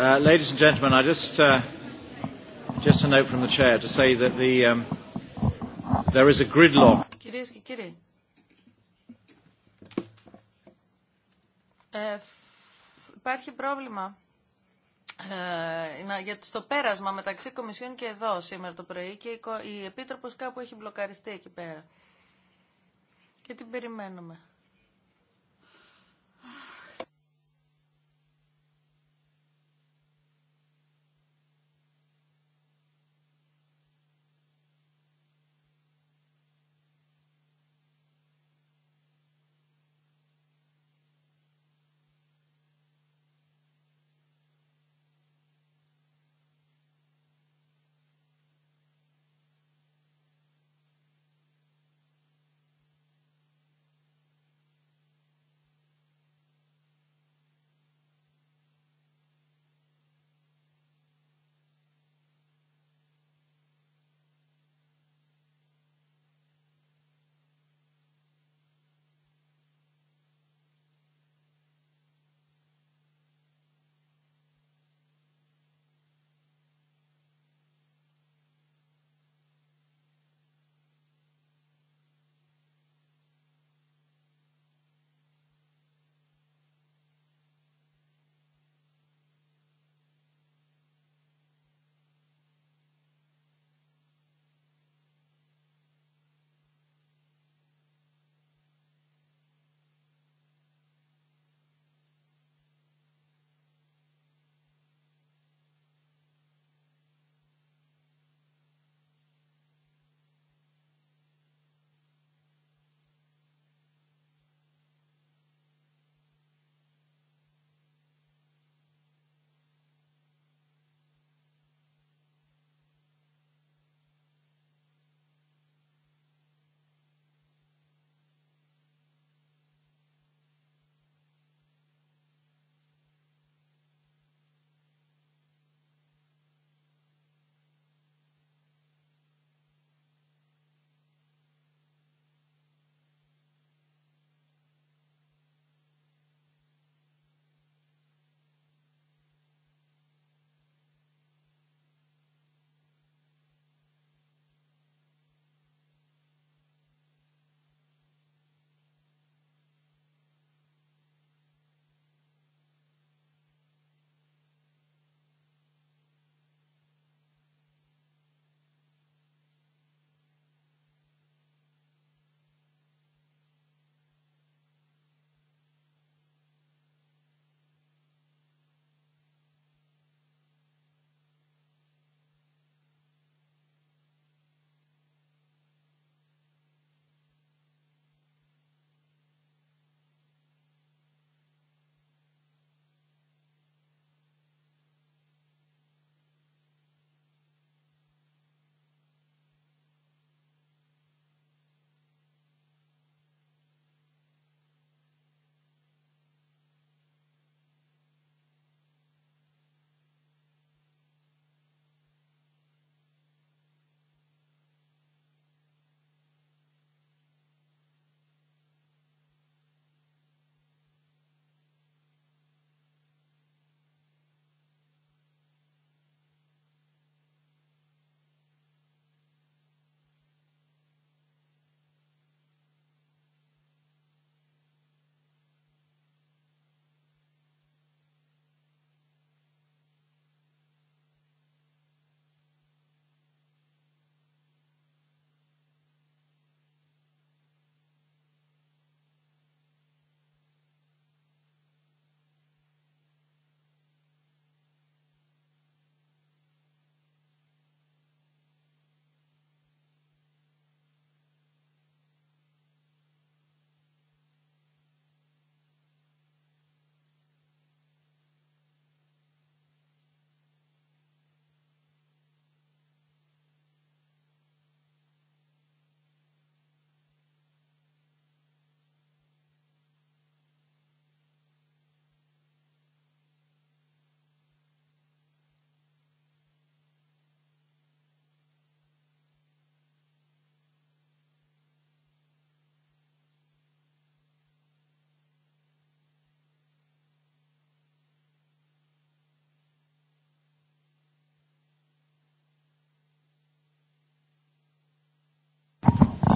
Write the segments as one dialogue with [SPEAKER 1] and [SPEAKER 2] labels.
[SPEAKER 1] Uh, ladies and gentlemen, I just uh, just a note from the chair to say that the um, there is a gridlock.
[SPEAKER 2] Κυρίες και κύριοι, ε, υπάρχει πρόβλημα ε, για στο πέρασμα μεταξύ Κομισιόν και εδώ σήμερα το πρωί και η, η Επίτροπος κάπου έχει μπλοκαριστεί εκεί πέρα. Και την περιμένουμε.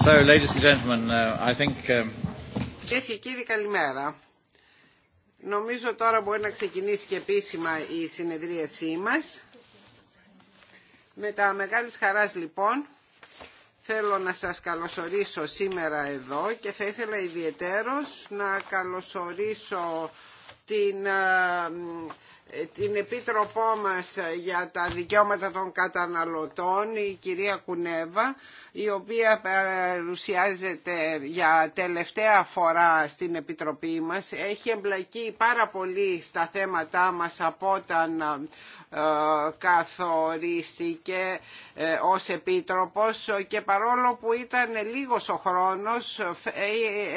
[SPEAKER 1] So, ladies and gentlemen, uh, I think... Um,
[SPEAKER 3] και κύριοι καλημέρα. Νομίζω τώρα μπορεί να ξεκινήσει και επίσημα η συνεδρίασή μας. Με τα μεγάλης χαράς λοιπόν θέλω να σας καλωσορίσω σήμερα εδώ και θα ήθελα ιδιαιτέρως να καλωσορίσω την ε, ε, την Επίτροπό μας ε, για τα δικαιώματα των καταναλωτών, η κυρία Κουνέβα, η οποία παρουσιάζεται για τελευταία φορά στην Επιτροπή μας. Έχει εμπλακεί πάρα πολύ στα θέματά μας από όταν ε, καθορίστηκε ως Επίτροπος και παρόλο που ήταν λίγος ο χρόνος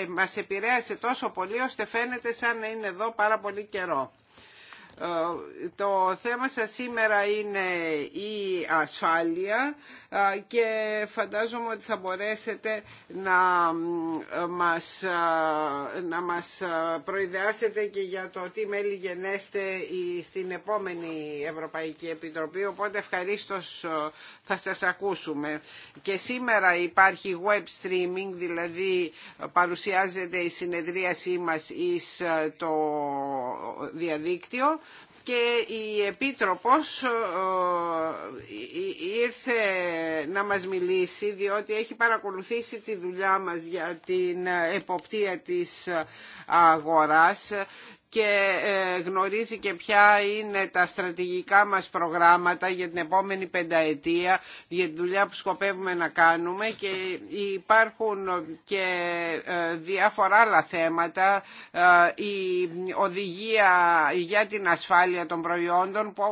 [SPEAKER 3] μας επηρέασε τόσο πολύ ώστε φαίνεται σαν να είναι εδώ πάρα πολύ καιρό. Ε, το θέμα σας σήμερα είναι η ασφάλεια ε, και φαντάζομαι ότι θα μπορέσετε να ε, μας, να μας προειδεάσετε και για το τι μέλη γενέστε στην επόμενη Ευρωπαϊκή Επιτροπή, οπότε ευχαρίστω θα σας ακούσουμε. Και σήμερα υπάρχει web streaming, δηλαδή παρουσιάζεται η συνεδρίασή μας εις το διαδίκτυο και η Επίτροπος ήρθε να μας μιλήσει διότι έχει παρακολουθήσει τη δουλειά μας για την εποπτεία της αγοράς και ε, γνωρίζει και ποια είναι τα στρατηγικά μας προγράμματα για την επόμενη πενταετία, για τη δουλειά που σκοπεύουμε να κάνουμε και υπάρχουν και ε, διάφορα άλλα θέματα, ε, η οδηγία για την ασφάλεια των προϊόντων που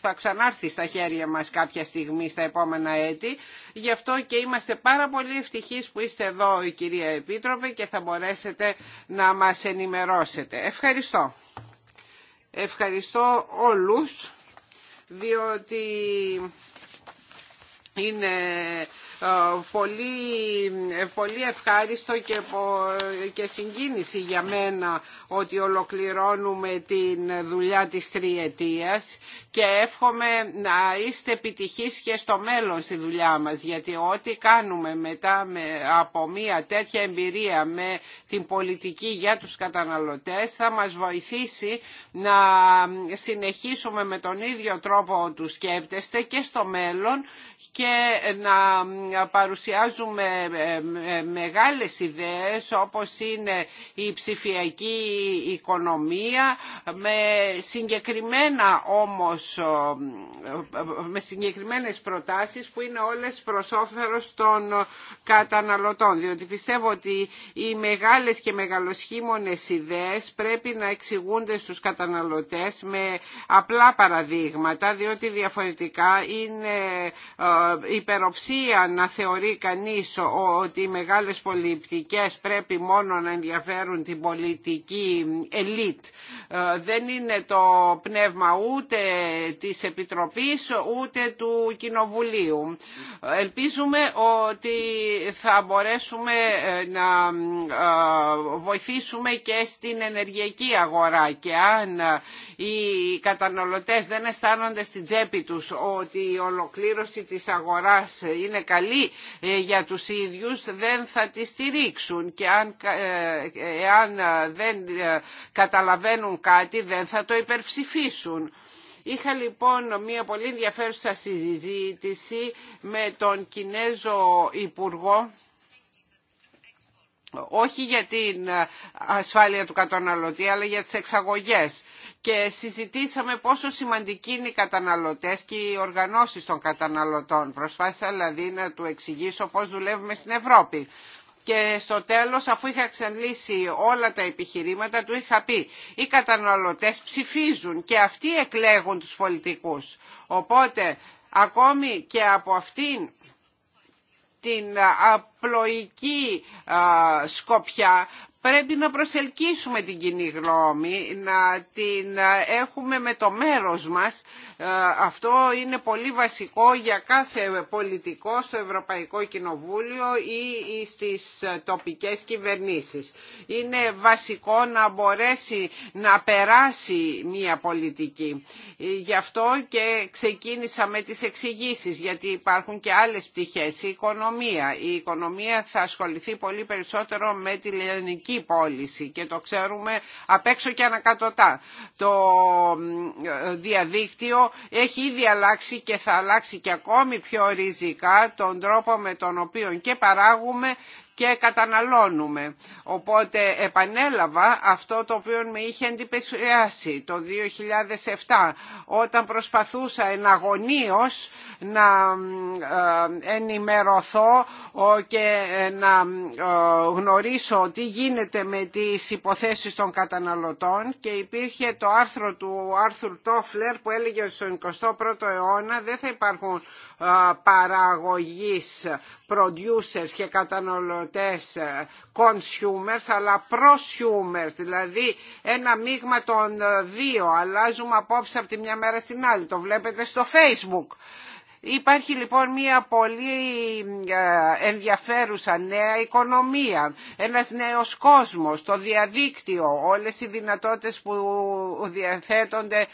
[SPEAKER 3] θα ξανάρθει στα χέρια μας κάποια στιγμή στα επόμενα έτη. Γι' αυτό και είμαστε πάρα πολύ ευτυχείς που είστε εδώ η κυρία Επίτροπε και θα μπορέσετε να μας ενημερώσετε. Ευχαριστώ. Ευχαριστώ. όλους διότι είναι ε, πολύ, ε, πολύ ευχάριστο και, και συγκίνηση για μένα ότι ολοκληρώνουμε την δουλειά της τριετίας και εύχομαι να είστε επιτυχείς και στο μέλλον στη δουλειά μας γιατί ό,τι κάνουμε μετά με, από μια τέτοια εμπειρία με την πολιτική για τους καταναλωτές θα μας βοηθήσει να συνεχίσουμε με τον ίδιο τρόπο του σκέπτεστε και στο μέλλον και να ε, παρουσιάζουμε ε, ε, μεγάλες ιδέες όπως είναι η ψηφιακή οικονομία με συγκεκριμένα όμως με συγκεκριμένες προτάσεις που είναι όλες προς όφερος των καταναλωτών διότι πιστεύω ότι οι μεγάλες και μεγαλοσχήμονες ιδέες πρέπει να εξηγούνται στους καταναλωτές με απλά παραδείγματα διότι διαφορετικά είναι υπεροψία να θεωρεί κανείς ότι οι μεγάλες πολιτικές πρέπει μόνο να ενδιαφέρουν την πολιτική ελίτ. Ε, δεν είναι το πνεύμα ούτε της Επιτροπής ούτε του Κοινοβουλίου. Ελπίζουμε ότι θα μπορέσουμε ε, να ε, βοηθήσουμε και στην ενεργειακή αγορά και αν οι καταναλωτές δεν αισθάνονται στην τσέπη τους ότι η ολοκλήρωση της ε, είναι καλή ε, για τους ίδιους δεν θα τη στηρίξουν και αν, ε, δεν καταλαβαίνουν κάτι δεν θα το υπερψηφίσουν. Είχα λοιπόν μια πολύ ενδιαφέρουσα συζήτηση με τον Κινέζο Υπουργό όχι για την ε, ασφάλεια του καταναλωτή αλλά για τις εξαγωγές και συζητήσαμε πόσο σημαντικοί είναι οι καταναλωτές και οι οργανώσεις των καταναλωτών. Προσπάθησα δηλαδή να του εξηγήσω πώς δουλεύουμε στην Ευρώπη. Και στο τέλος, αφού είχα ξανλύσει όλα τα επιχειρήματα, του είχα πει «Οι καταναλωτές ψηφίζουν και αυτοί εκλέγουν τους πολιτικούς». Οπότε, ακόμη και από αυτήν την ε, απλοϊκή ε, σκοπιά πρέπει να προσελκύσουμε την κοινή γνώμη, να την ε, έχουμε με το μέρος μας. Ε, αυτό είναι πολύ βασικό για κάθε πολιτικό στο Ευρωπαϊκό Κοινοβούλιο ή στις ε, τοπικές κυβερνήσεις. Είναι βασικό να μπορέσει να περάσει μια πολιτική. Γι' αυτό και ξεκίνησα με τις εξηγήσει, γιατί υπάρχουν και άλλες πτυχές. Η οικονομία. Η οικονομία θα ασχοληθεί πολύ περισσότερο με τη λιανική πώληση και το ξέρουμε απ' έξω και ανακατοτά. Το ε, διαδίκτυο έχει ήδη αλλάξει και θα αλλάξει και ακόμη πιο ριζικά τον τρόπο με τον οποίο και παράγουμε και καταναλώνουμε. Οπότε επανέλαβα αυτό το οποίο με είχε εντυπωσιάσει το 2007 όταν προσπαθούσα εναγωνίως να ε, ενημερωθώ και ε, να ε, γνωρίσω τι γίνεται με τις υποθέσεις των καταναλωτών και υπήρχε το άρθρο του Άρθουρ Τόφλερ που έλεγε ότι στον 21ο αιώνα δεν θα υπάρχουν ε, παραγωγής producers και καταναλωτές ε, consumers αλλά prosumers δηλαδή ένα μείγμα των ε, δύο αλλάζουμε απόψε από τη μια μέρα στην άλλη το βλέπετε στο facebook Υπάρχει λοιπόν μια πολύ ε, ενδιαφέρουσα νέα οικονομία, ένας νέος κόσμος, το διαδίκτυο, όλες οι δυνατότητες που διαθέτονται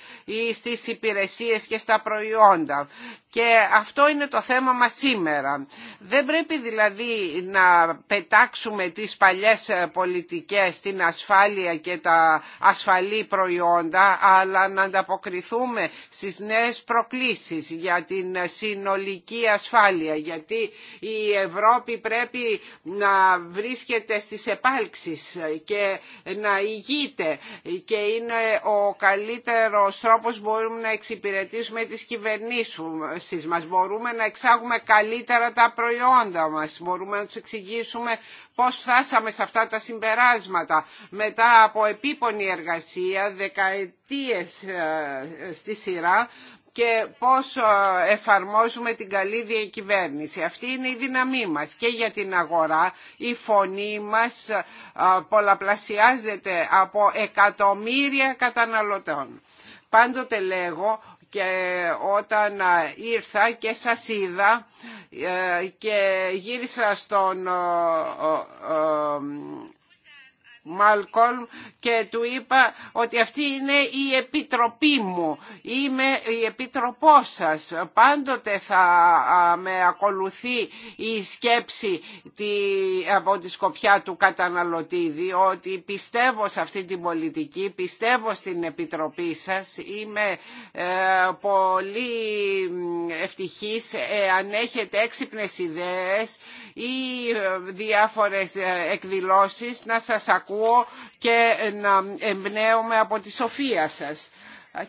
[SPEAKER 3] στις υπηρεσίες και στα προϊόντα. Και αυτό είναι το θέμα μας σήμερα. Δεν πρέπει δηλαδή να πετάξουμε τις παλιές ε, πολιτικές, την ασφάλεια και τα ασφαλή προϊόντα, αλλά να ανταποκριθούμε στις νέες προκλήσεις για την ε, συνολική ασφάλεια γιατί η Ευρώπη πρέπει να βρίσκεται στις επάλξεις και να ηγείται και είναι ο καλύτερος τρόπος μπορούμε να εξυπηρετήσουμε τις κυβερνήσεις μας. Μπορούμε να εξάγουμε καλύτερα τα προϊόντα μας, μπορούμε να τους εξηγήσουμε πώς φτάσαμε σε αυτά τα συμπεράσματα μετά από επίπονη εργασία, δεκαετίες ε, στη σειρά και πώς ε, εφαρμόζουμε την καλή διακυβέρνηση. Αυτή είναι η δύναμή μας και για την αγορά. Η φωνή μας ε, ε, πολλαπλασιάζεται από εκατομμύρια καταναλωτών. Πάντοτε λέγω και όταν ήρθα και σας είδα και γύρισα στον Μάλκολμ και του είπα ότι αυτή είναι η επιτροπή μου, είμαι η επιτροπό σας. Πάντοτε θα με ακολουθεί η σκέψη από τη σκοπιά του καταναλωτή, διότι πιστεύω σε αυτή την πολιτική, πιστεύω στην επιτροπή σας, είμαι ε, πολύ ευτυχής ε, αν έχετε έξυπνες ιδέες ή ε, διάφορες εκδηλώσεις να σας ακούσω και να εμπνέομαι από τη σοφία σας.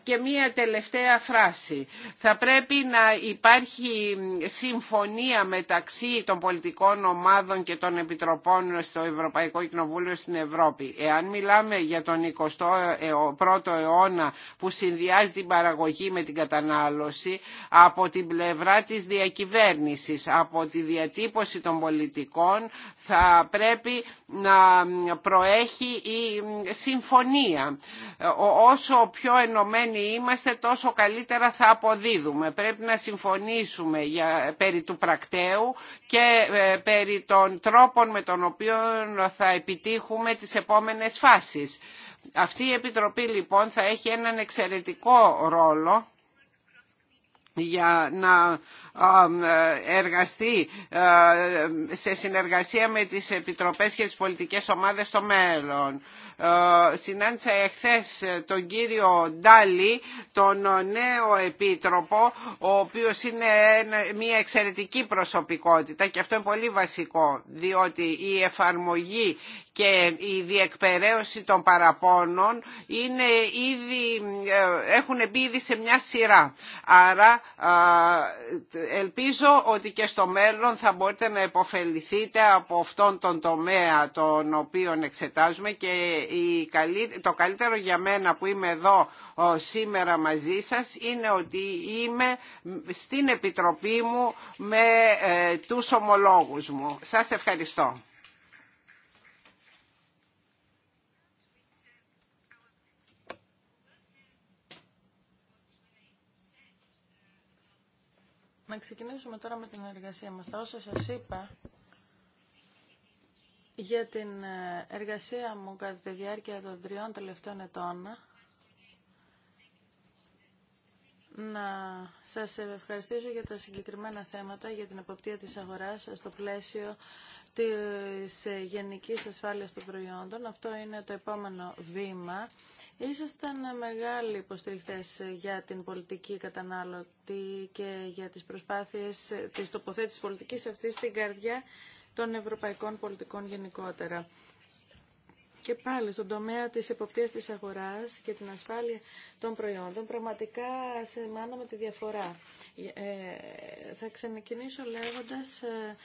[SPEAKER 3] Και μία τελευταία φράση. Θα πρέπει να υπάρχει συμφωνία μεταξύ των πολιτικών ομάδων και των επιτροπών στο Ευρωπαϊκό Κοινοβούλιο στην Ευρώπη. Εάν μιλάμε για τον 21ο ε, αιώνα που συνδυάζει την παραγωγή με την κατανάλωση από την πλευρά της διακυβέρνησης, από τη διατύπωση των πολιτικών θα πρέπει να προέχει η συμφωνία. Όσο πιο ενωμένοι είμαστε τόσο καλύτερα θα αποδίδουμε. Πρέπει να συμφωνήσουμε για, περί του πρακτέου και ε, περί των τρόπων με τον οποίο θα επιτύχουμε τις επόμενες φάσεις. Αυτή η Επιτροπή λοιπόν θα έχει έναν εξαιρετικό ρόλο για να ε, εργαστεί ε, σε συνεργασία με τις επιτροπές και τις πολιτικές ομάδες στο μέλλον. Ε, συνάντησα εχθές τον κύριο Ντάλι, τον νέο επίτροπο, ο οποίος είναι μια εξαιρετική προσωπικότητα και αυτό είναι πολύ βασικό, διότι η εφαρμογή και η διεκπαιρέωση των παραπώνων είναι έχουν μπει ήδη σε μια σειρά. Άρα ελπίζω ότι και στο μέλλον θα μπορείτε να υποφεληθείτε από αυτόν τον τομέα τον οποίο εξετάζουμε και το καλύτερο για μένα που είμαι εδώ σήμερα μαζί σας είναι ότι είμαι στην Επιτροπή μου με ε, τους ομολόγους μου. Σας ευχαριστώ.
[SPEAKER 2] Να ξεκινήσουμε τώρα με την εργασία μας. Τα όσα σας είπα για την ε, εργασία μου κατά τη διάρκεια των τριών τελευταίων ετών, να σας ευχαριστήσω για τα συγκεκριμένα θέματα, για την εποπτεία της αγοράς στο πλαίσιο της ε, γενικής ασφάλειας των προϊόντων. Αυτό είναι το επόμενο βήμα Ήσασταν μεγάλοι υποστηριχτέ για την πολιτική κατανάλωτη και για τις προσπάθειες της τοποθέτησης πολιτικής αυτής στην καρδιά των ευρωπαϊκών πολιτικών γενικότερα. Και πάλι στον τομέα της εποπτείας της αγοράς και την ασφάλεια των προϊόντων, πραγματικά με τη διαφορά. Ε, θα ξεκινήσω λέγοντας, ε,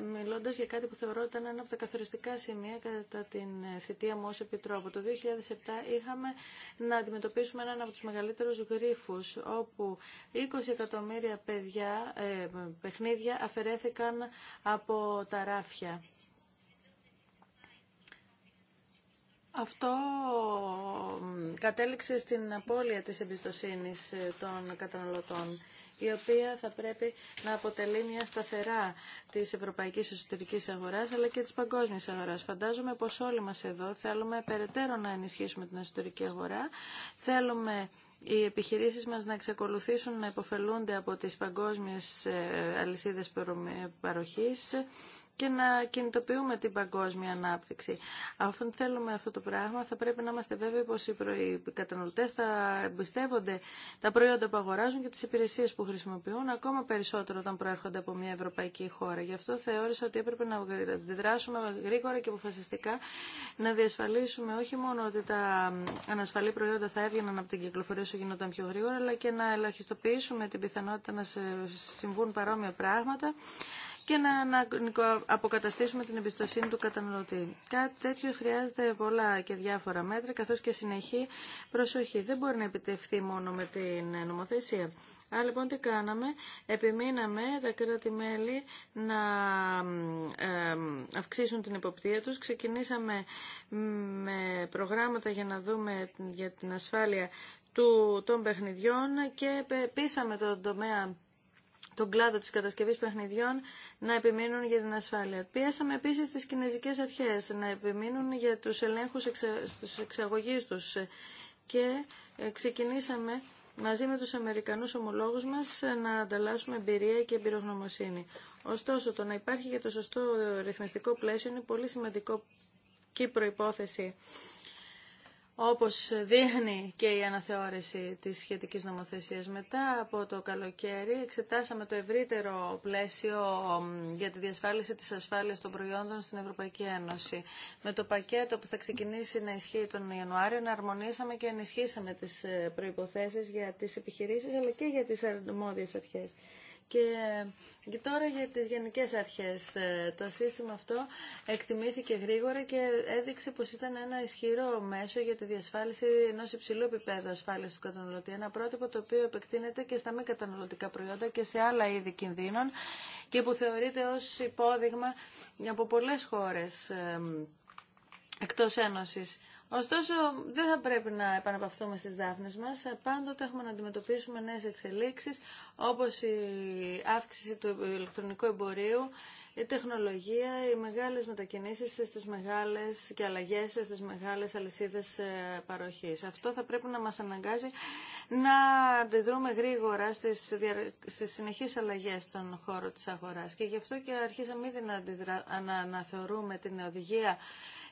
[SPEAKER 2] μιλώντας για κάτι που θεωρώ ήταν ένα από τα καθοριστικά σημεία κατά την ε, θητεία μου ως Επιτρόπο. Το 2007 είχαμε να αντιμετωπίσουμε έναν από τους μεγαλύτερους γρίφους, όπου 20 εκατομμύρια παιδιά, παιχνίδια αφαιρέθηκαν από τα ράφια. Αυτό κατέληξε στην απώλεια της εμπιστοσύνης ε, των καταναλωτών η οποία θα πρέπει να αποτελεί μια σταθερά της ευρωπαϊκής εσωτερικής αγοράς αλλά και της παγκόσμιας αγοράς. Φαντάζομαι πως όλοι μας εδώ θέλουμε περαιτέρω να ενισχύσουμε την εσωτερική αγορά, θέλουμε οι επιχειρήσεις μας να εξακολουθήσουν να υποφελούνται από τις παγκόσμιες ε, αλυσίδες παροχής, και να κινητοποιούμε την παγκόσμια ανάπτυξη. Αφού θέλουμε αυτό το πράγμα, θα πρέπει να είμαστε βέβαιοι πω οι καταναλωτές θα εμπιστεύονται τα προϊόντα που αγοράζουν και τι υπηρεσίε που χρησιμοποιούν ακόμα περισσότερο όταν προέρχονται από μια ευρωπαϊκή χώρα. Γι' αυτό θεώρησα ότι έπρεπε να αντιδράσουμε γρήγορα και αποφασιστικά να διασφαλίσουμε όχι μόνο ότι τα ανασφαλή προϊόντα θα έβγαιναν από την κυκλοφορία όσο γινόταν πιο γρήγορα, αλλά και να ελαχιστοποιήσουμε την πιθανότητα να συμβούν παρόμοια πράγματα και να αποκαταστήσουμε την εμπιστοσύνη του καταναλωτή. Κάτι τέτοιο χρειάζεται πολλά και διάφορα μέτρα, καθώς και συνεχή προσοχή. Δεν μπορεί να επιτευχθεί μόνο με την νομοθεσία. Άρα λοιπόν τι κάναμε, επιμείναμε τα κράτη-μέλη να αυξήσουν την υποπτία τους. Ξεκινήσαμε με προγράμματα για να δούμε για την ασφάλεια του, των παιχνιδιών και πείσαμε τον τομέα τον κλάδο της κατασκευής παιχνιδιών να επιμείνουν για την ασφάλεια. Πίεσαμε επίσης τις κινέζικες αρχές να επιμείνουν για τους ελέγχους εξα... στους εξαγωγείς τους και ε, ξεκινήσαμε μαζί με τους Αμερικανούς ομολόγους μας ε, να ανταλλάσσουμε εμπειρία και εμπειρογνωμοσύνη. Ωστόσο, το να υπάρχει για το σωστό ρυθμιστικό πλαίσιο είναι πολύ σημαντικό και προϋπόθεση όπως δείχνει και η αναθεώρηση της σχετικής νομοθεσίας. Μετά από το καλοκαίρι εξετάσαμε το ευρύτερο πλαίσιο για τη διασφάλιση της ασφάλειας των προϊόντων στην Ευρωπαϊκή Ένωση. Με το πακέτο που θα ξεκινήσει να ισχύει τον Ιανουάριο, να αρμονίσαμε και ενισχύσαμε τις ε, προϋποθέσεις για τις επιχειρήσεις αλλά και για τις αρμόδιες αρχές. Και, και τώρα για τις γενικές αρχές. Ε, το σύστημα αυτό εκτιμήθηκε γρήγορα και έδειξε πως ήταν ένα ισχυρό μέσο για τη διασφάλιση ενός υψηλού επίπεδου ασφάλειας του καταναλωτή. Ένα πρότυπο το οποίο επεκτείνεται και στα μη καταναλωτικά προϊόντα και σε άλλα είδη κινδύνων και που θεωρείται ως υπόδειγμα από πολλές χώρες ε, εκτός Ένωσης. Ωστόσο, δεν θα πρέπει να επαναπαυτούμε στις δάφνες μας. Πάντοτε έχουμε να αντιμετωπίσουμε νέες εξελίξεις, όπως η αύξηση του ηλεκτρονικού εμπορίου, η τεχνολογία, οι μεγάλες μετακινήσεις στις μεγάλες και αλλαγές στις μεγάλες αλυσίδες ε, παροχής. Αυτό θα πρέπει να μας αναγκάζει να αντιδρούμε γρήγορα στις, στις συνεχείς αλλαγές στον χώρο της αγοράς. Και γι' αυτό και αρχίσαμε ήδη να, αντιδρα... να αναθεωρούμε την οδηγία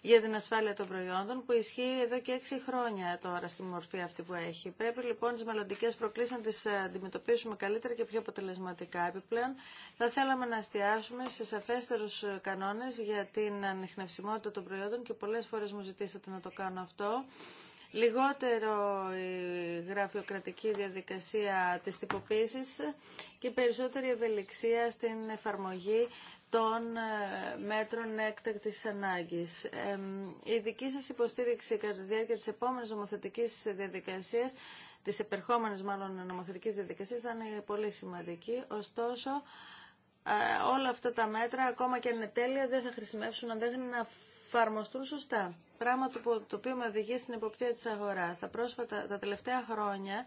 [SPEAKER 2] για την ασφάλεια των προϊόντων που ισχύει εδώ και έξι χρόνια τώρα στη μορφή αυτή που έχει. Πρέπει λοιπόν τι μελλοντικέ προκλήσει να τι ε, αντιμετωπίσουμε καλύτερα και πιο αποτελεσματικά. Επιπλέον, θα θέλαμε να εστιάσουμε σε σαφέστερου ε, κανόνε για την ανιχνευσιμότητα των προϊόντων και πολλέ φορέ μου ζητήσατε να το κάνω αυτό λιγότερο η ε, γραφειοκρατική διαδικασία της τυποποίησης και περισσότερη ευελιξία στην εφαρμογή των ε, μέτρων έκτακτη ανάγκης. Η δική σας υποστήριξη κατά τη διάρκεια της επόμενης νομοθετικής διαδικασία, της επερχόμενης μάλλον νομοθετική διαδικασία, θα είναι πολύ σημαντική. Ωστόσο, ε, όλα αυτά τα μέτρα, ακόμα και αν είναι τέλεια, δεν θα χρησιμεύσουν αν δεν είναι εφαρμοστούν σωστά. Πράγμα το οποίο με οδηγεί στην εποπτεία της αγοράς. Τα, πρόσφατα, τα τελευταία χρόνια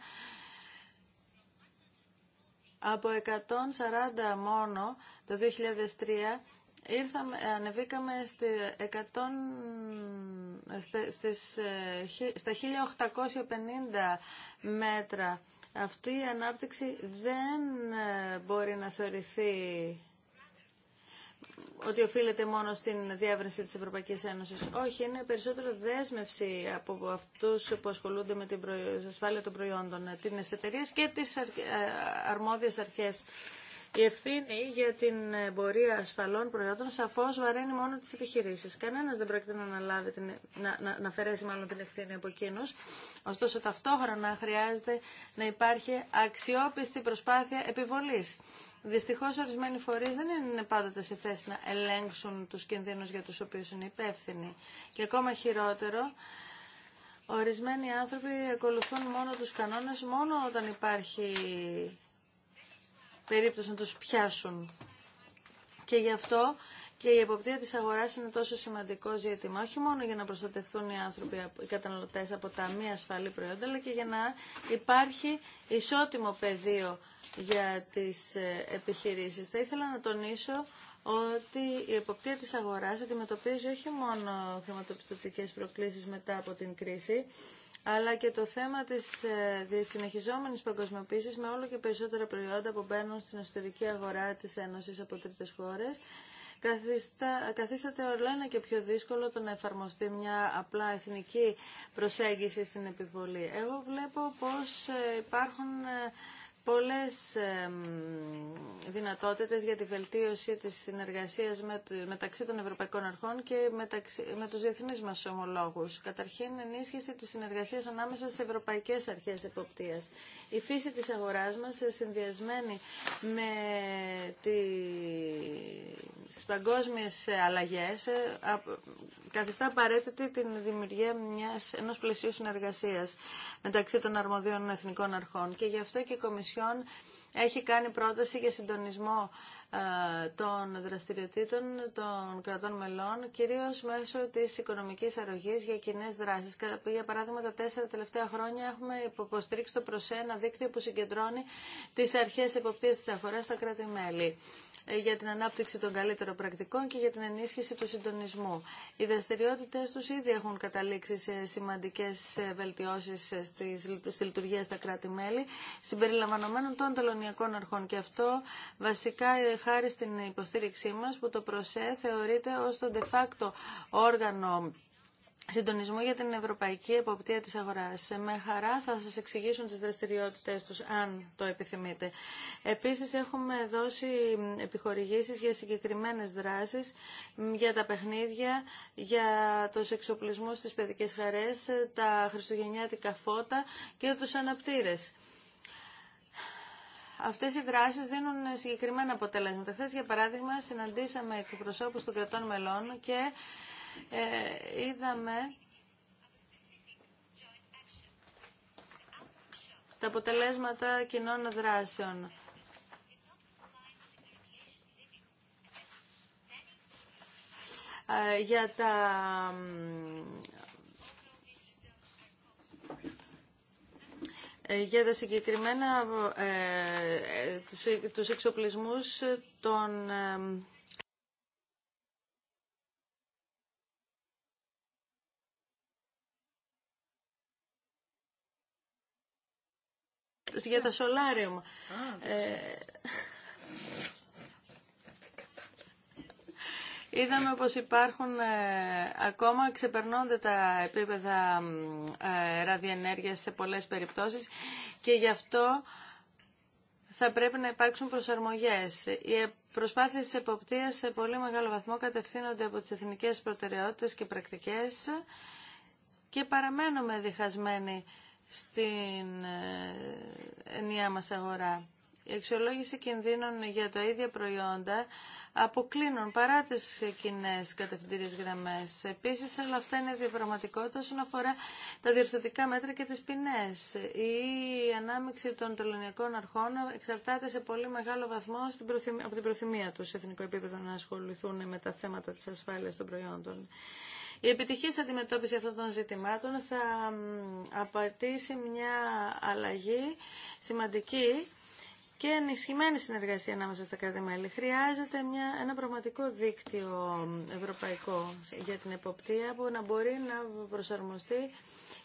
[SPEAKER 2] από 140 μόνο το 2003 ήρθαμε, ανεβήκαμε στη 100, στις, ε, στα 1850 μέτρα. Αυτή η ανάπτυξη δεν ε, μπορεί να θεωρηθεί ότι οφείλεται μόνο στην διεύρυνση της Ευρωπαϊκής Ένωσης. Όχι, είναι περισσότερο δέσμευση από αυτούς που ασχολούνται με την ασφάλεια των προϊόντων, την εταιρεία και τις ε, αρμόδιες αρχές. Η ευθύνη για την εμπορία ασφαλών προϊόντων σαφώ βαραίνει μόνο τι επιχειρήσει. Κανένα δεν πρόκειται να, την, να, να, να αφαιρέσει μάλλον την ευθύνη από εκείνου. Ωστόσο, ταυτόχρονα χρειάζεται να υπάρχει αξιόπιστη προσπάθεια επιβολή. Δυστυχώς ορισμένοι φορεί δεν είναι πάντοτε σε θέση να ελέγξουν τους κινδύνους για τους οποίους είναι υπεύθυνοι. Και ακόμα χειρότερο, ορισμένοι άνθρωποι ακολουθούν μόνο τους κανόνες μόνο όταν υπάρχει περίπτωση να τους πιάσουν. Και γι' αυτό και η εποπτεία της αγοράς είναι τόσο σημαντικό ζήτημα, όχι μόνο για να προστατευτούν οι άνθρωποι, οι καταναλωτές από τα μη ασφαλή προϊόντα, αλλά και για να υπάρχει ισότιμο πεδίο για τις ε, επιχειρήσεις. Θα ήθελα να τονίσω ότι η εποπτεία της αγοράς αντιμετωπίζει όχι μόνο χρηματοπιστωτικές προκλήσεις μετά από την κρίση, αλλά και το θέμα της ε, συνεχιζόμενης παγκοσμιοποίησης με όλο και περισσότερα προϊόντα που μπαίνουν στην εσωτερική αγορά της Ένωσης από τρίτες χώρες, καθίσταται όλο και πιο δύσκολο το να εφαρμοστεί μια απλά εθνική προσέγγιση στην επιβολή. Εγώ βλέπω πως ε, υπάρχουν πολλές δυνατότητες για τη βελτίωση της συνεργασίας μεταξύ των Ευρωπαϊκών Αρχών και μεταξύ, με τους διεθνείς μας ομολόγους. Καταρχήν, ενίσχυση της συνεργασίας ανάμεσα στις Ευρωπαϊκές Αρχές Εποπτείας. Η φύση της αγοράς μας, ε, συνδυασμένη με τις παγκόσμιες αλλαγές, ε, καθιστά απαραίτητη την δημιουργία μιας, ενός πλαισίου συνεργασίας μεταξύ των αρμοδίων εθνικών αρχών. Και γι' αυτό και η Κομισιόν έχει κάνει πρόταση για συντονισμό ε, των δραστηριοτήτων των κρατών μελών, κυρίως μέσω της οικονομικής αρρωγής για κοινέ δράσεις. Για παράδειγμα, τα τέσσερα τελευταία χρόνια έχουμε υποστηρίξει το ΠΡΟΣΕ, ένα δίκτυο που συγκεντρώνει τις αρχές εποπτείας της αγοράς στα κράτη-μέλη. Ε, για την ανάπτυξη των καλύτερων πρακτικών και για την ενίσχυση του συντονισμού. Οι δραστηριότητε του ήδη έχουν καταλήξει σε σημαντικές ε, βελτιώσεις ε, στη λειτουργία στα κράτη-μέλη, συμπεριλαμβανομένων των τελωνιακών αρχών. Και αυτό βασικά χάρη στην υποστήριξή μας που το ΠΡΟΣΕ θεωρείται ως το de facto όργανο συντονισμό για την ευρωπαϊκή εποπτεία της αγοράς. Ε, με χαρά θα σας εξηγήσουν τις δραστηριότητες τους, αν το επιθυμείτε. Επίσης, έχουμε δώσει επιχορηγήσεις για συγκεκριμένες δράσεις, για τα παιχνίδια, για τους εξοπλισμούς στις παιδικές χαρές, τα χριστουγεννιάτικα φώτα και τους αναπτήρες. Αυτέ οι δράσει δίνουν συγκεκριμένα αποτελέσματα. Χθε, για παράδειγμα, συναντήσαμε εκπροσώπου των κρατών μελών και ε, είδαμε τα αποτελέσματα κοινών δράσεων. Ε, για τα ε, για τα συγκεκριμένα τους εξοπλισμούς των για τα σολάριουμ. Ε, είδαμε πως υπάρχουν ε, ακόμα, ξεπερνώνται τα επίπεδα ε, ραδιενέργειας σε πολλές περιπτώσεις και γι' αυτό θα πρέπει να υπάρξουν προσαρμογές. Οι προσπάθειες της εποπτείας σε πολύ μεγάλο βαθμό κατευθύνονται από τις εθνικές προτεραιότητες και πρακτικές και παραμένουμε διχασμένοι στην ε, ενιαία μας αγορά. Η αξιολόγηση κινδύνων για τα ίδια προϊόντα αποκλίνουν παρά τις κοινέ κατευθυντήριες γραμμές. Επίσης, όλα αυτά είναι διαπραγματικότητα όσον αφορά τα διορθωτικά μέτρα και τις ποινές. Η ανάμειξη των τελωνιακών αρχών εξαρτάται σε πολύ μεγάλο βαθμό από την προθυμία τους σε εθνικό επίπεδο να ασχοληθούν με τα θέματα της ασφάλειας των προϊόντων. Η επιτυχής αντιμετώπιση αυτών των ζητημάτων θα απατήσει μια αλλαγή σημαντική και ενισχυμένη συνεργασία ανάμεσα στα κρατη Χρειάζεται μια, ένα πραγματικό δίκτυο ευρωπαϊκό για την εποπτεία που να μπορεί να προσαρμοστεί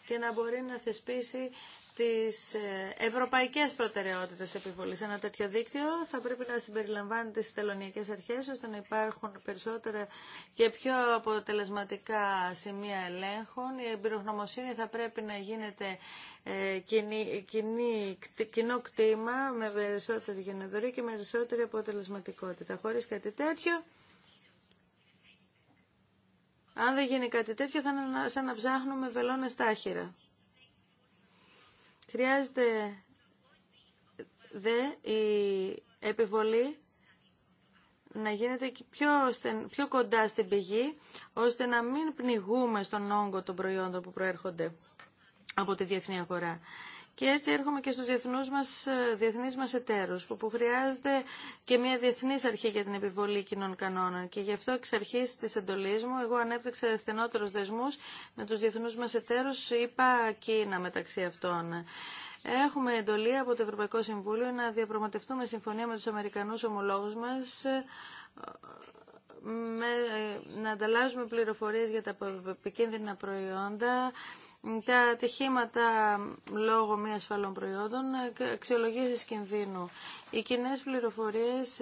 [SPEAKER 2] και να μπορεί να θεσπίσει τις ε, ευρωπαϊκές προτεραιότητες επιβολής. Ένα τέτοιο δίκτυο θα πρέπει να συμπεριλαμβάνει τις τελωνιακές αρχές ώστε να υπάρχουν περισσότερα και πιο αποτελεσματικά σημεία ελέγχων. Η εμπειρογνωμοσύνη θα πρέπει να γίνεται ε, κοινό κτήμα με περισσότερη γενεδορία και με περισσότερη αποτελεσματικότητα. Χωρίς κάτι τέτοιο... Αν δεν γίνει κάτι τέτοιο θα είναι σαν να ψάχνουμε βελόνες τάχυρα. Χρειάζεται δε η επιβολή να γίνεται πιο, πιο κοντά στην πηγή, ώστε να μην πνιγούμε στον όγκο των προϊόντων που προέρχονται από τη διεθνή αγορά. Και έτσι έρχομαι και στους διεθνούς μας, ε, διεθνείς μας εταίρους, που, χρειάζεται και μια διεθνής αρχή για την επιβολή κοινών κανόνων. Και γι' αυτό εξ αρχής της εντολής μου, εγώ ανέπτυξα στενότερους δεσμούς με τους διεθνούς μας εταίρους, είπα Κίνα μεταξύ αυτών. Έχουμε εντολή από το Ευρωπαϊκό Συμβούλιο να διαπραγματευτούμε συμφωνία με τους Αμερικανούς ομολόγους μας, ε, να ανταλλάζουμε πληροφορίες για τα επικίνδυνα προϊόντα, τα ατυχήματα λόγω μη ασφαλών προϊόντων, ε, αξιολογήσεις κινδύνου. Οι κοινέ πληροφορίες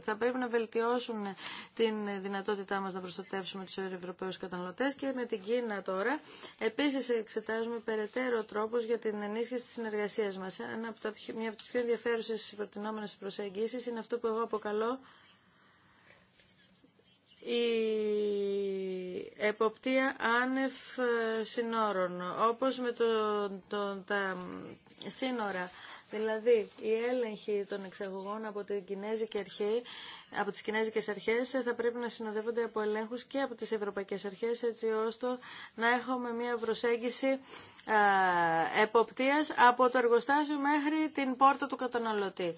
[SPEAKER 2] θα πρέπει να βελτιώσουν την δυνατότητά μας να προστατεύσουμε τους Ευρωπαίους καταναλωτές και με την Κίνα τώρα. Επίσης εξετάζουμε περαιτέρω τρόπους για την ενίσχυση της συνεργασίας μας. μια από τις πιο ενδιαφέρουσες προτινόμενες προσεγγίσεις είναι αυτό που εγώ αποκαλώ η εποπτεία άνευ συνόρων, όπως με το, το, τα σύνορα. Δηλαδή, η έλεγχη των εξαγωγών από, την Κινέζικη αρχή, από τις Κινέζικες αρχές θα πρέπει να συνοδεύονται από ελέγχους και από τις Ευρωπαϊκές αρχές, έτσι ώστε να έχουμε μια προσέγγιση εποπτείας από το εργοστάσιο μέχρι την πόρτα του καταναλωτή.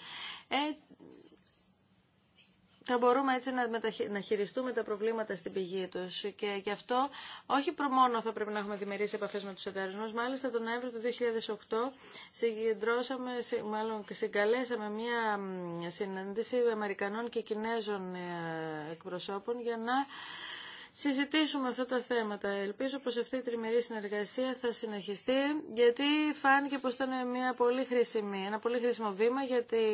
[SPEAKER 2] Ε, θα μπορούμε έτσι να, να χειριστούμε τα προβλήματα στην πηγή τους. Και γι' αυτό όχι μόνο θα πρέπει να έχουμε δημιουργήσει επαφέ με τους εταίρου μας, μάλιστα τον Νοέμβριο του 2008 συγκεντρώσαμε, μάλλον συγκαλέσαμε μια συνάντηση Αμερικανών και Κινέζων ε, εκπροσώπων για να συζητήσουμε αυτά τα θέματα. Ελπίζω πως αυτή η τριμερή συνεργασία θα συνεχιστεί, γιατί φάνηκε πως ήταν μια πολύ χρήσιμη, ένα πολύ χρήσιμο βήμα για τη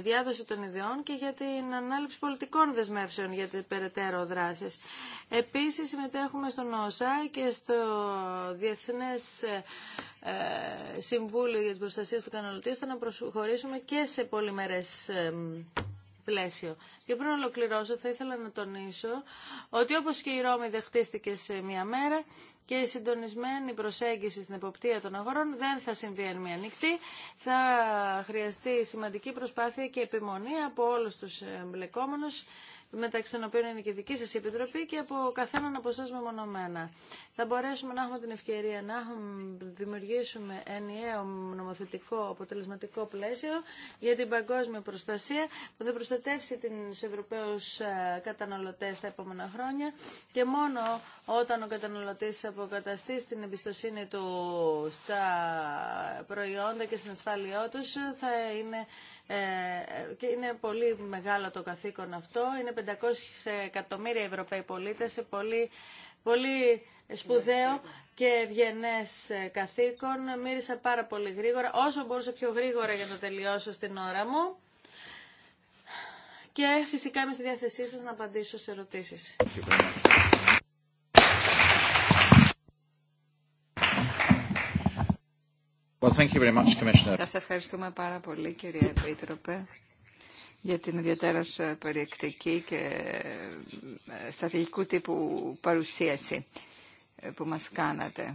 [SPEAKER 2] διάδοση των ιδεών και για την ανάληψη πολιτικών δεσμεύσεων για τις περαιτέρω δράσεις. Επίσης, συμμετέχουμε στον ΟΣΑ και στο Διεθνές ε, Συμβούλιο για την Προστασία του Καναλωτή, ώστε να προσχωρήσουμε και σε πολυμερές πλαίσιο. Και πριν ολοκληρώσω, θα ήθελα να τονίσω ότι όπως και η Ρώμη δεν χτίστηκε σε μία μέρα και η συντονισμένη προσέγγιση στην εποπτεία των αγορών δεν θα συμβεί εν μία νυχτή. Θα χρειαστεί σημαντική προσπάθεια και επιμονή από όλους τους εμπλεκόμενους μεταξύ των οποίων είναι και δική σας η Επιτροπή και από καθέναν από εσάς μεμονωμένα. Θα μπορέσουμε να έχουμε την ευκαιρία να δημιουργήσουμε ενιαίο νομοθετικό αποτελεσματικό πλαίσιο για την παγκόσμια προστασία που θα προστατεύσει τους Ευρωπαίους ε, καταναλωτές τα επόμενα χρόνια και μόνο όταν ο καταναλωτής αποκαταστεί στην εμπιστοσύνη του στα προϊόντα και στην ασφάλειά τους ε, θα είναι ε, και είναι πολύ μεγάλο το καθήκον αυτό. Είναι 500 εκατομμύρια Ευρωπαίοι πολίτες σε πολύ, πολύ σπουδαίο και ευγενέ καθήκον. Μύρισα πάρα πολύ γρήγορα, όσο μπορούσα πιο γρήγορα για να τελειώσω στην ώρα μου. Και φυσικά είμαι στη διάθεσή σας να απαντήσω σε ερωτήσεις.
[SPEAKER 1] Σα
[SPEAKER 4] ευχαριστούμε πάρα πολύ, κύριε Επίτροπε, για την ιδιαίτερα ε, περιεκτική και ε, στρατηγικού τύπου παρουσίαση ε, που μας κάνατε.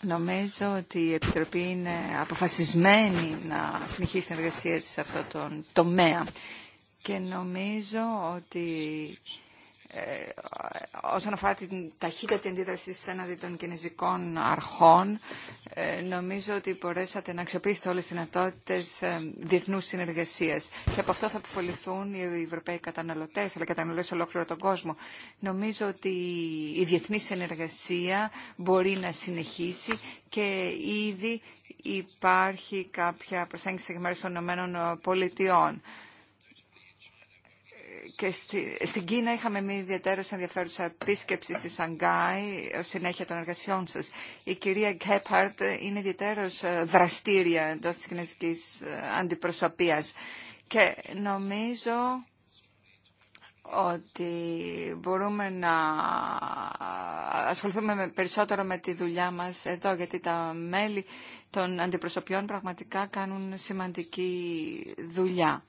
[SPEAKER 4] Νομίζω ότι η Επιτροπή είναι αποφασισμένη να συνεχίσει την εργασία της σε αυτό τον τομέα και νομίζω ότι ε, όσον αφορά την ταχύτατη αντίδραση έναντι των κινέζικων αρχών, ε, νομίζω ότι μπορέσατε να αξιοποιήσετε όλες τις δυνατότητες ε, διεθνούς συνεργασίας. Και από αυτό θα αποφοληθούν οι Ευρωπαίοι καταναλωτές, αλλά και καταναλωτές ολόκληρο τον κόσμο. Νομίζω ότι η διεθνή συνεργασία μπορεί να συνεχίσει και ήδη υπάρχει κάποια προσέγγιση εκ μέρους των ΗΠΑ και στην Κίνα είχαμε μια ιδιαίτερη ενδιαφέρουσα επίσκεψη στη Σανγκάη ως συνέχεια των εργασιών σας. Η κυρία Γκέπαρτ είναι ιδιαίτερως ε, δραστήρια εντό της κινέζικης ε, αντιπροσωπείας και νομίζω ότι μπορούμε να ε, ασχοληθούμε περισσότερο με τη δουλειά μας εδώ, γιατί τα μέλη των αντιπροσωπιών πραγματικά κάνουν σημαντική δουλειά.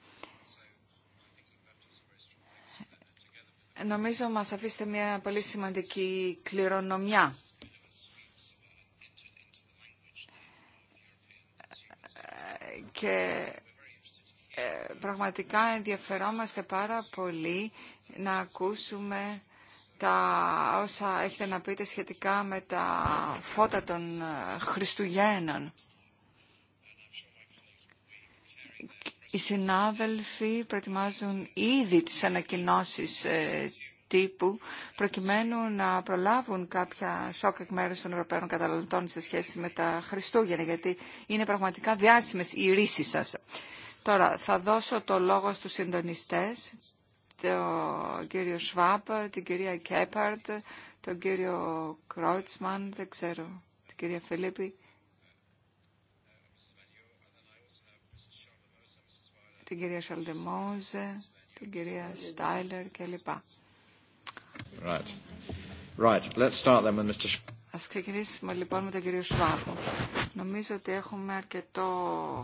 [SPEAKER 4] νομίζω μας αφήσετε μια πολύ σημαντική κληρονομιά. Και ε, πραγματικά ενδιαφερόμαστε πάρα πολύ να ακούσουμε τα όσα έχετε να πείτε σχετικά με τα φώτα των ε, Χριστουγέννων. Οι συνάδελφοι προετοιμάζουν ήδη τις ανακοινώσεις ε, τύπου προκειμένου να προλάβουν κάποια σοκ εκ μέρους των Ευρωπαίων καταναλωτών σε σχέση με τα Χριστούγεννα, γιατί είναι πραγματικά διάσημες οι ρίσεις σας. Τώρα, θα δώσω το λόγο στους συντονιστές, τον κύριο Σβάπ, την κυρία Κέπαρτ, τον κύριο Κρότσμαν, δεν ξέρω, την κυρία Φιλίππη. την κυρία Σαλτεμόζε, την κυρία Στάιλερ κλπ.
[SPEAKER 1] Right. Right. Let's start then with Mr.
[SPEAKER 4] Ας ξεκινήσουμε λοιπόν με τον κύριο Σουάπο. Νομίζω ότι έχουμε αρκετό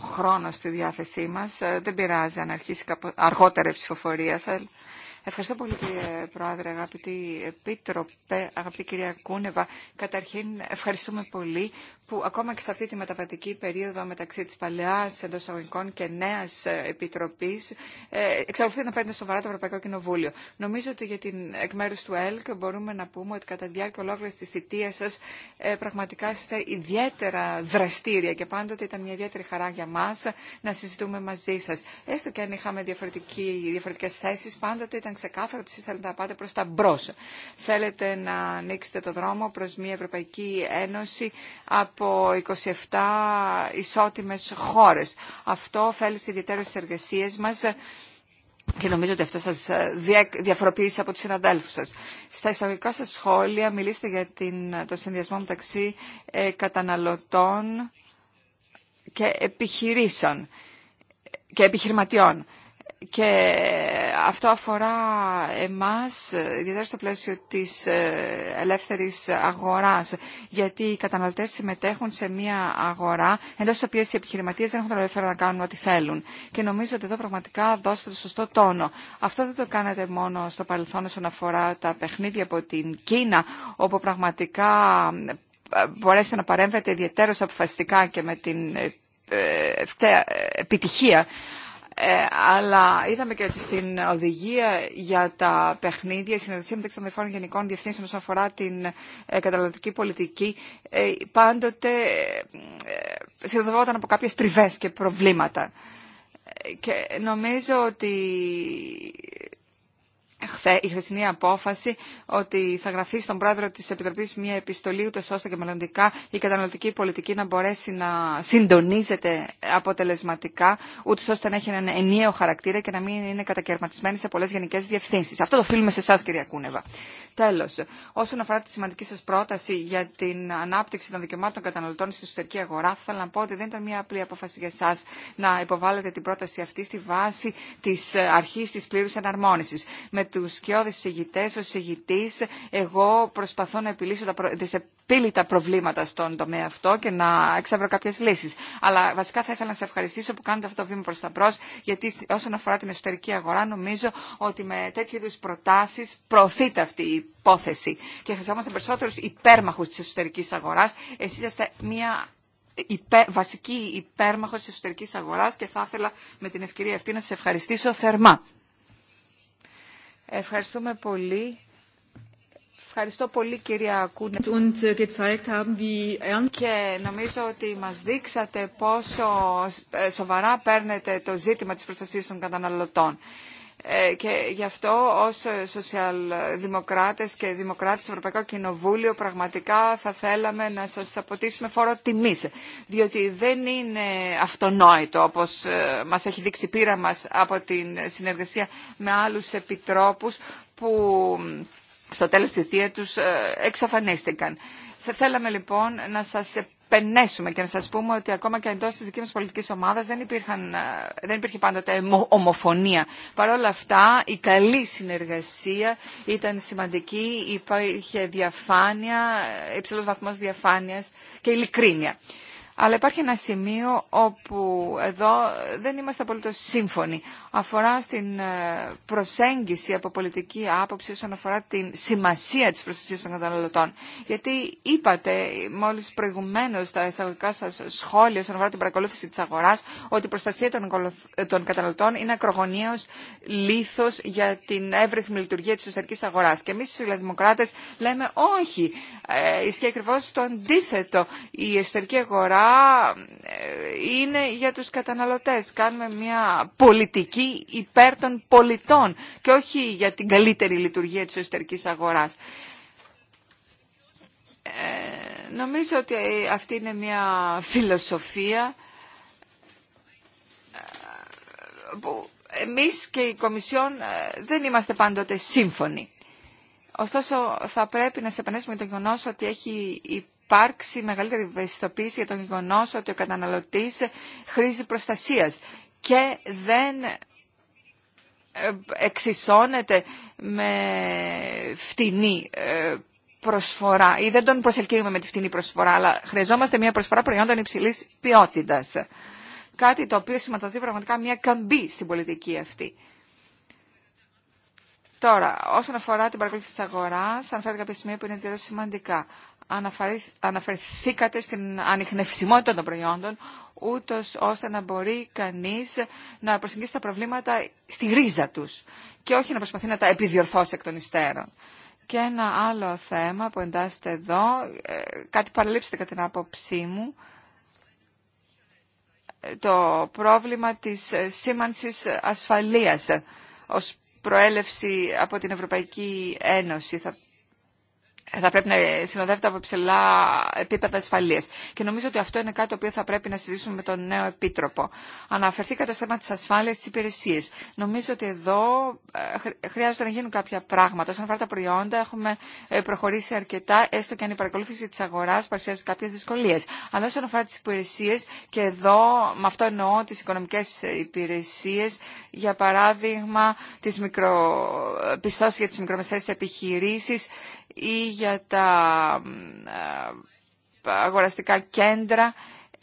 [SPEAKER 4] χρόνο στη διάθεσή μας. Ε, δεν πειράζει αν αρχίσει αργότερα η ψηφοφορία. Ευχαριστώ πολύ κύριε Πρόεδρε, αγαπητή Επίτροπε, αγαπητή κυρία Κούνεβα. Καταρχήν ευχαριστούμε πολύ που ακόμα και σε αυτή τη μεταβατική περίοδο μεταξύ της παλαιάς εντό και νέας ε, επιτροπής ε, εξακολουθεί να παίρνει σοβαρά το Ευρωπαϊκό Κοινοβούλιο. Νομίζω ότι για την εκ μέρους του ΕΛΚ μπορούμε να πούμε ότι κατά τη διάρκεια ολόκληρης της θητείας σας ε, πραγματικά είστε ιδιαίτερα δραστήρια και πάντοτε ήταν μια ιδιαίτερη χαρά για μας να συζητούμε μαζί σας. Έστω και αν είχαμε διαφορετικές θέσεις, πάντοτε ήταν ξεκάθαρο ότι εσείς θέλετε να πάτε προς τα μπρος. Θέλετε να ανοίξετε το δρόμο προς μια Ευρωπαϊκή Ένωση από από 27 ισότιμες χώρες. Αυτό ωφέλει ιδιαίτερα ιδιαίτερες εργασίες μας και νομίζω ότι αυτό σας ε, διαφοροποίησε από τους συναδέλφους σας. Στα εισαγωγικά σας σχόλια μιλήσετε για την, το συνδυασμό μεταξύ ε, καταναλωτών και επιχειρήσεων και επιχειρηματιών και αυτό αφορά εμάς, ιδιαίτερα στο πλαίσιο της ε, ελεύθερης αγοράς, γιατί οι καταναλωτές συμμετέχουν σε μια αγορά, εντός της οποίας οι επιχειρηματίες δεν έχουν τον ελεύθερο να κάνουν ό,τι θέλουν. Και νομίζω ότι εδώ πραγματικά δώσετε το σωστό τόνο. Αυτό δεν το κάνετε μόνο στο παρελθόν όσον αφορά τα παιχνίδια από την Κίνα, όπου πραγματικά ε, μπορέσετε να παρέμβετε ιδιαίτερως αποφασιστικά και με την ε, επιτυχία. Ε, αλλά είδαμε και ότι στην οδηγία για τα παιχνίδια, η συνεργασία μεταξύ των διαφόρων γενικών διευθύνσεων όσον αφορά την ε, καταναλωτική πολιτική, ε, πάντοτε ε, συνοδευόταν από κάποιες τριβές και προβλήματα. Και νομίζω ότι η χθεσινή απόφαση ότι θα γραφεί στον πρόεδρο τη Επιτροπή μια επιστολή ούτω ώστε και μελλοντικά η καταναλωτική πολιτική να μπορέσει να συντονίζεται αποτελεσματικά ούτω ώστε να έχει έναν ενιαίο χαρακτήρα και να μην είναι κατακαιρματισμένη σε πολλέ γενικέ διευθύνσει. Αυτό το οφείλουμε σε εσά κυρία Κούνεβα. Τέλο, όσον αφορά τη σημαντική σα πρόταση για την ανάπτυξη των δικαιωμάτων καταναλωτών στην εσωτερική αγορά, θα ήθελα να πω ότι δεν ήταν μια απλή απόφαση για εσά να υποβάλλετε την πρόταση αυτή στη βάση τη αρχή τη πλήρου εναρμόνιση. Με τους σκιώδεις συγητές, ως συγητής, εγώ προσπαθώ να επιλύσω τα προ... δυσεπίλητα προβλήματα στον τομέα αυτό και να εξαύρω κάποιες λύσεις. Αλλά βασικά θα ήθελα να σε ευχαριστήσω που κάνετε αυτό το βήμα προς τα μπρος, γιατί όσον αφορά την εσωτερική αγορά νομίζω ότι με τέτοιου είδου προτάσεις προωθείται αυτή η υπόθεση. Και χρειαζόμαστε περισσότερους υπέρμαχους της εσωτερικής αγοράς. Εσείς είσαστε μια βασική υπέρμαχος της εσωτερική αγοράς και θα ήθελα με την ευκαιρία αυτή να σα ευχαριστήσω θερμά. Ευχαριστούμε πολύ. Ευχαριστώ πολύ κυρία Κούνε. Äh, Και νομίζω ότι μας δείξατε πόσο ε, σοβαρά παίρνετε το ζήτημα της προστασίας των καταναλωτών. Ε, και γι' αυτό ως ε, σοσιαλδημοκράτες και δημοκράτες στο Ευρωπαϊκό Κοινοβούλιο πραγματικά θα θέλαμε να σας αποτίσουμε φόρο τιμής, διότι δεν είναι αυτονόητο όπως ε, μας έχει δείξει πείρα μας από την συνεργασία με άλλους επιτρόπους που στο τέλος της θεία τους εξαφανίστηκαν. Θα θέλαμε λοιπόν να σας πενέσουμε και να σας πούμε ότι ακόμα και εντός της δικής μας πολιτικής ομάδας δεν, υπήρχαν, ε, δεν υπήρχε πάντοτε ομοφωνία. Παρ' όλα αυτά η καλή συνεργασία ήταν σημαντική, υπήρχε διαφάνεια, ε, υψηλός βαθμός διαφάνειας και ειλικρίνεια. Αλλά υπάρχει ένα σημείο όπου εδώ δεν είμαστε απολύτως σύμφωνοι. Αφορά στην ε, προσέγγιση από πολιτική άποψη όσον αφορά την σημασία της προστασίας των καταναλωτών. Γιατί είπατε μόλις προηγουμένως στα εισαγωγικά σας σχόλια όσον αφορά την παρακολούθηση της αγοράς ότι η προστασία των καταναλωτών είναι ακρογωνίως λήθος για την εύρυθμη λειτουργία της εσωτερικής αγοράς. Και εμείς οι Δημοκράτες λέμε όχι, ε, ισχύει ακριβώ το αντίθετο. Η εσωτερική αγορά είναι για τους καταναλωτές. Κάνουμε μια πολιτική υπέρ των πολιτών και όχι για την καλύτερη λειτουργία της εσωτερικής αγοράς. Ε, νομίζω ότι αυτή είναι μια φιλοσοφία ε, που εμείς και η Κομισιόν ε, δεν είμαστε πάντοτε σύμφωνοι. Ωστόσο, θα πρέπει να σε επανέσουμε το γεγονό ότι έχει υπάρξει μεγαλύτερη ευαισθητοποίηση για τον γεγονό ότι ο καταναλωτή χρήζει προστασία και δεν ε, εξισώνεται με φτηνή ε, προσφορά ή δεν τον προσελκύουμε με τη φτηνή προσφορά, αλλά χρειαζόμαστε μια προσφορά προϊόντων υψηλής ποιότητας. Κάτι το οποίο σηματοδοτεί πραγματικά μια καμπή στην πολιτική αυτή. Τώρα, όσον αφορά την παρακολούθηση τη αγορά, αναφέρεται κάποια σημεία που είναι ιδιαίτερα σημαντικά αναφερθήκατε στην ανιχνευσιμότητα των προϊόντων, ούτω ώστε να μπορεί κανείς να προσεγγίσει τα προβλήματα στη ρίζα τους και όχι να προσπαθεί να τα επιδιορθώσει εκ των υστέρων. Και ένα άλλο θέμα που εντάσσεται εδώ, ε, κάτι παραλείψετε κατά την άποψή μου, ε, το πρόβλημα της ε, σήμανσης ασφαλείας ως προέλευση από την Ευρωπαϊκή Ένωση. Θα θα πρέπει να συνοδεύεται από υψηλά επίπεδα ασφαλείας. Και νομίζω ότι αυτό είναι κάτι το οποίο θα πρέπει να συζητήσουμε με τον νέο Επίτροπο. Αναφερθήκατε στο θέμα της ασφάλειας της υπηρεσίας. Νομίζω ότι εδώ ε, χρειάζεται να γίνουν κάποια πράγματα. Όσον αφορά τα προϊόντα έχουμε ε, προχωρήσει αρκετά, έστω και αν η παρακολούθηση της αγοράς παρουσιάζει κάποιες δυσκολίες. Αλλά όσον αφορά τις υπηρεσίες και εδώ με αυτό εννοώ τις οικονομικές υπηρεσίες, για παράδειγμα τις μικρο... Ε, για τις μικρομεσαίες επιχειρήσεις, ή για τα ε, αγοραστικά κέντρα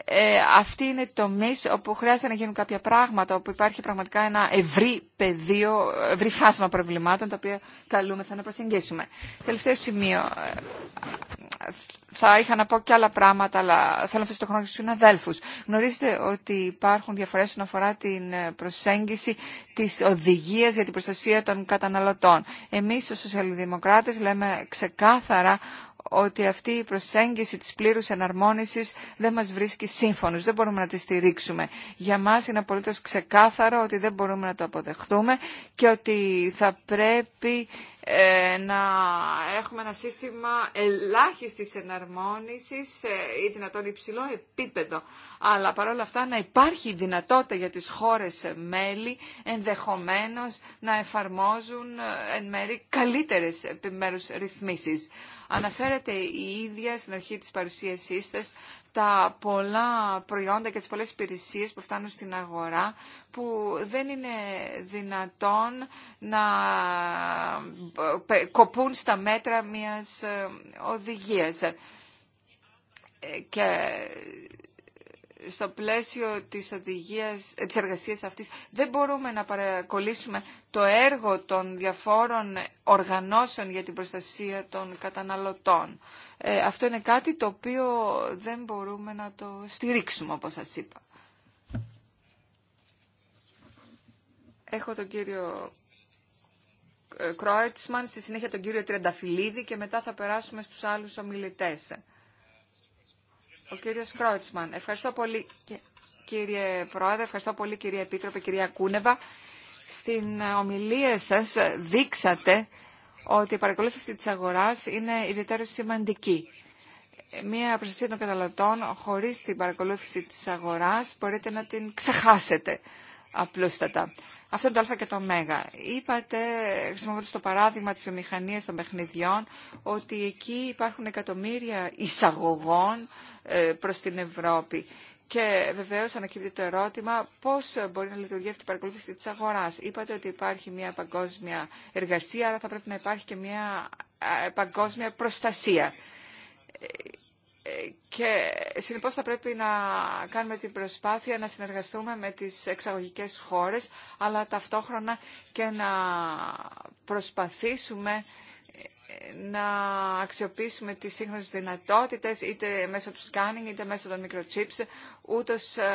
[SPEAKER 4] ε, αυτή είναι το τομεί όπου χρειάζεται να γίνουν κάποια πράγματα, όπου υπάρχει πραγματικά ένα ευρύ πεδίο, ευρύ φάσμα προβλημάτων, τα οποία καλούμεθα να προσεγγίσουμε. Τελευταίο σημείο. Ε, θα είχα να πω και άλλα πράγματα, αλλά θέλω να θέσω το χρόνο στου συναδέλφου. Γνωρίζετε ότι υπάρχουν διαφορέ όσον αφορά την ε, προσέγγιση τη οδηγία για την προστασία των καταναλωτών. Εμεί, οι σοσιαλδημοκράτε, λέμε ξεκάθαρα ότι αυτή η προσέγγιση της πλήρους εναρμόνισης δεν μας βρίσκει σύμφωνος, δεν μπορούμε να τη στηρίξουμε. Για μας είναι απολύτως ξεκάθαρο ότι δεν μπορούμε να το αποδεχτούμε και ότι θα πρέπει ε, να έχουμε ένα σύστημα ελάχιστης εναρμόνισης ε, ή δυνατόν υψηλό επίπεδο. Αλλά παρόλα αυτά να υπάρχει δυνατότητα για τις χώρες μέλη ενδεχομένως να εφαρμόζουν ε, εν μέρη καλύτερες επιμέρους ρυθμίσεις. Αναφέρεται η ίδια στην αρχή της παρουσίασής σας τα πολλά προϊόντα και τις πολλές υπηρεσίες που φτάνουν στην αγορά που δεν είναι δυνατόν να ε, κοπούν στα μέτρα μιας ε, οδηγίας. Ε, και στο πλαίσιο της, οδηγίας, της εργασίας αυτής δεν μπορούμε να παρακολύσουμε το έργο των διαφόρων οργανώσεων για την προστασία των καταναλωτών. Ε, αυτό είναι κάτι το οποίο δεν μπορούμε να το στηρίξουμε όπως σας είπα. Έχω τον κύριο ε, Κρόετσμαν, στη συνέχεια τον κύριο Τρενταφυλλίδη και μετά θα περάσουμε στους άλλους ομιλητές. Ο κύριος Κρόετσμαν, ευχαριστώ πολύ κύριε Πρόεδρε, ευχαριστώ πολύ κύριε Επίτροπε, κυρία Κούνεβα. Στην ομιλία σας δείξατε ότι η παρακολούθηση της αγοράς είναι ιδιαίτερα σημαντική. Μία προστασία των καταναλωτών χωρίς την παρακολούθηση της αγοράς μπορείτε να την ξεχάσετε απλούστατα. Αυτό είναι το α και το μεγα. Είπατε, χρησιμοποιώντας το παράδειγμα της βιομηχανίας των παιχνιδιών, ότι εκεί υπάρχουν εκατομμύρια εισαγωγών ε, προς την Ευρώπη. Και βεβαίως ανακύπτει το ερώτημα πώς μπορεί να λειτουργεί αυτή η παρακολούθηση της αγοράς. Είπατε ότι υπάρχει μια παγκόσμια εργασία, αλλά θα πρέπει να υπάρχει και μια παγκόσμια προστασία. Ε, και συνεπώς θα πρέπει να κάνουμε την προσπάθεια να συνεργαστούμε με τις εξαγωγικές χώρες, αλλά ταυτόχρονα και να προσπαθήσουμε να αξιοποιήσουμε τις σύγχρονες δυνατότητες είτε μέσω του σκάνινγκ είτε μέσω των microchips ούτως ε,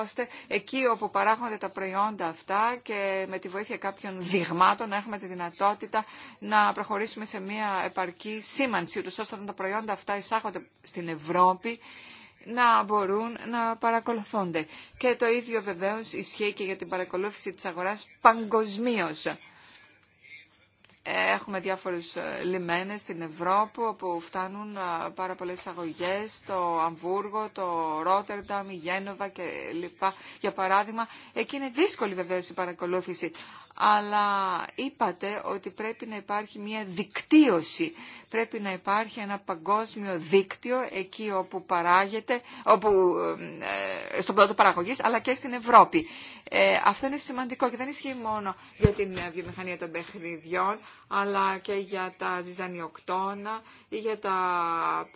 [SPEAKER 4] ώστε εκεί όπου παράγονται τα προϊόντα αυτά και με τη βοήθεια κάποιων δειγμάτων να έχουμε τη δυνατότητα να προχωρήσουμε σε μια επαρκή σήμανση ούτως ώστε όταν τα προϊόντα αυτά εισάγονται στην Ευρώπη να μπορούν να παρακολουθούνται. Και το ίδιο βεβαίως ισχύει και για την παρακολούθηση της αγοράς παγκοσμίω Έχουμε διάφορους ε, λιμένες στην Ευρώπη όπου φτάνουν ε, πάρα πολλές αγωγές, το Αμβούργο, το Ρότερνταμ, η Γένοβα κλπ. Για παράδειγμα, εκεί είναι δύσκολη βεβαίως η παρακολούθηση αλλά είπατε ότι πρέπει να υπάρχει μια δικτύωση. Πρέπει να υπάρχει ένα παγκόσμιο δίκτυο εκεί όπου παράγεται, όπου, ε, στον πρώτο παραγωγής, αλλά και στην Ευρώπη. Ε, αυτό είναι σημαντικό και δεν ισχύει μόνο για την βιομηχανία των παιχνιδιών, αλλά και για τα ζυζανιοκτώνα ή για τα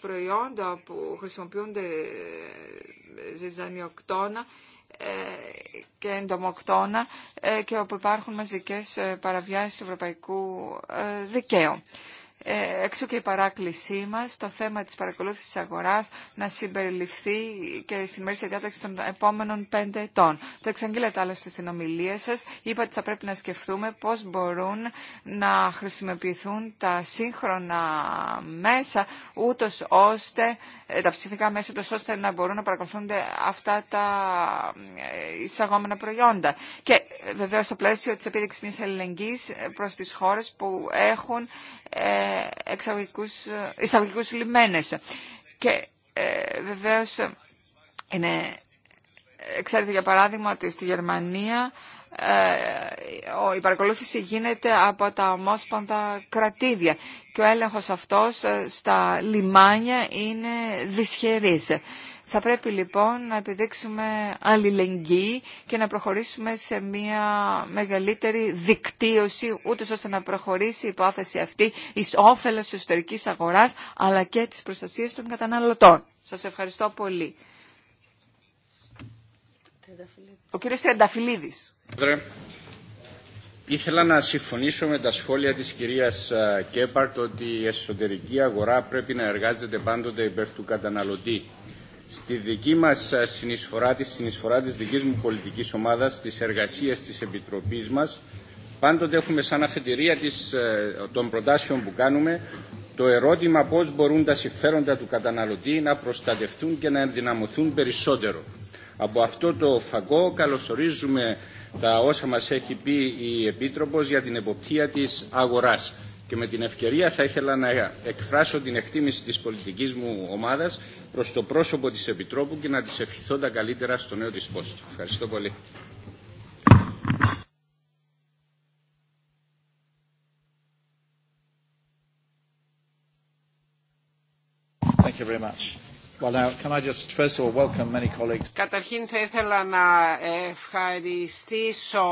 [SPEAKER 4] προϊόντα που χρησιμοποιούνται ε, ζυζανιοκτώνα ε, και εντομοκτώνα ε, και όπου υπάρχουν μαζικές ε, παραβιάσεις του ευρωπαϊκού δικαίου. Ε, έξω και η παράκλησή μας, το θέμα της παρακολούθησης της αγοράς να συμπεριληφθεί και στη μέση διάταξη των επόμενων πέντε ετών. Το εξαγγείλετε άλλωστε στην ομιλία σας. Είπατε ότι θα πρέπει να σκεφτούμε πώς μπορούν να χρησιμοποιηθούν τα σύγχρονα μέσα, ούτως ώστε, ε, τα ψηφικά μέσα, ούτως ώστε να μπορούν να παρακολουθούνται αυτά τα ε, εισαγόμενα προϊόντα. Και βεβαίως στο πλαίσιο της επίδειξης μιας ελληνικής προς τις χώρες που έχουν εξαγωγικούς, εισαγωγικούς λιμένες. Και ε, βεβαίως είναι, ξέρετε για παράδειγμα ότι στη Γερμανία ε, η παρακολούθηση γίνεται από τα ομόσπαντα κρατήδια και ο έλεγχος αυτός ε, στα λιμάνια είναι δυσχερής. Θα πρέπει λοιπόν να επιδείξουμε αλληλεγγύη και να προχωρήσουμε σε μια μεγαλύτερη δικτύωση, ούτω ώστε να προχωρήσει η υπόθεση αυτή εις όφελος της εσωτερικής αγοράς, αλλά και της προστασίας των καταναλωτών. Σας ευχαριστώ πολύ. Ο κύριος Τρενταφυλλίδης.
[SPEAKER 3] Ήθελα να συμφωνήσω με τα σχόλια της κυρίας ε, Κέπαρτ ότι η εσωτερική αγορά πρέπει να εργάζεται πάντοτε υπέρ του καταναλωτή στη δική μας ε, συνεισφορά, τη συνεισφορά της δικής μου πολιτικής ομάδας, της εργασίας της Επιτροπής μας, πάντοτε έχουμε σαν αφετηρία της, ε, των προτάσεων που κάνουμε το ερώτημα πώς μπορούν τα συμφέροντα του καταναλωτή να προστατευτούν και να ενδυναμωθούν περισσότερο. Από αυτό το φαγό καλωσορίζουμε τα όσα μας έχει πει η Επίτροπος για την εποπτεία της αγοράς και με την ευκαιρία θα ήθελα να εκφράσω την εκτίμηση της πολιτικής μου ομάδας προς το πρόσωπο της Επιτρόπου και να της ευχηθώ τα καλύτερα στο νέο της πόστο. Ευχαριστώ πολύ. Καταρχήν θα ήθελα να ευχαριστήσω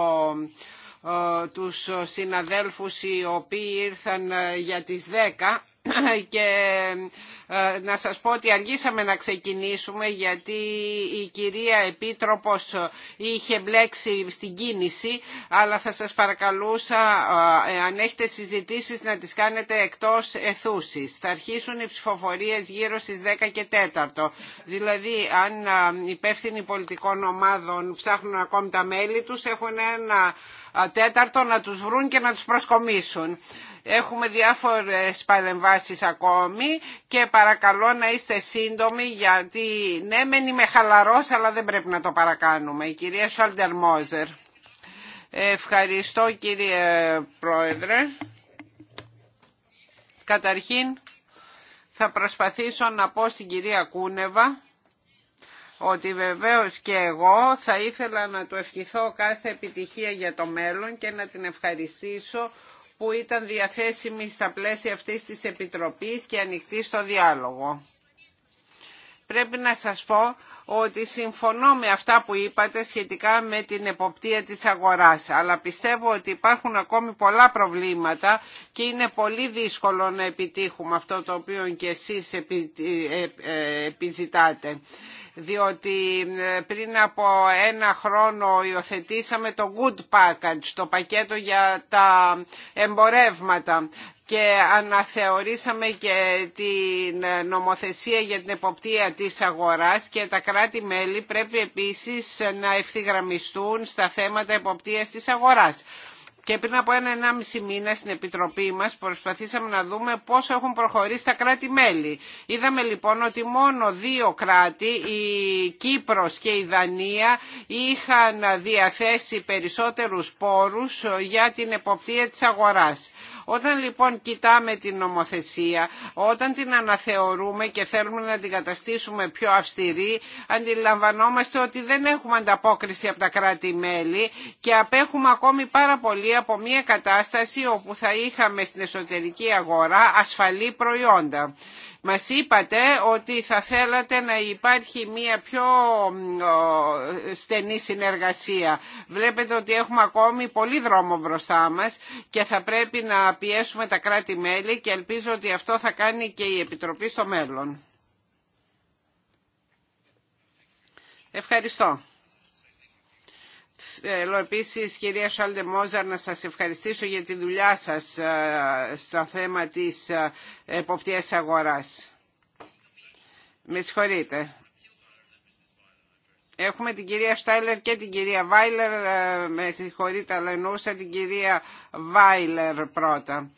[SPEAKER 3] ε, τους συναδέλφους οι οποίοι ήρθαν ε, για τις 10 και ε, να σας πω ότι αργήσαμε να ξεκινήσουμε γιατί η κυρία Επίτροπος είχε μπλέξει στην κίνηση αλλά θα σας παρακαλούσα αν έχετε συζητήσεις να τις κάνετε εκτός εθούσης. Θα αρχίσουν οι ψηφοφορίες γύρω στις 10 και 4. Δηλαδή αν υπεύθυνοι πολιτικών ομάδων ψάχνουν ακόμη τα μέλη τους έχουν ένα τέταρτο να τους βρουν και να τους προσκομίσουν. Έχουμε διάφορες παρεμβάσεις ακόμη και παρακαλώ να είστε σύντομοι γιατί ναι μεν είμαι χαλαρός αλλά δεν πρέπει να το παρακάνουμε. Η κυρία Σόλτερ Μόζερ. Ευχαριστώ κύριε Πρόεδρε. Καταρχήν θα προσπαθήσω να πω στην κυρία Κούνεβα ότι βεβαίως και εγώ θα ήθελα να του ευχηθώ κάθε επιτυχία για το μέλλον και να την ευχαριστήσω που ήταν διαθέσιμη στα πλαίσια αυτής της Επιτροπής και ανοιχτή στο διάλογο. Πρέπει να σας πω ότι συμφωνώ με αυτά που είπατε σχετικά με την εποπτεία της αγοράς, αλλά πιστεύω ότι υπάρχουν ακόμη πολλά προβλήματα και είναι πολύ δύσκολο να επιτύχουμε αυτό το οποίο και εσείς ε, ε, επιζητάτε διότι ε, πριν από ένα χρόνο υιοθετήσαμε το Good Package, το πακέτο για τα εμπορεύματα και αναθεωρήσαμε και την ε, νομοθεσία για την εποπτεία της αγοράς και τα κράτη-μέλη πρέπει επίσης να ευθυγραμμιστούν στα θέματα εποπτείας της αγοράς. Και πριν από ένα-ενάμιση μήνα στην Επιτροπή μας προσπαθήσαμε να δούμε πόσο έχουν προχωρήσει τα κράτη-μέλη. Είδαμε λοιπόν ότι μόνο δύο κράτη, η Κύπρος και η Δανία, είχαν διαθέσει περισσότερους πόρους για την εποπτεία της αγοράς. Όταν λοιπόν κοιτάμε την νομοθεσία, όταν την αναθεωρούμε και θέλουμε να την καταστήσουμε πιο αυστηρή, αντιλαμβανόμαστε ότι δεν έχουμε ανταπόκριση από τα κράτη-μέλη και απέχουμε ακόμη πάρα πολύ από μια κατάσταση όπου θα είχαμε στην εσωτερική αγορά ασφαλή προϊόντα. Μας είπατε ότι θα θέλατε να υπάρχει μια πιο στενή συνεργασία. Βλέπετε ότι έχουμε ακόμη πολύ δρόμο μπροστά μας και θα πρέπει να πιέσουμε τα κράτη-μέλη και ελπίζω ότι αυτό θα κάνει και η Επιτροπή στο μέλλον. Ευχαριστώ. Θέλω επίσης κυρία Σάλτε Μόζαρ να σας ευχαριστήσω για τη δουλειά σας ε, στο θέμα της ε, εποπτείας αγοράς. Με συγχωρείτε. Έχουμε την κυρία Στάιλερ και την κυρία Βάιλερ, ε, με συγχωρείτε αλλά εννοούσα την κυρία Βάιλερ πρώτα.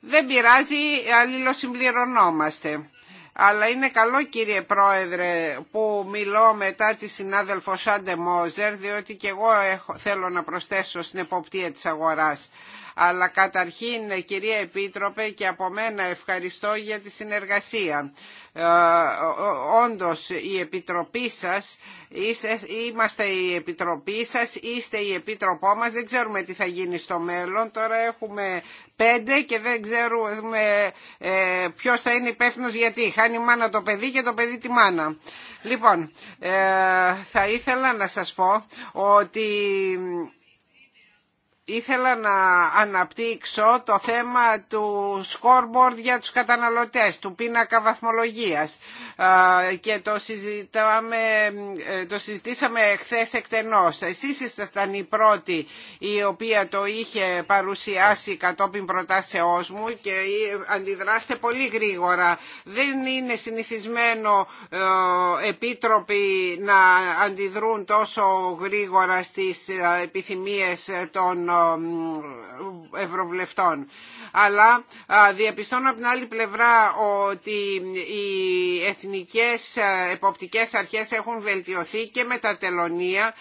[SPEAKER 3] Δεν πειράζει, αλληλοσυμπληρωνόμαστε. Αλλά είναι καλό κύριε Πρόεδρε που μιλώ μετά τη συνάδελφο Σάντε Μόζερ διότι και εγώ θέλω να προσθέσω στην εποπτεία της αγοράς. Αλλά καταρχήν κυρία Επίτροπε και από μένα ευχαριστώ για τη συνεργασία. Ε, όντως η Επιτροπή σας, είμαστε η Επιτροπή σας, είστε η Επίτροπό μας, δεν ξέρουμε τι θα γίνει στο μέλλον. Τώρα έχουμε πέντε και δεν ξέρουμε ε, ποιος θα είναι υπεύθυνο γιατί. Χάνει η μάνα το παιδί και το παιδί τη μάνα. Λοιπόν, ε, θα ήθελα να σας πω ότι ήθελα να αναπτύξω το θέμα του scoreboard για τους καταναλωτές, του πίνακα βαθμολογίας και το, συζητάμε, ε, το συζητήσαμε χθε εκτενώς. Εσείς ήσασταν η πρώτη η οποία το είχε παρουσιάσει κατόπιν προτάσεώς μου και ε, αντιδράστε πολύ γρήγορα. Δεν είναι συνηθισμένο ε, επίτροποι να αντιδρούν τόσο γρήγορα στις επιθυμίες των ε, ευρωβουλευτών. Αλλά ε, διαπιστώνω από την άλλη πλευρά ότι οι εθνικές ε, εποπτικές αρχές έχουν βελτιωθεί και με τα τελωνία,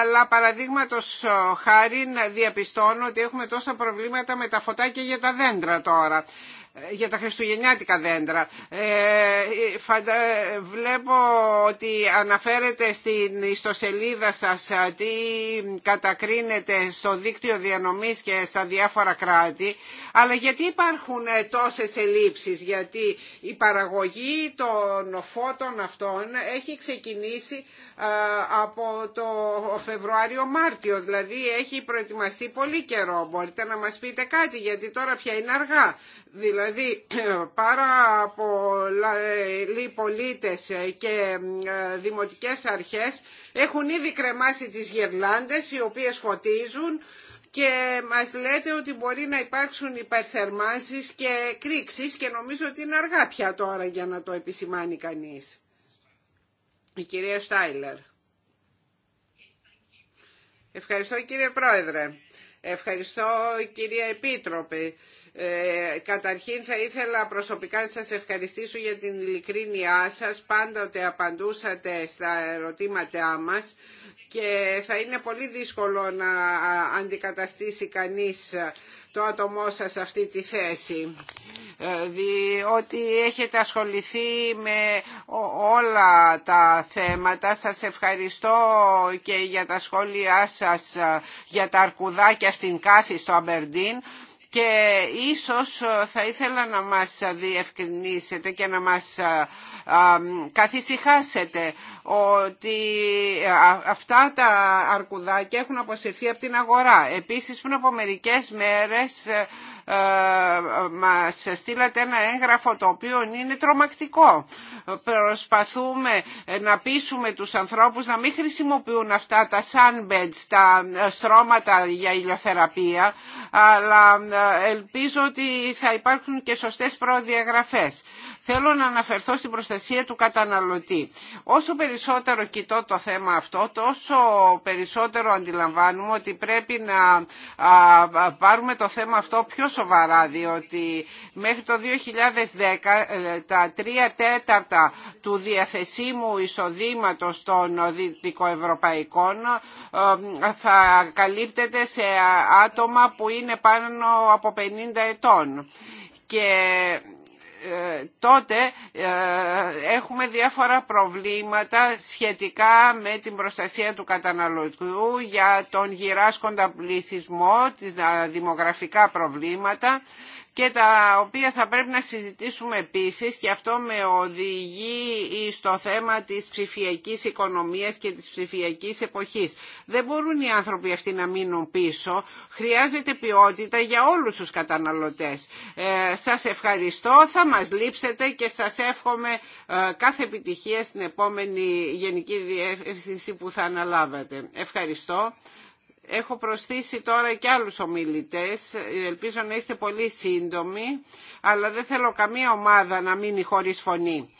[SPEAKER 3] αλλά παραδείγματος χάρη διαπιστώνω ότι έχουμε τόσα προβλήματα με τα φωτάκια για τα δέντρα τώρα. Ε, για τα χριστουγεννιάτικα δέντρα. Ε, βλέπω ότι αναφέρετε στην ιστοσελίδα σας τι κατακρίνεται στο δίκτυο διανομής και στα διάφορα κράτη, αλλά γιατί υπάρχουν ε, τόσες ελλείψεις, γιατί η παραγωγή των φώτων αυτών έχει ξεκινήσει από το Φεβρουάριο-Μάρτιο, δηλαδή έχει προετοιμαστεί πολύ καιρό. Μπορείτε να μας πείτε κάτι, γιατί τώρα πια είναι αργά. Δηλαδή πάρα πολλοί ε, πολίτες ε, και ε, δημοτικές αρχές έχουν ήδη κρεμάσει τις γερλάντες οι οποίες φωτίζουν και μας λέτε ότι μπορεί να υπάρξουν υπερθερμάνσεις και κρίξεις και νομίζω ότι είναι αργά πια τώρα για να το επισημάνει κανείς. Η κυρία Στάιλερ. Ευχαριστώ κύριε Πρόεδρε. Ευχαριστώ κυρία Επίτροπε ε, καταρχήν θα ήθελα προσωπικά να σας ευχαριστήσω για την ειλικρίνειά σας. Πάντοτε απαντούσατε στα ερωτήματά μας και θα είναι πολύ δύσκολο να αντικαταστήσει κανείς το άτομό σας αυτή τη θέση ε, διότι έχετε ασχοληθεί με όλα τα θέματα. Σας ευχαριστώ και για τα σχόλιά σας ε, για τα αρκουδάκια στην κάθη στο Αμπερντίν και ίσως ε, θα ήθελα να μας διευκρινίσετε και να μας ε, ε, καθησυχάσετε ότι αυτά τα αρκουδάκια έχουν αποσυρθεί από την αγορά. Επίσης πριν από μερικές μέρες ε, μας στείλατε ένα έγγραφο το οποίο είναι τρομακτικό. Προσπαθούμε να πείσουμε τους ανθρώπους να μην χρησιμοποιούν αυτά τα sunbeds, τα στρώματα για ηλιοθεραπεία, αλλά ε, ελπίζω ότι θα υπάρχουν και σωστές προδιαγραφές θέλω να αναφερθώ στην προστασία του καταναλωτή. Όσο περισσότερο κοιτώ το θέμα αυτό, τόσο περισσότερο αντιλαμβάνουμε ότι πρέπει να πάρουμε το θέμα αυτό πιο σοβαρά, διότι μέχρι το 2010 ε, τα τρία τέταρτα του διαθεσίμου εισοδήματος των δυτικοευρωπαϊκών ε, θα καλύπτεται σε άτομα που είναι πάνω από 50 ετών. Και τότε ε, έχουμε διάφορα προβλήματα σχετικά με την προστασία του καταναλωτικού για τον γυράσκοντα πληθυσμό, τις δημογραφικά προβλήματα και τα οποία θα πρέπει να συζητήσουμε επίσης και αυτό με οδηγεί στο θέμα της ψηφιακής οικονομίας και της ψηφιακής εποχής. Δεν μπορούν οι άνθρωποι αυτοί να μείνουν πίσω. Χρειάζεται ποιότητα για όλους τους καταναλωτές. Ε, σας ευχαριστώ, θα μας λείψετε και σας εύχομαι ε, κάθε επιτυχία στην επόμενη Γενική Διεύθυνση που θα αναλάβετε. Ευχαριστώ. Έχω προσθήσει τώρα και άλλους ομιλητές, ελπίζω να είστε πολύ σύντομοι, αλλά δεν θέλω καμία ομάδα να μείνει χωρίς φωνή.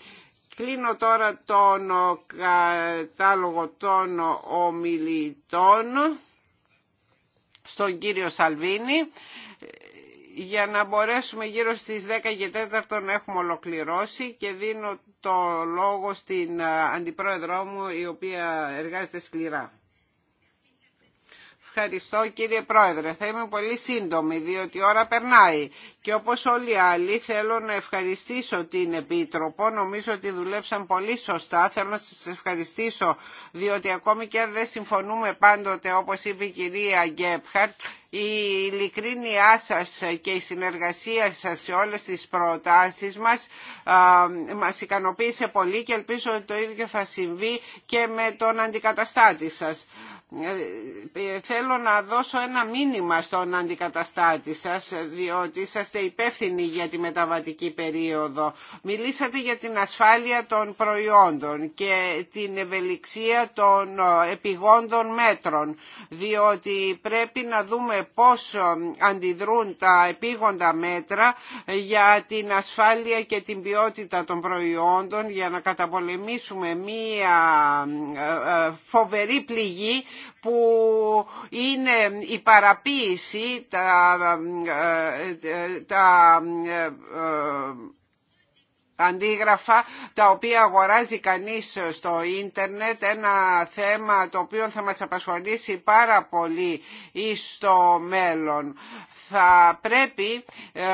[SPEAKER 3] Κλείνω τώρα τον κατάλογο των ομιλητών στον κύριο Σαλβίνη για να μπορέσουμε γύρω στις 10 και 4 να έχουμε ολοκληρώσει και δίνω το λόγο στην ε, αντιπρόεδρό μου η οποία εργάζεται σκληρά. Ευχαριστώ κύριε Πρόεδρε. Θα είμαι πολύ σύντομη διότι η ώρα περνάει. Και όπως όλοι οι άλλοι θέλω να ευχαριστήσω την Επίτροπο. Νομίζω ότι δουλέψαν πολύ σωστά. Θέλω να σας ευχαριστήσω διότι ακόμη και αν δεν συμφωνούμε πάντοτε όπως είπε η κυρία Γκέπχαρτ η ειλικρίνειά σας και η συνεργασία σας σε όλες τις προτάσεις μας μας ικανοποίησε πολύ και ελπίζω ότι το ίδιο θα συμβεί και με τον αντικαταστάτη σας. Ε, θέλω να δώσω ένα μήνυμα στον αντικαταστάτη σας διότι είσαστε υπεύθυνοι για τη μεταβατική περίοδο. Μιλήσατε για την ασφάλεια των προϊόντων και την ευελιξία των ε, επιγόντων μέτρων διότι πρέπει να δούμε πώς ε, αντιδρούν τα επίγοντα μέτρα για την ασφάλεια και την ποιότητα των προϊόντων για να καταπολεμήσουμε μία φοβερή πληγή που είναι η παραποίηση, τα, ε, τα ε, αντίγραφα τα οποία αγοράζει κανείς στο ίντερνετ ένα θέμα το οποίο θα μας απασχολήσει πάρα πολύ στο μέλλον θα πρέπει ε,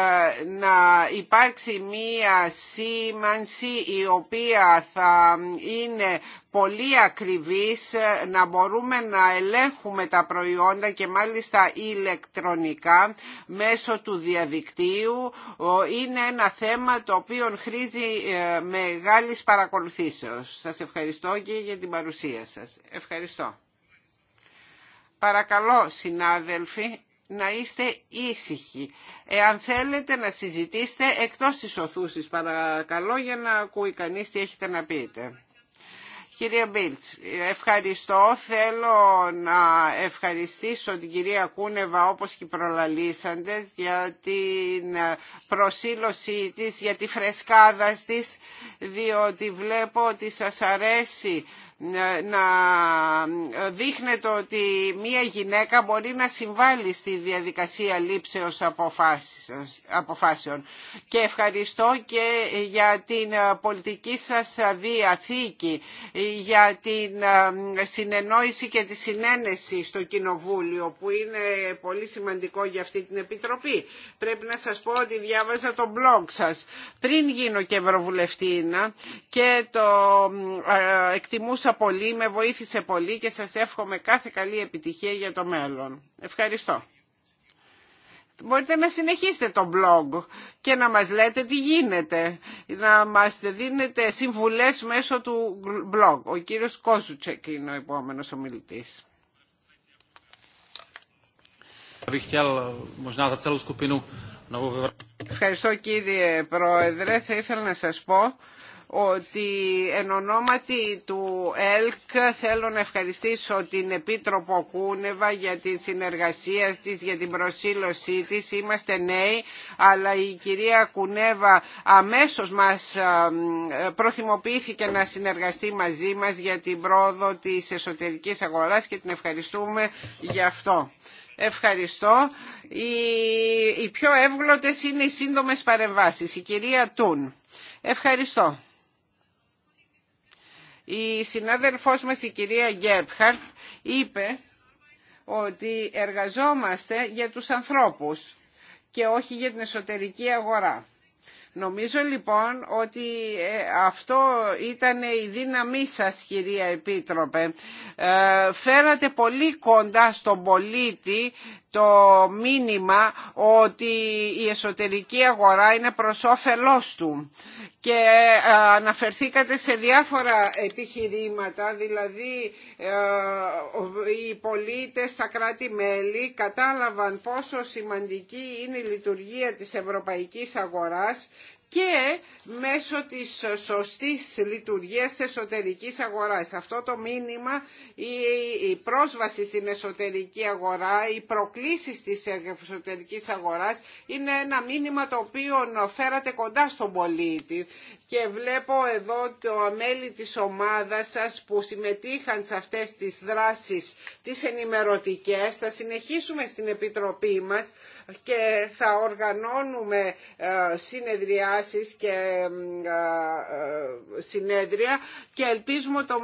[SPEAKER 3] να υπάρξει μία σήμανση η οποία θα είναι πολύ ακριβής ε, να μπορούμε να ελέγχουμε τα προϊόντα και μάλιστα ηλεκτρονικά μέσω του διαδικτύου είναι ένα θέμα το οποίο χρήζει ε, μεγάλης παρακολουθήσεως. Σας ευχαριστώ και για την παρουσία σας. Ευχαριστώ. Παρακαλώ συνάδελφοι να είστε ήσυχοι. Εάν θέλετε να συζητήσετε εκτός της οθούσης παρακαλώ για να ακούει κανείς τι έχετε να πείτε. Κυρία Μπίλτς, ευχαριστώ. Θέλω να ευχαριστήσω την κυρία Κούνεβα όπως και προλαλήσαντε για την προσήλωσή της, για τη φρεσκάδα της, διότι βλέπω ότι σας αρέσει να ε, δείχνετε ότι μία γυναίκα μπορεί να συμβάλλει στη διαδικασία λήψεως αποφάσεων. Και ευχαριστώ και για την ε, πολιτική σας διαθήκη, ε, για την συνεννόηση και τη συνένεση στο Κοινοβούλιο, που είναι πολύ σημαντικό για αυτή την Επιτροπή. Πρέπει να σας πω ότι διάβαζα το blog σας πριν γίνω και Ευρωβουλευτήνα και το εκτιμούσα πολύ, με βοήθησε πολύ και σας εύχομαι κάθε καλή επιτυχία για το μέλλον. Ευχαριστώ. Μπορείτε να συνεχίσετε το blog και να μας λέτε τι γίνεται, να μας δίνετε συμβουλές μέσω του blog. Ο κύριος Κόζουτσεκ είναι ο επόμενος ομιλητής. Ευχαριστώ κύριε Πρόεδρε. Θα ήθελα να σας πω ότι εν ονόματι του ΕΛΚ θέλω να ευχαριστήσω την Επίτροπο Κούνεβα για την συνεργασία της, για την προσήλωσή της. Είμαστε νέοι, αλλά η κυρία Κουνέβα αμέσως μας ε, προθυμοποιήθηκε να συνεργαστεί μαζί μας για την πρόοδο της εσωτερικής αγοράς και την ευχαριστούμε γι' αυτό. Ευχαριστώ. Οι, πιο εύγλωτες είναι οι σύντομες παρεμβάσεις. Η κυρία Τούν. Ευχαριστώ. Η συνάδελφός μας η κυρία Γκέπχαρτ είπε ότι εργαζόμαστε για τους ανθρώπους και όχι για την εσωτερική αγορά. Νομίζω λοιπόν ότι ε, αυτό ήταν η δύναμή σας κυρία Επίτροπε. Ε, φέρατε πολύ κοντά στον πολίτη το μήνυμα ότι η εσωτερική αγορά είναι προς όφελός του και ε, αναφερθήκατε σε διάφορα επιχειρήματα, δηλαδή ε, οι πολίτες στα κράτη-μέλη κατάλαβαν πόσο σημαντική είναι η λειτουργία της ευρωπαϊκής αγοράς και μέσω της σωστής λειτουργίας εσωτερικής αγοράς. Αυτό το μήνυμα, η πρόσβαση στην εσωτερική αγορά, οι προκλήσεις της εσωτερικής αγοράς είναι ένα μήνυμα το οποίο φέρατε κοντά στον πολίτη και βλέπω εδώ το μέλη της ομάδας σας που συμμετείχαν σε αυτές τις δράσεις τις ενημερωτικές. Θα συνεχίσουμε στην Επιτροπή μας και θα οργανώνουμε ε, συνεδριάσεις και ε, ε, συνέδρια και ελπίζουμε το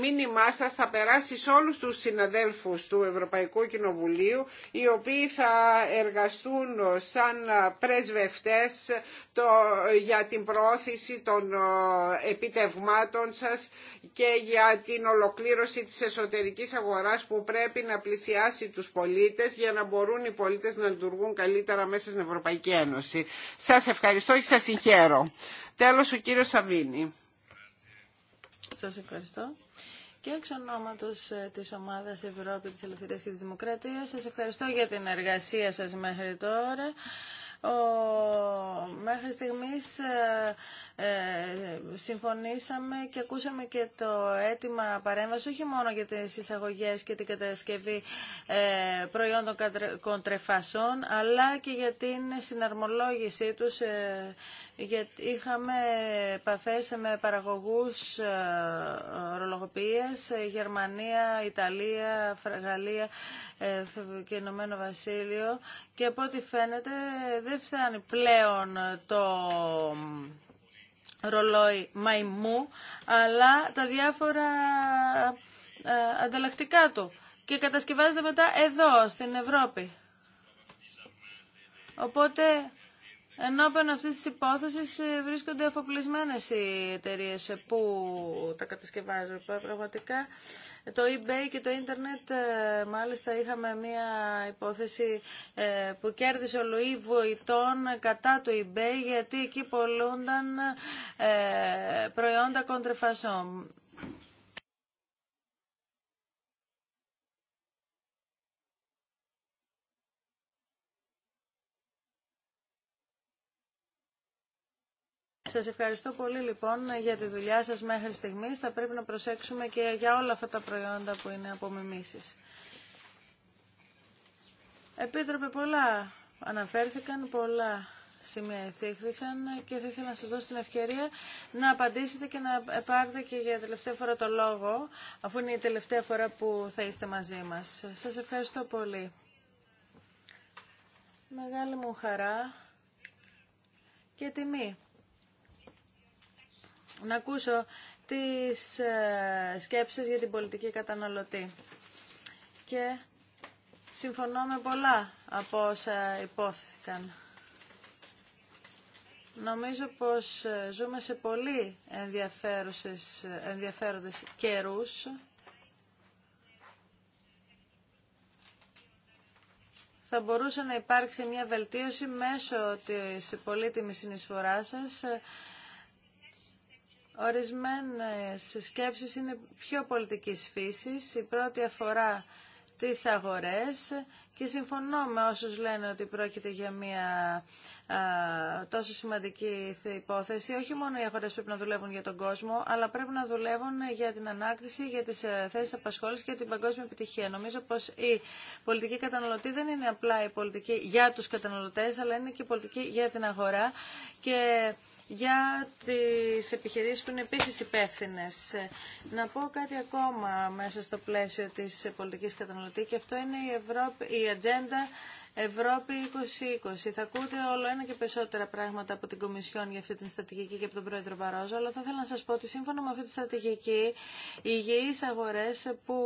[SPEAKER 3] μήνυμά σας θα περάσει σε όλους τους συναδέλφους του Ευρωπαϊκού Κοινοβουλίου οι οποίοι θα εργαστούν σαν πρεσβευτές για την προώθηση των ε, επιτευγμάτων σας και για την ολοκλήρωση της εσωτερικής αγοράς που πρέπει να πλησιάσει τους πολίτες για να μπορούν οι πολίτες να λειτουργούν καλύτερα μέσα στην Ευρωπαϊκή Ένωση. Σας ευχαριστώ και σας συγχαίρω. Τέλος ο κύριος Σαβίνη. Σας ευχαριστώ.
[SPEAKER 2] Και εξ ονόματο ε, της ομάδας Ευρώπη τη Ελευθερία και τη Δημοκρατία. Σα ευχαριστώ για την εργασία σα μέχρι τώρα μέχρι στιγμής ε, ε, συμφωνήσαμε και ακούσαμε και το αίτημα παρέμβαση όχι μόνο για τις εισαγωγές και την κατασκευή ε, προϊόντων κοντρεφασών αλλά και για την συναρμολόγησή τους γιατί είχαμε επαφέ με παραγωγούς ε, ρολογοπίες, ε, Γερμανία, Ιταλία, Γαλλία ε, και Ηνωμένο Βασίλειο και από ό,τι φαίνεται δεν φτάνει πλέον το ρολόι μαϊμού, αλλά τα διάφορα ανταλλακτικά του και κατασκευάζεται μετά εδώ, στην Ευρώπη. Οπότε πέραν αυτή τη υπόθεση ε, βρίσκονται αφοπλισμένε οι εταιρείε ε, που τα κατασκευάζουν. Πραγματικά το eBay και το ίντερνετ, ε, μάλιστα είχαμε μια υπόθεση που κέρδισε ο Λουί Βοητών κατά το eBay γιατί εκεί πολλούνταν προϊόντα κοντρεφασών. Σας ευχαριστώ πολύ λοιπόν για τη δουλειά σας μέχρι στιγμής. Θα πρέπει να προσέξουμε και για όλα αυτά τα προϊόντα που είναι απομιμήσεις. Επίτροπε, πολλά αναφέρθηκαν, πολλά σημεία εθίχθησαν και θα ήθελα να σας δώσω την ευκαιρία να απαντήσετε και να πάρετε και για τελευταία φορά το λόγο, αφού είναι η τελευταία φορά που θα είστε μαζί μας. Σας ευχαριστώ πολύ. Μεγάλη μου χαρά και τιμή να ακούσω τις ε, σκέψεις για την πολιτική καταναλωτή. Και συμφωνώ με πολλά από όσα υπόθηκαν. Νομίζω πως ε, ζούμε σε πολύ ε, ενδιαφέροντες καιρούς. Θα μπορούσε να υπάρξει μια βελτίωση μέσω της πολύτιμης συνεισφοράς σας Ορισμένες σκέψεις είναι πιο πολιτικής φύσης. Η πρώτη αφορά τις αγορές και συμφωνώ με όσους λένε ότι πρόκειται για μια τόσο σημαντική υπόθεση. Όχι μόνο οι αγορές πρέπει να δουλεύουν για τον κόσμο, αλλά πρέπει να δουλεύουν για την ανάκτηση, για τις ε, θέσεις απασχόλησης και για την παγκόσμια επιτυχία. Νομίζω πως η πολιτική καταναλωτή δεν είναι απλά η πολιτική για τους καταναλωτές, αλλά είναι και η πολιτική για την αγορά. Και για τις επιχειρήσεις που είναι επίσης υπεύθυνε. Να πω κάτι ακόμα μέσα στο πλαίσιο της πολιτικής καταναλωτή και αυτό είναι η, Ευρώπη, η ατζέντα Ευρώπη 2020. Θα ακούτε όλο ένα και περισσότερα πράγματα από την Κομισιόν για αυτή την στρατηγική και από τον Πρόεδρο Βαρόζο, αλλά θα ήθελα να σας πω ότι σύμφωνα με αυτή τη στρατηγική, οι υγιείς αγορές που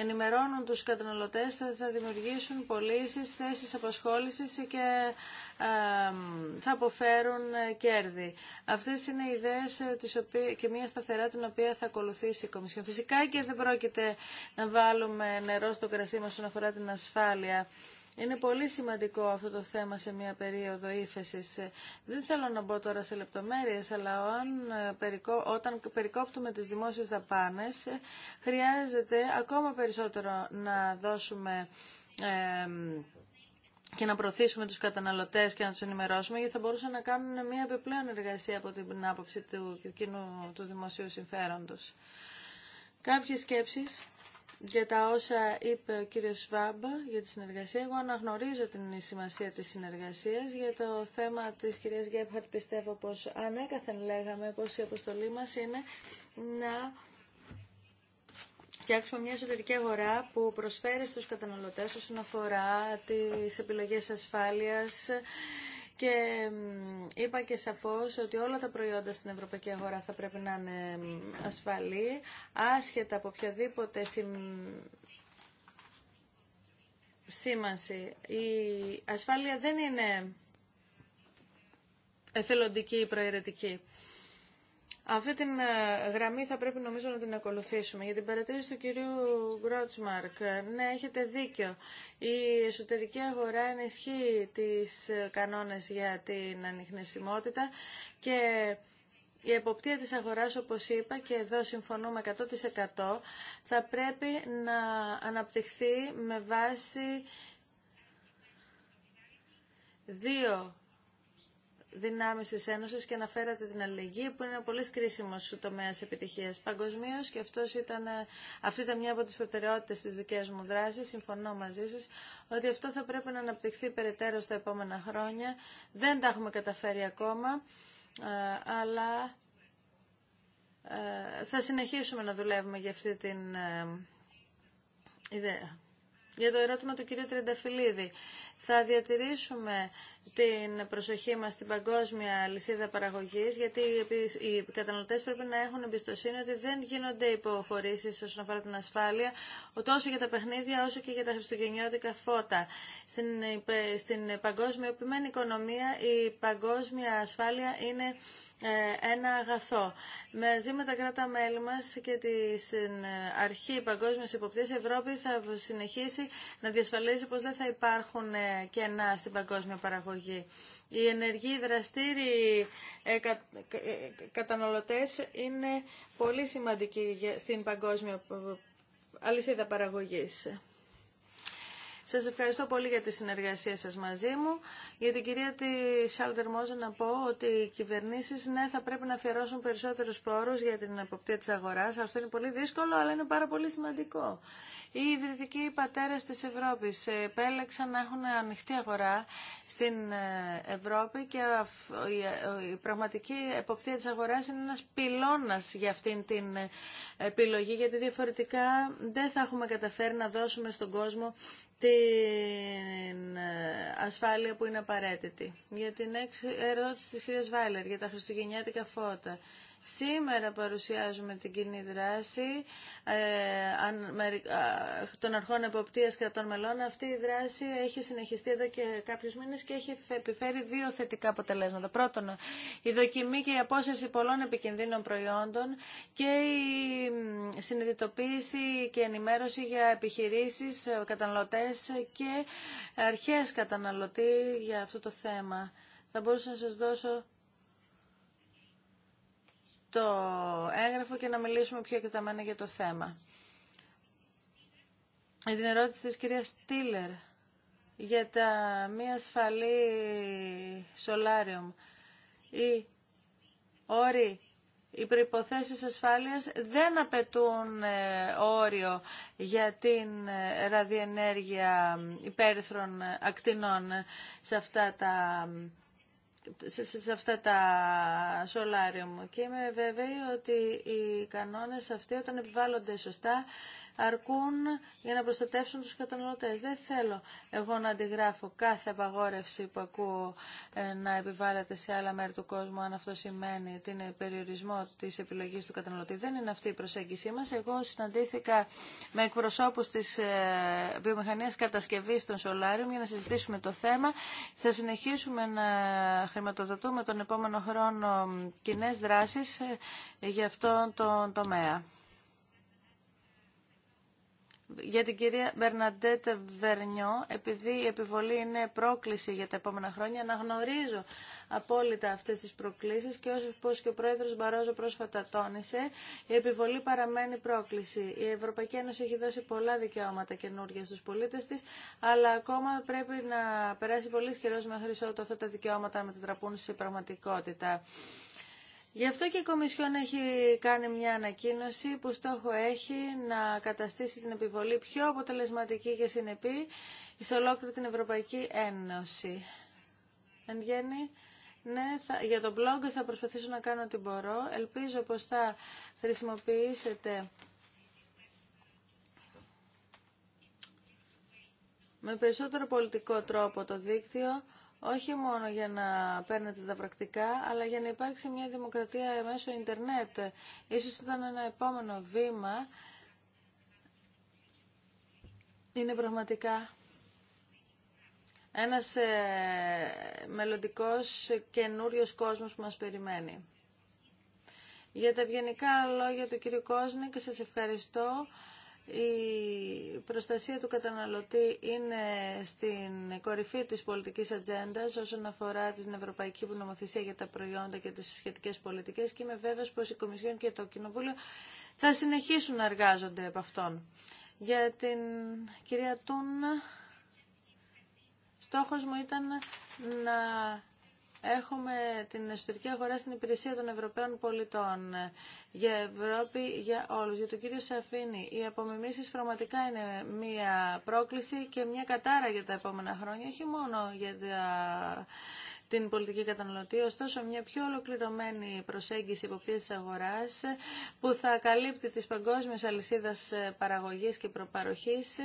[SPEAKER 2] ενημερώνουν τους καταναλωτές θα δημιουργήσουν πωλήσει, θέσεις απασχόλησης και θα αποφέρουν ε, κέρδη. Αυτές είναι οι ιδέες ε, τις οποίες, και μια σταθερά την οποία θα ακολουθήσει η Κομισιόν. Φυσικά και δεν πρόκειται να βάλουμε νερό στο κρασί μας όσον αφορά την ασφάλεια. Είναι πολύ σημαντικό αυτό το θέμα σε μια περίοδο ύφεση. Δεν θέλω να μπω τώρα σε λεπτομέρειε, αλλά ε, όταν περικόπτουμε τι δημόσιε δαπάνε, χρειάζεται ακόμα περισσότερο να δώσουμε και να προωθήσουμε τους καταναλωτές και να τους ενημερώσουμε γιατί θα μπορούσαν να κάνουν μια επιπλέον εργασία από την άποψη του κοινού του δημοσίου συμφέροντος. Κάποιες σκέψεις για τα όσα είπε ο κύριος Σβάμπ για τη συνεργασία. Εγώ αναγνωρίζω την σημασία της συνεργασίας. Για το θέμα της κυρίας Γκέπχαρτ πιστεύω πως ανέκαθεν λέγαμε πως η αποστολή μας είναι να φτιάξουμε μια εσωτερική αγορά που προσφέρει στους καταναλωτές όσον αφορά τις επιλογές ασφάλειας, και είπα και σαφώς ότι όλα τα προϊόντα στην ευρωπαϊκή αγορά θα πρέπει να είναι ασφαλή, άσχετα από οποιαδήποτε συμ... σήμανση. Η ασφάλεια δεν είναι εθελοντική ή προαιρετική. Αυτή την ε, γραμμή θα πρέπει νομίζω να την ακολουθήσουμε. Για την παρατήρηση του κυρίου Γκρότσμαρκ, ε, ναι, έχετε δίκιο. Η εσωτερική αγορά ενισχύει τις ε, κανόνες για την ανιχνεσιμότητα και η εποπτεία της αγοράς, όπως είπα, και εδώ συμφωνούμε 100%, θα πρέπει να αναπτυχθεί με βάση δύο δυνάμεις τη Ένωση και αναφέρατε την αλληλεγγύη που είναι ένα πολύ κρίσιμο τομέα επιτυχία παγκοσμίω και αυτός ήταν, ε, αυτή ήταν μια από τι προτεραιότητε τη δικές μου δράση, Συμφωνώ μαζί σα, ότι αυτό θα πρέπει να αναπτυχθεί περαιτέρω στα επόμενα χρόνια. Δεν τα έχουμε καταφέρει ακόμα, ε, αλλά ε, θα συνεχίσουμε να δουλεύουμε για αυτή την ιδέα για το ερώτημα του κυρίου Τρενταφυλλίδη. Θα διατηρήσουμε την προσοχή μας στην παγκόσμια λυσίδα παραγωγής, γιατί οι καταναλωτές πρέπει να έχουν εμπιστοσύνη ότι δεν γίνονται υποχωρήσεις όσον αφορά την ασφάλεια, τόσο για τα παιχνίδια όσο και για τα χριστουγεννιώτικα φώτα. Στην, στην παγκόσμια οικονομία η παγκόσμια ασφάλεια είναι ε, ένα αγαθό. Μαζί με τα κράτα-μέλη μας και την ε, αρχή παγκόσμια υποπτήρας, η Ευρώπη θα συνεχίσει να διασφαλίζει πως δεν θα υπάρχουν ε, κενά στην παγκόσμια παραγωγή. Οι ενεργοί δραστήριοι καταναλωτές είναι πολύ σημαντικοί στην παγκόσμια αλυσίδα παραγωγής. Σας ευχαριστώ πολύ για τη συνεργασία σας μαζί μου. Για την κυρία τη Σάλτερ Μόζε να πω ότι οι κυβερνήσεις ναι, θα πρέπει να αφιερώσουν περισσότερους πόρους για την εποπτεία της αγοράς. Αυτό είναι πολύ δύσκολο, αλλά είναι πάρα πολύ σημαντικό. Οι ιδρυτικοί πατέρες της Ευρώπης επέλεξαν να έχουν ανοιχτή αγορά στην ε, Ευρώπη και η πραγματική εποπτεία της αγοράς είναι ένας πυλώνας για αυτήν την ε, επιλογή, γιατί διαφορετικά δεν θα έχουμε καταφέρει να δώσουμε στον κόσμο την ε, ασφάλεια που είναι απαραίτητη. Για την ερώτηση της κυρίας Βάιλερ για τα χριστουγεννιάτικα φώτα. Σήμερα παρουσιάζουμε την κοινή δράση ε, των αρχών εποπτείας κρατών μελών. Αυτή η δράση έχει συνεχιστεί εδώ και κάποιους μήνες και έχει επιφέρει δύο θετικά αποτελέσματα. Πρώτον, η δοκιμή και η απόσυρση πολλών επικινδύνων προϊόντων και η συνειδητοποίηση και ενημέρωση για επιχειρήσεις, ε, καταναλωτές και αρχές καταναλωτή για αυτό το θέμα. Θα μπορούσα να σας δώσω το έγγραφο και να μιλήσουμε πιο εκτεταμένα για το θέμα. Για την ερώτηση της κυρία Στήλερ για τα μη ασφαλή σολάριουμ ή όροι οι προϋποθέσεις ασφάλειας δεν απαιτούν ε, όριο για την ε, ραδιενέργεια υπέρυθρων ε, ακτινών σε αυτά τα σε, αυτά τα σολάρια μου. και είμαι βέβαιη ότι οι κανόνες αυτοί όταν επιβάλλονται σωστά αρκούν για να προστατεύσουν τους καταναλωτές. Δεν θέλω εγώ να αντιγράφω κάθε απαγόρευση που ακούω ε, να επιβάλλεται σε άλλα μέρη του κόσμου αν αυτό σημαίνει την ε, περιορισμό της επιλογής του καταναλωτή. Δεν είναι αυτή η προσέγγιση μας. Εγώ συναντήθηκα με εκπροσώπους της ε, βιομηχανίας κατασκευής των Solarium για να συζητήσουμε το θέμα. Θα συνεχίσουμε να χρηματοδοτούμε τον επόμενο χρόνο κοινέ δράσεις για αυτόν τον τομέα για την κυρία Μπερναντέτ Βερνιό, επειδή η επιβολή είναι πρόκληση για τα επόμενα χρόνια, αναγνωρίζω απόλυτα αυτές τις προκλήσεις και όπω και ο Πρόεδρο Μπαρόζο πρόσφατα τόνισε, η επιβολή παραμένει πρόκληση. Η Ευρωπαϊκή Ένωση έχει δώσει πολλά δικαιώματα καινούργια στου πολίτες της, αλλά ακόμα πρέπει να περάσει πολύ καιρό μέχρι ότου αυτά τα δικαιώματα να μετατραπούν σε πραγματικότητα. Γι' αυτό και η Κομισιόν έχει κάνει μια ανακοίνωση που στόχο έχει να καταστήσει την επιβολή πιο αποτελεσματική και συνεπή σε ολόκληρη την Ευρωπαϊκή Ένωση. Εν γέννη, ναι, θα, για το blog θα προσπαθήσω να κάνω ό,τι μπορώ. Ελπίζω πως θα χρησιμοποιήσετε με περισσότερο πολιτικό τρόπο το δίκτυο όχι μόνο για να παίρνετε τα πρακτικά, αλλά για να υπάρξει μια δημοκρατία μέσω ίντερνετ. Ίσως ήταν ένα επόμενο βήμα. Είναι πραγματικά ένας ε, μελλοντικός καινούριος κόσμος που μας περιμένει. Για τα ευγενικά λόγια του κύριου Κόσμη και σας ευχαριστώ. Η προστασία του καταναλωτή είναι στην κορυφή της πολιτικής ατζέντα όσον αφορά την Ευρωπαϊκή Νομοθεσία για τα προϊόντα και τις σχετικές πολιτικές και είμαι βέβαιος πως η Κομισιόν και το Κοινοβούλιο θα συνεχίσουν να εργάζονται από αυτόν. Για την κυρία Τούν, στόχος μου ήταν να Έχουμε την εσωτερική αγορά στην υπηρεσία των Ευρωπαίων πολιτών. Για Ευρώπη, για όλους. Για τον κύριο Σαφίνη, οι απομιμήσεις πραγματικά είναι μία πρόκληση και μία κατάρα για τα επόμενα χρόνια, όχι μόνο για τα την πολιτική καταναλωτή, ωστόσο μια πιο ολοκληρωμένη προσέγγιση υποπτήρια τη αγοράς που θα καλύπτει τις παγκόσμιες αλυσίδες παραγωγής και προπαροχής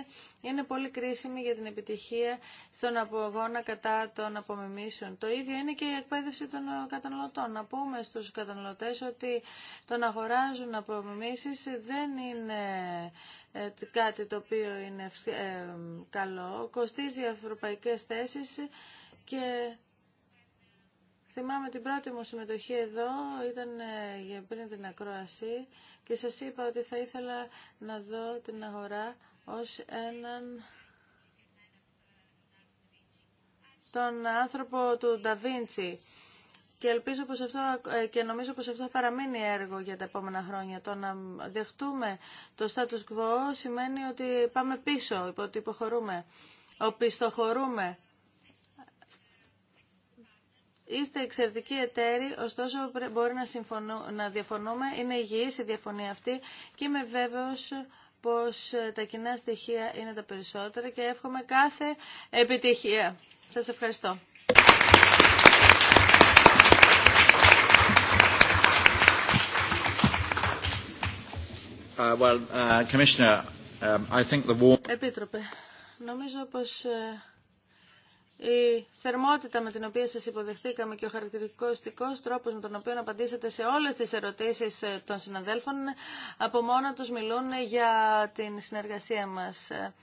[SPEAKER 2] είναι πολύ κρίσιμη για την επιτυχία στον απογόνα κατά των απομιμήσεων. Το ίδιο είναι και η εκπαίδευση των καταναλωτών. Να πούμε στους καταναλωτές ότι τον αγοράζουν απομιμήσεις δεν είναι ε, κάτι το οποίο είναι ε, καλό. Κοστίζει ευρωπαϊκές θέσεις και Θυμάμαι την πρώτη μου συμμετοχή εδώ, ήταν ε, πριν την ακρόαση και σας είπα ότι θα ήθελα να δω την αγορά ως έναν τον άνθρωπο του Νταβίντσι. Και, ελπίζω πως αυτό, ε, και νομίζω πως αυτό θα παραμείνει έργο για τα επόμενα χρόνια. Το να δεχτούμε το status quo σημαίνει ότι πάμε πίσω, ότι υποχωρούμε, οπισθοχωρούμε. Είστε εξαιρετικοί εταίροι, ωστόσο μπορεί να, συμφωνώ, να διαφωνούμε. Είναι υγιής η διαφωνία αυτή και είμαι βέβαιος πως ε, τα κοινά στοιχεία είναι τα περισσότερα και εύχομαι κάθε επιτυχία. Σας ευχαριστώ.
[SPEAKER 1] Uh, well, uh, Commissioner, um, I think the war...
[SPEAKER 2] Επίτροπε, νομίζω πως... Ε, η θερμότητα με την οποία σας υποδεχθήκαμε και ο χαρακτηριστικός τρόπος με τον οποίο απαντήσατε σε όλες τις ερωτήσεις ε, των συναδέλφων από μόνα τους μιλούν για την συνεργασία μας. Ε,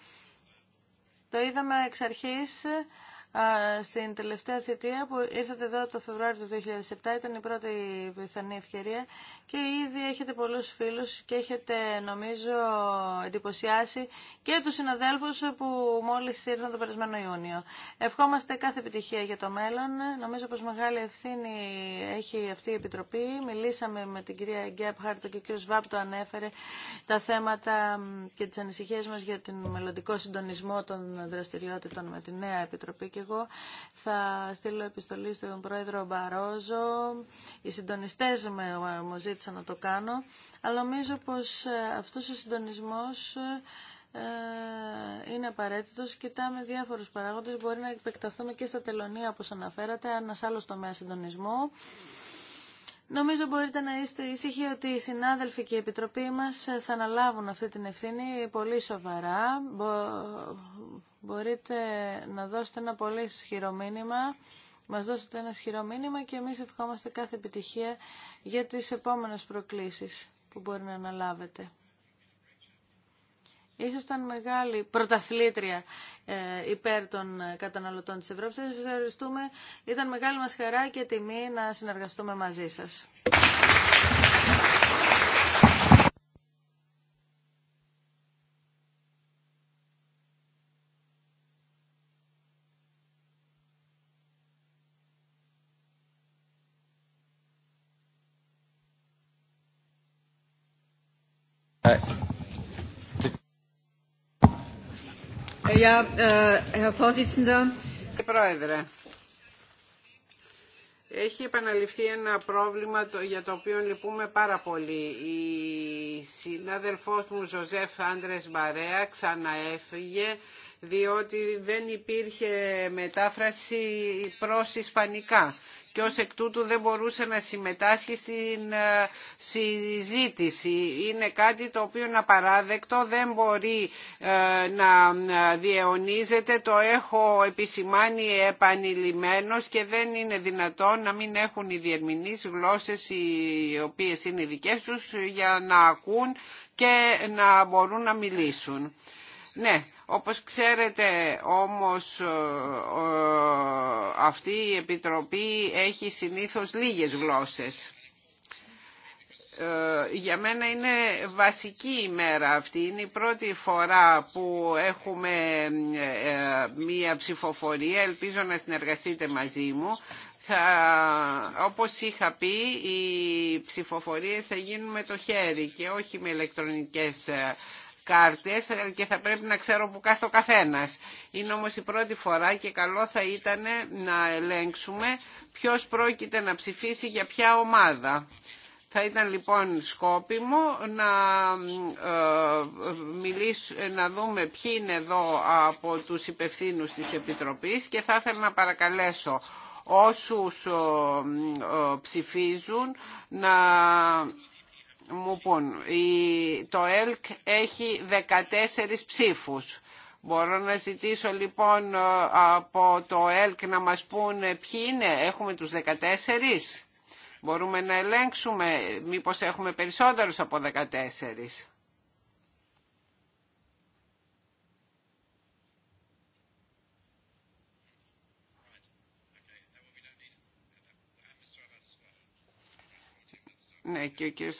[SPEAKER 2] το είδαμε εξ αρχής στην τελευταία θητεία που ήρθατε εδώ το Φεβρουάριο του 2007 ήταν η πρώτη πιθανή ευκαιρία και ήδη έχετε πολλούς φίλους και έχετε νομίζω εντυπωσιάσει και τους συναδέλφους που μόλις ήρθαν τον περασμένο Ιούνιο. Ευχόμαστε κάθε επιτυχία για το μέλλον. Νομίζω πως μεγάλη ευθύνη έχει αυτή η Επιτροπή. Μιλήσαμε με την κυρία Γκέπχαρτ και ο κύριος Βάπ το ανέφερε τα θέματα και τις ανησυχίες μας για τον μελλοντικό συντονισμό των δραστηριότητων με τη νέα Επιτροπή και εγώ θα στείλω επιστολή στον πρόεδρο Μπαρόζο. Οι συντονιστές με μου ζήτησαν να το κάνω, αλλά νομίζω πως ε, αυτός ο συντονισμός ε, είναι απαραίτητο. Κοιτάμε διάφορου παράγοντε. Μπορεί να επεκταθούμε και στα τελωνία, όπω αναφέρατε, ένα άλλο τομέα συντονισμού. Νομίζω μπορείτε να είστε ήσυχοι ότι οι συνάδελφοι και η Επιτροπή μας ε, θα αναλάβουν αυτή την ευθύνη πολύ σοβαρά. μπορείτε να δώσετε ένα πολύ ισχυρό μήνυμα. Μας δώσετε ένα ισχυρό μήνυμα και εμείς ευχόμαστε κάθε επιτυχία για τις επόμενες προκλήσεις που μπορεί να αναλάβετε. Ίσως ήταν μεγάλη πρωταθλήτρια ε, υπέρ των καταναλωτών της Ευρώπης. Σας ευχαριστούμε. Ήταν μεγάλη μας χαρά και τιμή να συνεργαστούμε μαζί σας.
[SPEAKER 1] Ε,
[SPEAKER 4] Äh,
[SPEAKER 3] Πρόεδρε, έχει επαναληφθεί ένα πρόβλημα για το οποίο λυπούμε πάρα πολύ. Η συνάδελφός μου Ζωζέφ Άντρες Μπαρέα ξαναέφυγε διότι δεν υπήρχε μετάφραση προς Ισπανικά και ως εκ τούτου δεν μπορούσε να συμμετάσχει στην ε, συζήτηση. Είναι κάτι το οποίο είναι απαράδεκτο, δεν μπορεί ε, να ε, διαιωνίζεται, το έχω επισημάνει επανειλημμένος και δεν είναι δυνατόν να μην έχουν οι διερμηνείς γλώσσες οι οποίες είναι δικές τους για να ακούν και να μπορούν να μιλήσουν. Ναι, όπως ξέρετε όμως ε, ε, αυτή η Επιτροπή έχει συνήθως λίγες γλώσσες. Ε, για μένα είναι βασική ημέρα αυτή. Είναι η πρώτη φορά που έχουμε μία ψηφοφορία. Ελπίζω να συνεργαστείτε μαζί μου. Θα, όπως είχα πει, οι ψηφοφορίες θα γίνουν με το χέρι και όχι με ηλεκτρονικές κάρτες ε, και θα πρέπει να ξέρω που κάθε ο καθένας. Είναι όμως η πρώτη φορά και καλό θα ήταν να ελέγξουμε ποιος πρόκειται να ψηφίσει για ποια ομάδα. Θα ήταν λοιπόν σκόπιμο να, ε, μιλήσω, να δούμε ποιοι είναι εδώ από τους υπευθύνους της Επιτροπής και θα ήθελα να παρακαλέσω όσους ε, ψηφίζουν να μου πούν. Το ΕΛΚ έχει 14 ψήφους. Μπορώ να ζητήσω λοιπόν ε, από το ΕΛΚ να μας πούν ποιοι είναι. Έχουμε τους 14. Μπορούμε να ελέγξουμε μήπως έχουμε περισσότερους από 14. Ναι, και ο κύριος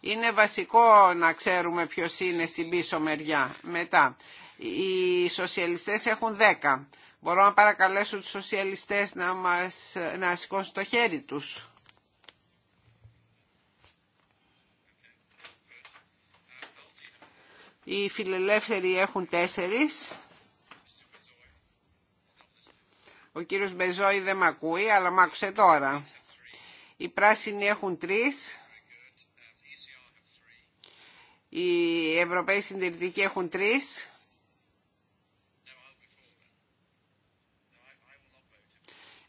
[SPEAKER 3] Είναι βασικό να ξέρουμε ποιος είναι στην πίσω μεριά. Μετά, οι σοσιαλιστές έχουν δέκα. Μπορώ να παρακαλέσω τους σοσιαλιστές να, μας, να σηκώσουν το χέρι τους. Οι φιλελεύθεροι έχουν τέσσερις. Ο κύριος Μπεζόη δεν με ακούει, αλλά μ' άκουσε τώρα. Οι πράσινοι έχουν τρεις. Οι Ευρωπαίοι Συντηρητικοί έχουν τρεις.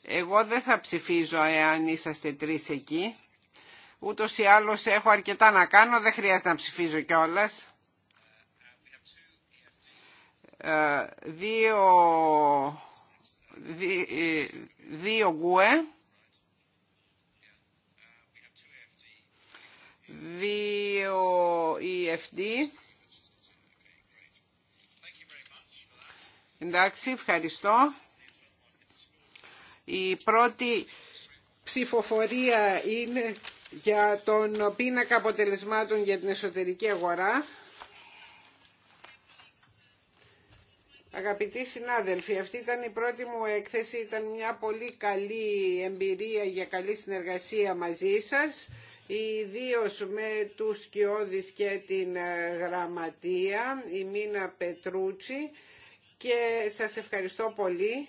[SPEAKER 3] Εγώ δεν θα ψηφίζω εάν είσαστε τρεις εκεί. Ούτως ή άλλως έχω αρκετά να κάνω, δεν χρειάζεται να ψηφίζω κιόλας. Ε, δύο ε, δύο γκουε, δύο EFD. Εντάξει, ευχαριστώ. Η πρώτη ψηφοφορία είναι για τον πίνακα αποτελεσμάτων για την εσωτερική αγορά. Αγαπητοί συνάδελφοι, αυτή ήταν η πρώτη μου έκθεση, ήταν μια πολύ καλή εμπειρία για καλή συνεργασία μαζί σας, ιδίω με τους Σκιώδης και την ε, Γραμματεία, η Μίνα Πετρούτσι και σας ευχαριστώ πολύ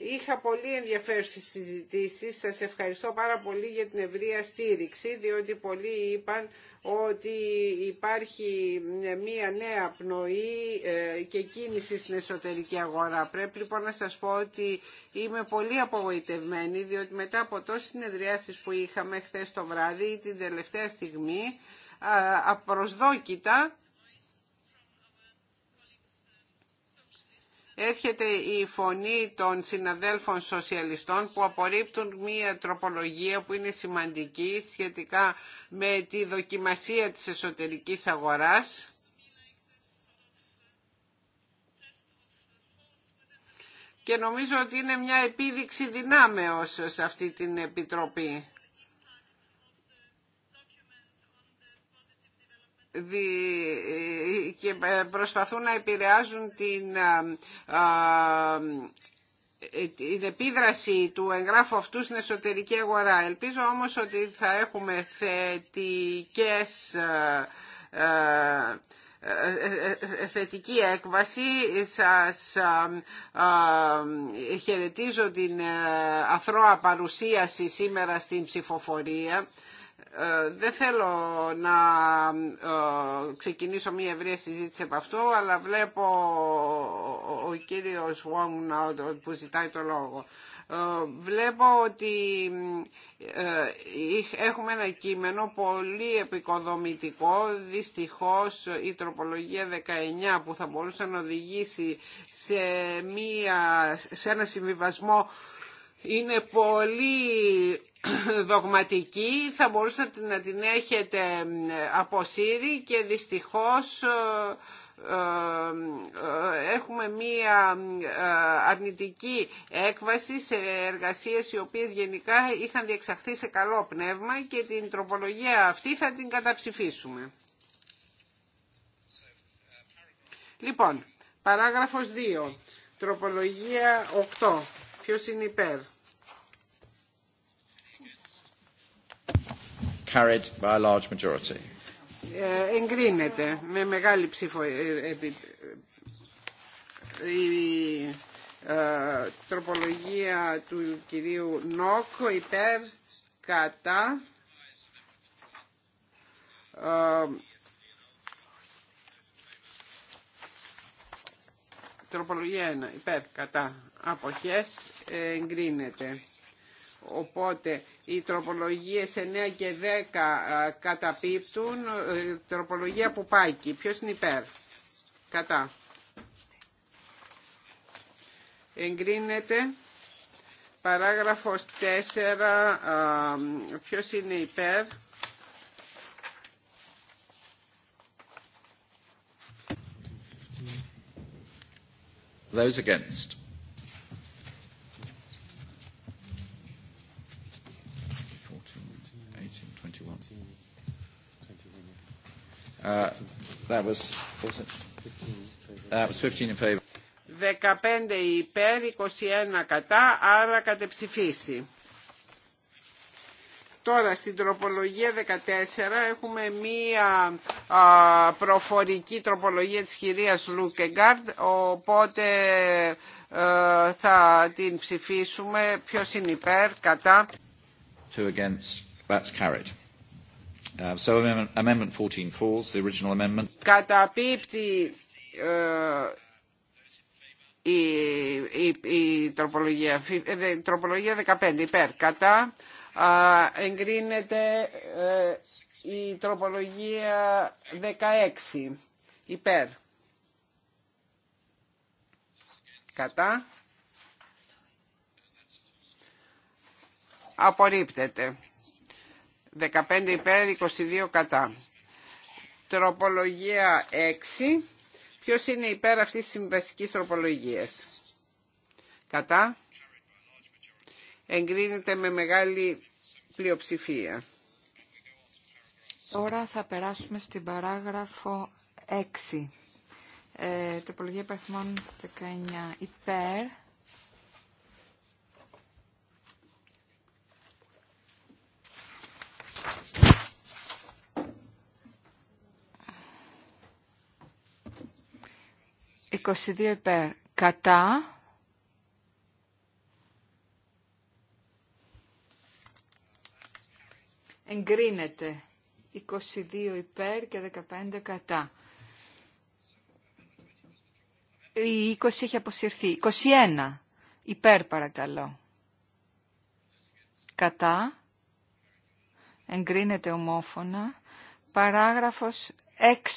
[SPEAKER 3] Είχα πολύ ενδιαφέρουσες συζητήσεις, σας ευχαριστώ πάρα πολύ για την ευρεία στήριξη, διότι πολλοί είπαν ότι υπάρχει μία νέα πνοή ε, και κίνηση στην εσωτερική αγορά. Πρέπει λοιπόν να σας πω ότι είμαι πολύ απογοητευμένη, διότι μετά από τόσες συνεδριάσεις που είχαμε χθες το βράδυ ή την τελευταία στιγμή, απροσδόκητα έρχεται η φωνή των συναδέλφων σοσιαλιστών που απορρίπτουν μία τροπολογία που είναι σημαντική σχετικά με τη δοκιμασία της εσωτερικής αγοράς. Και νομίζω ότι είναι μια επίδειξη δυνάμεως σε αυτή την Επιτροπή. και προσπαθούν να επηρεάζουν την την επίδραση του εγγράφου αυτού στην εσωτερική αγορά. Ελπίζω όμως ότι θα έχουμε θετικές ε, ε, ε, θετική έκβαση. Σας χαιρετίζω την αθρώα παρουσίαση σήμερα στην ψηφοφορία. Ε, δεν θέλω να ε, ξεκινήσω μια ευρία συζήτηση από αυτό, αλλά βλέπω ο κύριος Βόμουνα που ζητάει το λόγο. Ε, βλέπω ότι έχουμε ένα κείμενο πολύ επικοδομητικό. Δυστυχώς η τροπολογία 19 που θα μπορούσε να οδηγήσει σε, μία, σε ένα συμβιβασμό είναι πολύ δογματική θα μπορούσατε να την έχετε αποσύρει και δυστυχώς ε, ε, έχουμε μία ε, αρνητική έκβαση σε εργασίες οι οποίες γενικά είχαν διεξαχθεί σε καλό πνεύμα και την τροπολογία αυτή θα την καταψηφίσουμε. Λοιπόν, παράγραφος 2, τροπολογία 8, ποιος είναι υπέρ.
[SPEAKER 1] Carried by a large majority.
[SPEAKER 3] Ε, εγκρίνεται με μεγάλη ψήφο ε, ε, η τροπολογία του κυρίου Νόκ υπέρ κατά τροπολογία 1 υπέρ κατά αποχές εγκρίνεται Οπότε οι τροπολογίες 9 και 10 ε, καταπίπτουν. Ε, τροπολογία που πάει εκεί. Ποιος είναι υπέρ. Κατά. Εγκρίνεται. Παράγραφος 4. Ε, ποιος είναι υπέρ.
[SPEAKER 1] Those against. That was, was 15 in favor.
[SPEAKER 3] 15 υπέρ, 21 κατά, άρα κατεψηφίσει. Τώρα στην τροπολογία 14 έχουμε μία α, προφορική τροπολογία της κυρίας Λούκεγκάρντ, οπότε α, ε, θα την ψηφίσουμε. Ποιος είναι υπέρ, κατά.
[SPEAKER 1] Two against. That's carried. Κατά uh, amendment
[SPEAKER 3] Καταπίπτει ε, η, τροπολογία, ε, ε, η τροπολογία 15 υπέρ. Κατά εγκρίνεται η τροπολογία 16 υπέρ. Κατά. Απορρίπτεται. 15 υπέρ, 22 κατά. Τροπολογία 6. Ποιος είναι υπέρ αυτής της συμβασικής τροπολογίας. Κατά. Εγκρίνεται με μεγάλη πλειοψηφία.
[SPEAKER 4] Τώρα θα περάσουμε στην παράγραφο 6. Ε, τροπολογία υπέρ, 19 υπέρ 22 υπέρ. Κατά. Εγκρίνεται. 22 υπέρ και 15 κατά. Η 20 έχει αποσυρθεί. 21 υπέρ παρακαλώ. Κατά. Εγκρίνεται ομόφωνα. Παράγραφος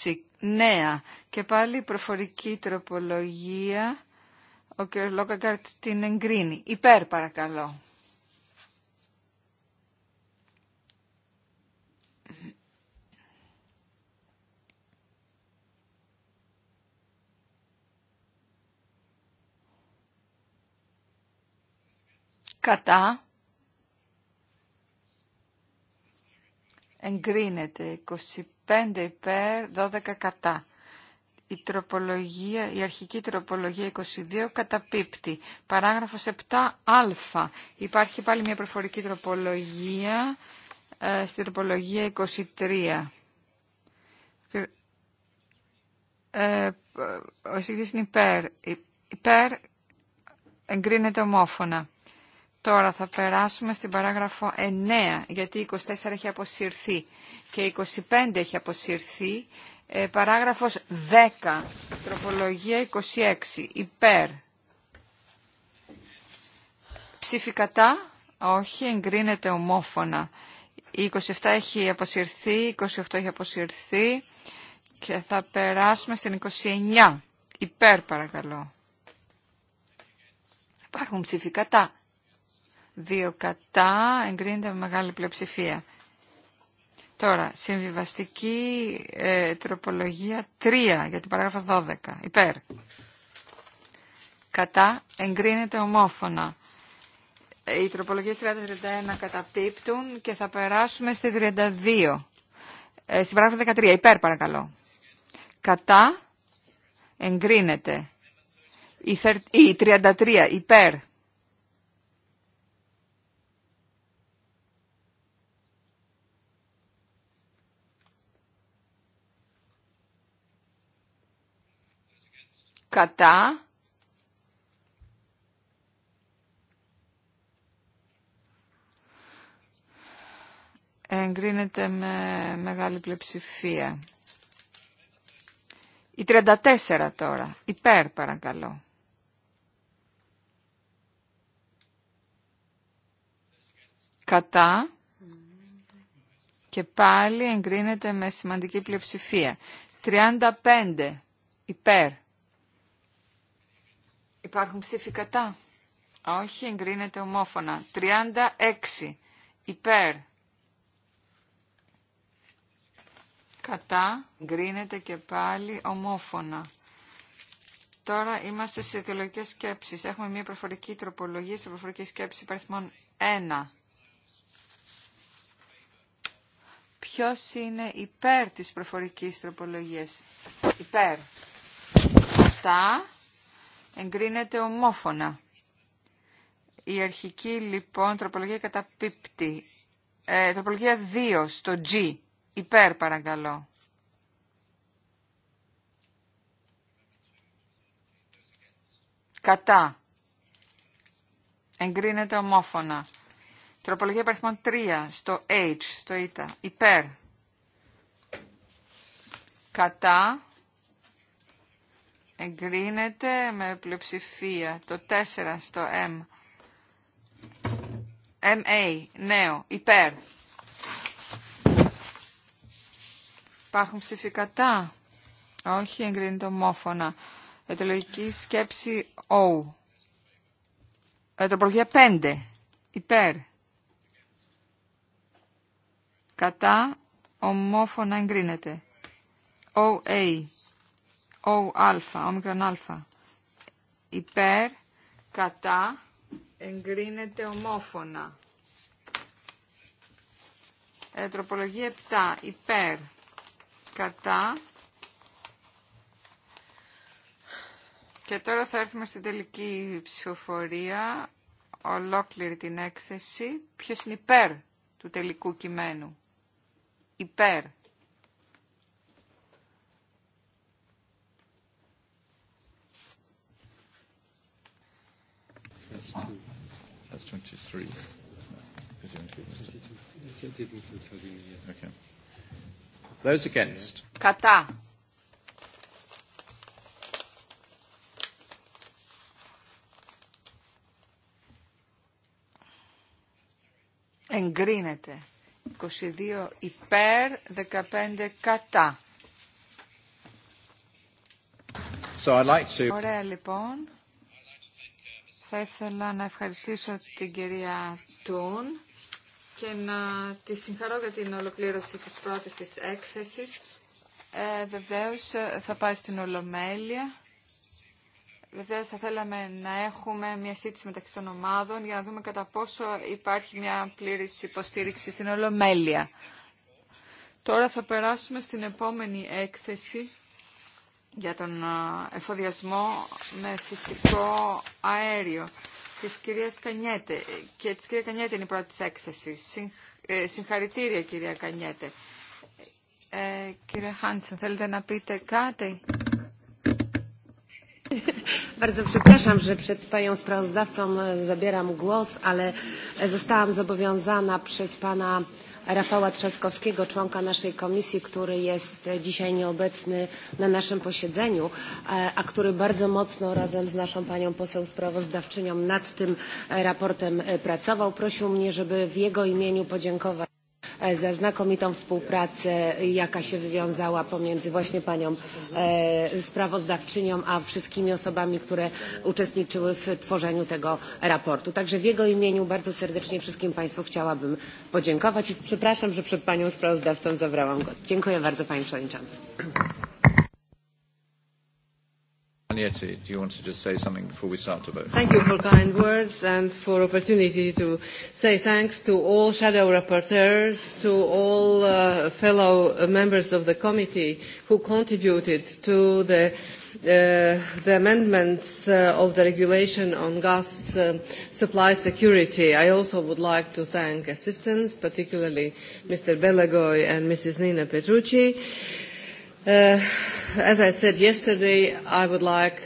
[SPEAKER 4] 6 νέα. Και πάλι προφορική τροπολογία. Ο κ. Λόκαγκαρτ την εγκρίνει. Υπέρ παρακαλώ. Κατά. εγκρίνεται 25 υπέρ 12 κατά. Η, τροπολογία, η αρχική τροπολογία 22 καταπίπτει. Παράγραφος 7α. Υπάρχει πάλι μια προφορική τροπολογία ε, τροπολογία 23. Ε, ε, ο εισηγητής είναι υπέρ. Υπέρ εγκρίνεται ομόφωνα. Τώρα θα περάσουμε στην παράγραφο 9, γιατί 24 έχει αποσυρθεί και 25 έχει αποσυρθεί. Ε, παράγραφος 10, τροπολογία 26, υπέρ. Ψηφικατά, όχι, εγκρίνεται ομόφωνα. Η 27 έχει αποσυρθεί, η 28 έχει αποσυρθεί και θα περάσουμε στην 29. Υπέρ παρακαλώ. Υπάρχουν ψηφικατά. Δύο κατά, εγκρίνεται με μεγάλη πλειοψηφία. Τώρα, συμβιβαστική ε, τροπολογία 3 για την παράγραφο 12, υπέρ. Κατά, εγκρίνεται ομόφωνα. Ε, οι τροπολογίες 30-31 καταπίπτουν και θα περάσουμε στη 32. Ε, στην παράγραφο 13, υπέρ παρακαλώ. Κατά, εγκρίνεται. Η 33, υπέρ κατά εγκρίνεται με μεγάλη πλειοψηφία. Η 34 τώρα, υπέρ παρακαλώ. Κατά και πάλι εγκρίνεται με σημαντική πλειοψηφία. 35 υπέρ. Υπάρχουν ψήφοι κατά. Όχι, εγκρίνεται ομόφωνα. 36 υπέρ. Κατά, εγκρίνεται και πάλι ομόφωνα. Τώρα είμαστε σε ιδεολογικές σκέψεις. Έχουμε μια προφορική τροπολογία σε προφορική σκέψη μόνο 1. Ποιος είναι υπέρ της προφορικής τροπολογίας. Υπέρ. Κατά εγκρίνεται ομόφωνα. Η αρχική λοιπόν τροπολογία καταπίπτει. Ε, τροπολογία 2 στο G. Υπέρ παρακαλώ. Κατά. Εγκρίνεται ομόφωνα. Τροπολογία παριθμών 3 στο H, στο Ι. Υπέρ. Κατά. Εγκρίνεται με πλειοψηφία το 4 στο M. MA, νέο, υπέρ. Υπάρχουν ψηφικατά. Όχι, εγκρίνεται ομόφωνα. Ετολογική σκέψη O. Ετροπολογία 5. Υπέρ. Κατά. Ομόφωνα εγκρίνεται. OA ο α, α. Υπέρ, κατά, εγκρίνεται ομόφωνα. Ε, τροπολογία 7. Υπέρ, κατά. Και τώρα θα έρθουμε στην τελική ψηφοφορία, ολόκληρη την έκθεση. Ποιος είναι υπέρ του τελικού κειμένου. Υπέρ.
[SPEAKER 1] Those against.
[SPEAKER 4] Κατά. Εγκρίνεται. 22 υπέρ, 15 κατά.
[SPEAKER 1] So like to... Ωραία
[SPEAKER 4] λοιπόν. Θα ήθελα να ευχαριστήσω την κυρία Τούν και να τη συγχαρώ για την ολοκλήρωση της πρώτης της έκθεσης. Ε, βεβαίως ε, θα πάει στην Ολομέλεια. Βεβαίως θα θέλαμε να έχουμε μια σύντηση μεταξύ των ομάδων για να δούμε κατά πόσο υπάρχει μια πλήρης υποστήριξη στην Ολομέλεια. Τώρα θα περάσουμε στην επόμενη έκθεση για τον ε, εφοδιασμό με φυσικό αέριο της κυρίας Κανιέτε. Και της κυρία Κανιέτε είναι η πρώτη της έκθεση. Ε, συγχαρητήρια κυρία Κανιέτε. Ε, κύριε Χάνσεν, θέλετε να πείτε κάτι. Bardzo przepraszam, że
[SPEAKER 3] przed panią sprawozdawcą
[SPEAKER 2] e, zabieram głos, ale e, zostałam zobowiązana przez pana Rafała Trzaskowskiego, członka naszej komisji, który jest dzisiaj nieobecny na naszym posiedzeniu, a który bardzo mocno razem z naszą panią poseł sprawozdawczynią nad tym raportem pracował. Prosił mnie, żeby w jego imieniu podziękować
[SPEAKER 3] za znakomitą współpracę, jaka się wywiązała pomiędzy właśnie panią sprawozdawczynią, a wszystkimi osobami, które uczestniczyły w tworzeniu tego raportu. Także w jego imieniu bardzo serdecznie wszystkim Państwu chciałabym podziękować i przepraszam, że przed panią sprawozdawcą zabrałam głos. Dziękuję bardzo, panie przewodniczący.
[SPEAKER 1] Mr. do you want to just say something before we start to vote? Thank you for kind
[SPEAKER 3] words and for opportunity to say thanks to all shadow rapporteurs, to all fellow members of the committee who contributed to the the amendments of the regulation on gas supply security. I also would like to thank assistants, particularly Mr. Belagoy and Mrs. Nina Petrucci As I
[SPEAKER 4] said yesterday, I would like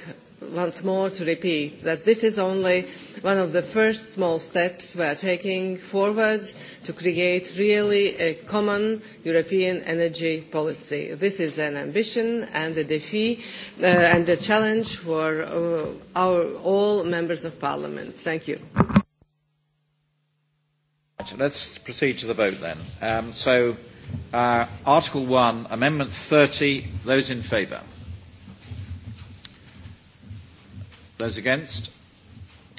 [SPEAKER 4] once more to repeat that this is only
[SPEAKER 3] one of the first small steps we are taking forward to create really a common European energy policy. This is an ambition and a defeat and a challenge for our all members of parliament. Thank you.
[SPEAKER 1] Let's proceed to the vote then. So Uh, Article 1, Amendment 30. Those in favour? Those against?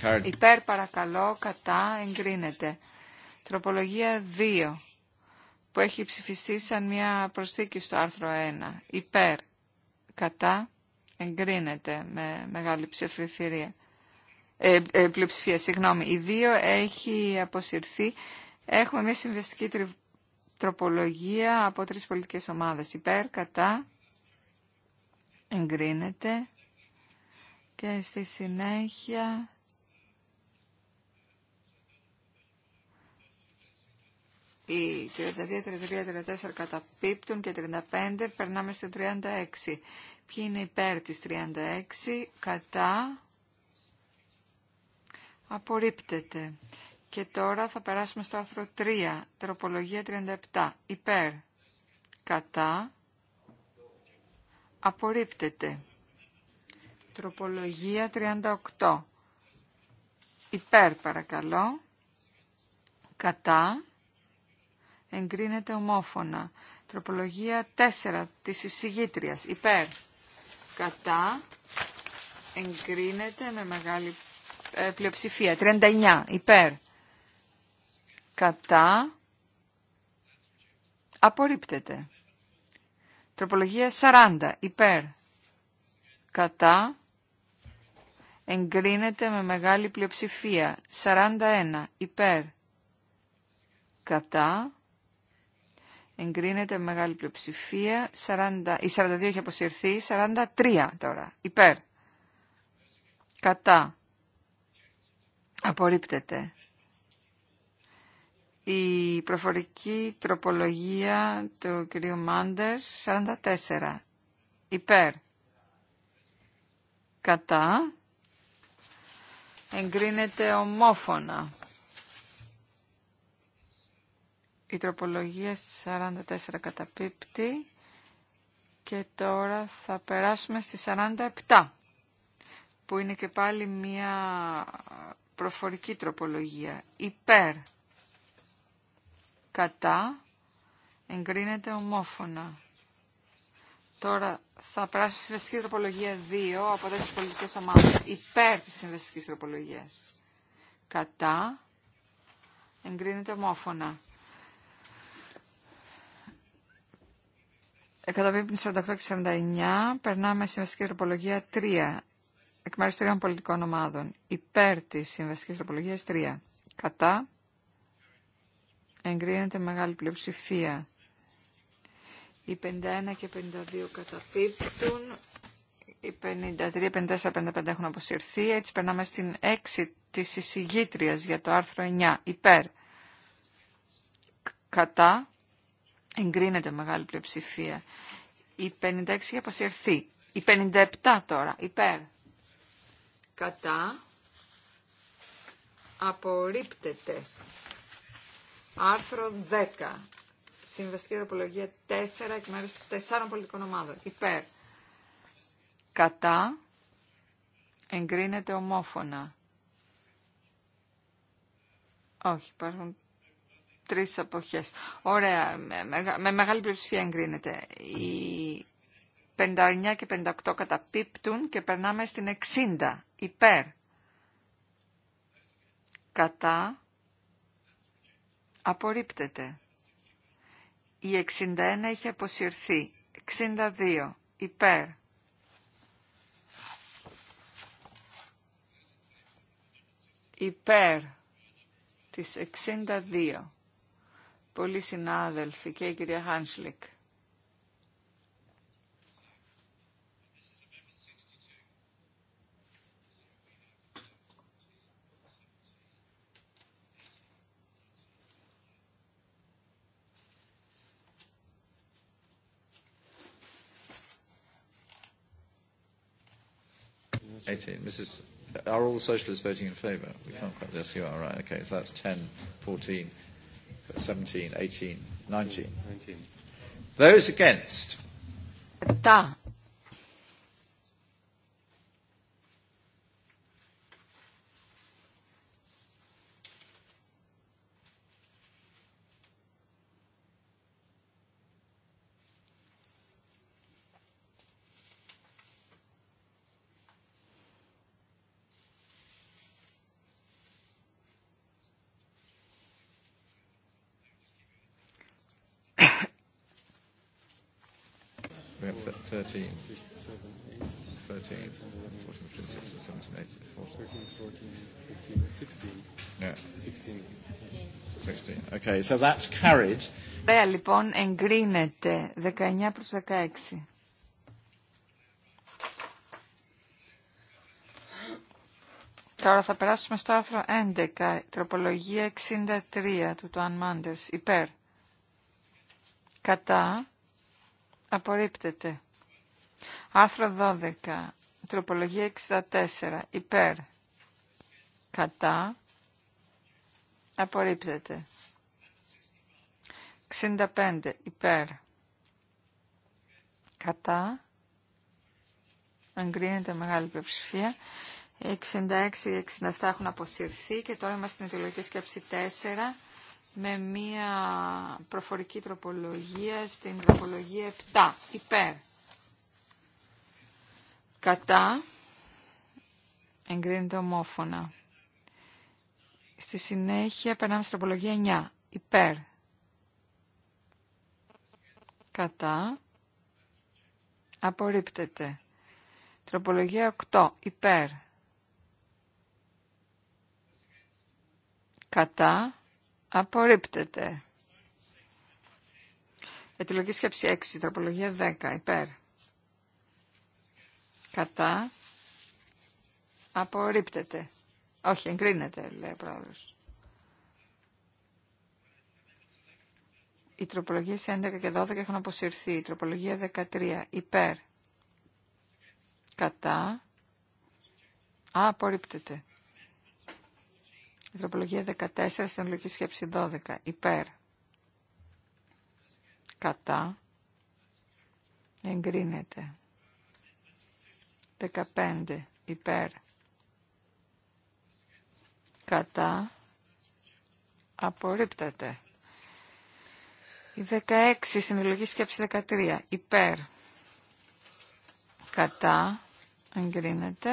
[SPEAKER 1] Carried.
[SPEAKER 4] Υπέρ παρακαλώ, κατά, εγκρίνεται. Τροπολογία 2, που έχει ψηφιστεί σαν μια προσθήκη στο άρθρο 1. Υπέρ, κατά, εγκρίνεται με μεγάλη ψηφιφυρία. Ε, ε, πλειοψηφία, συγγνώμη. Η 2 έχει αποσυρθεί. Έχουμε μια συμβεστική τροπολογία από τρεις πολιτικές ομάδες. Υπέρ, κατά, εγκρίνεται και στη συνέχεια... Οι 32, 33, 34 καταπίπτουν και 35 περνάμε στην 36. Ποιοι είναι υπέρ της 36, κατά, απορρίπτεται. Και τώρα θα περάσουμε στο άρθρο 3, τροπολογία 37. Υπέρ, κατά, απορρίπτεται. Τροπολογία 38. Υπέρ παρακαλώ. Κατά. Εγκρίνεται ομόφωνα. Τροπολογία 4 της εισηγήτριας. Υπέρ. Κατά. Εγκρίνεται με μεγάλη ε, πλειοψηφία. 39. Υπέρ κατά, απορρίπτεται. Τροπολογία 40, υπέρ, κατά, εγκρίνεται με μεγάλη πλειοψηφία. 41, υπέρ, κατά, εγκρίνεται με μεγάλη πλειοψηφία. 40, η 42 έχει αποσυρθεί, 43 τώρα, υπέρ, κατά, απορρίπτεται η προφορική τροπολογία του κ. Μάντερς 44. Υπέρ. Κατά. Εγκρίνεται ομόφωνα. Η τροπολογία 44 καταπίπτει και τώρα θα περάσουμε στη 47 που είναι και πάλι μια προφορική τροπολογία. Υπέρ κατά εγκρίνεται ομόφωνα. Τώρα θα περάσουμε στη συμβαστική τροπολογία 2 από τέτοιες πολιτικές ομάδες υπέρ της συμβαστικη τροπολογίας. Κατά εγκρίνεται ομόφωνα. 48 και 49 περνάμε στη συμβαστική τροπολογία 3 εκ μέρους των πολιτικών ομάδων υπέρ της συμβαστική τροπολογίας 3. Κατά εγκρίνεται μεγάλη πλειοψηφία. Οι 51 και 52 καταπίπτουν, οι 53, 54, 55 έχουν αποσυρθεί, έτσι περνάμε στην 6 της εισηγήτριας για το άρθρο 9, υπέρ. Κατά, εγκρίνεται μεγάλη πλειοψηφία. Οι 56 έχουν αποσυρθεί. Οι 57 τώρα, υπέρ. Κατά, απορρίπτεται. Άρθρο 10. Συμβαστική ερωπολογία 4 εκ μέρους τεσσάρων πολιτικών ομάδων. Υπέρ. Κατά. Εγκρίνεται ομόφωνα. Όχι, υπάρχουν τρεις αποχές. Ωραία, με μεγάλη πλειοψηφία εγκρίνεται. Οι 59 και 58 καταπίπτουν και περνάμε στην 60. Υπέρ. Κατά απορρίπτεται. Η 61 έχει αποσυρθεί. 62 υπέρ. Υπέρ της 62. Πολλοί συνάδελφοι και η κυρία Χάνσλικ.
[SPEAKER 1] 18. Mrs. Are all the socialists voting in favour? We can't quite. Yes, you are. Right. Okay. So that's 10, 14, 17, 18, 19. 19. Those against. da. 13. 13, 14, 15, 17, 18, 14. 14, 15, 16. Yeah. 16. 16. Okay, so that's carried.
[SPEAKER 4] Ωραία, λοιπόν, εγκρίνεται 19 προς 16. Τώρα θα περάσουμε στο άρθρο 11, τροπολογία 63 του Τουάν Μάντερς, υπέρ. Κατά, απορρίπτεται. Άρθρο 12. Τροπολογία 64. Υπέρ. Κατά. Απορρίπτεται. 65. Υπέρ. Κατά. Εγκρίνεται μεγάλη πλειοψηφία. 66 και 67 έχουν αποσυρθεί και τώρα είμαστε στην αιτιολογική σκέψη 4 με μία προφορική τροπολογία στην τροπολογία 7. Υπέρ κατά εγκρίνεται ομόφωνα. Στη συνέχεια περνάμε στην τροπολογία 9. Υπέρ. Κατά. Απορρίπτεται. Τροπολογία 8. Υπέρ. Κατά. Απορρίπτεται. Ετυλογική σκέψη 6. Τροπολογία 10. Υπέρ. Κατά. Απορρίπτεται. Όχι, εγκρίνεται, λέει ο πρόεδρος. Οι τροπολογίες 11 και 12 έχουν αποσυρθεί. Η τροπολογία 13. Υπέρ. Κατά. απορρίπτεται. Η τροπολογία 14 στην λογική σκέψη 12. Υπέρ. Κατά. Εγκρίνεται. 15 υπέρ κατά απορρίπτεται. Η 16 στην σκέψη 13 υπέρ κατά εγκρίνεται.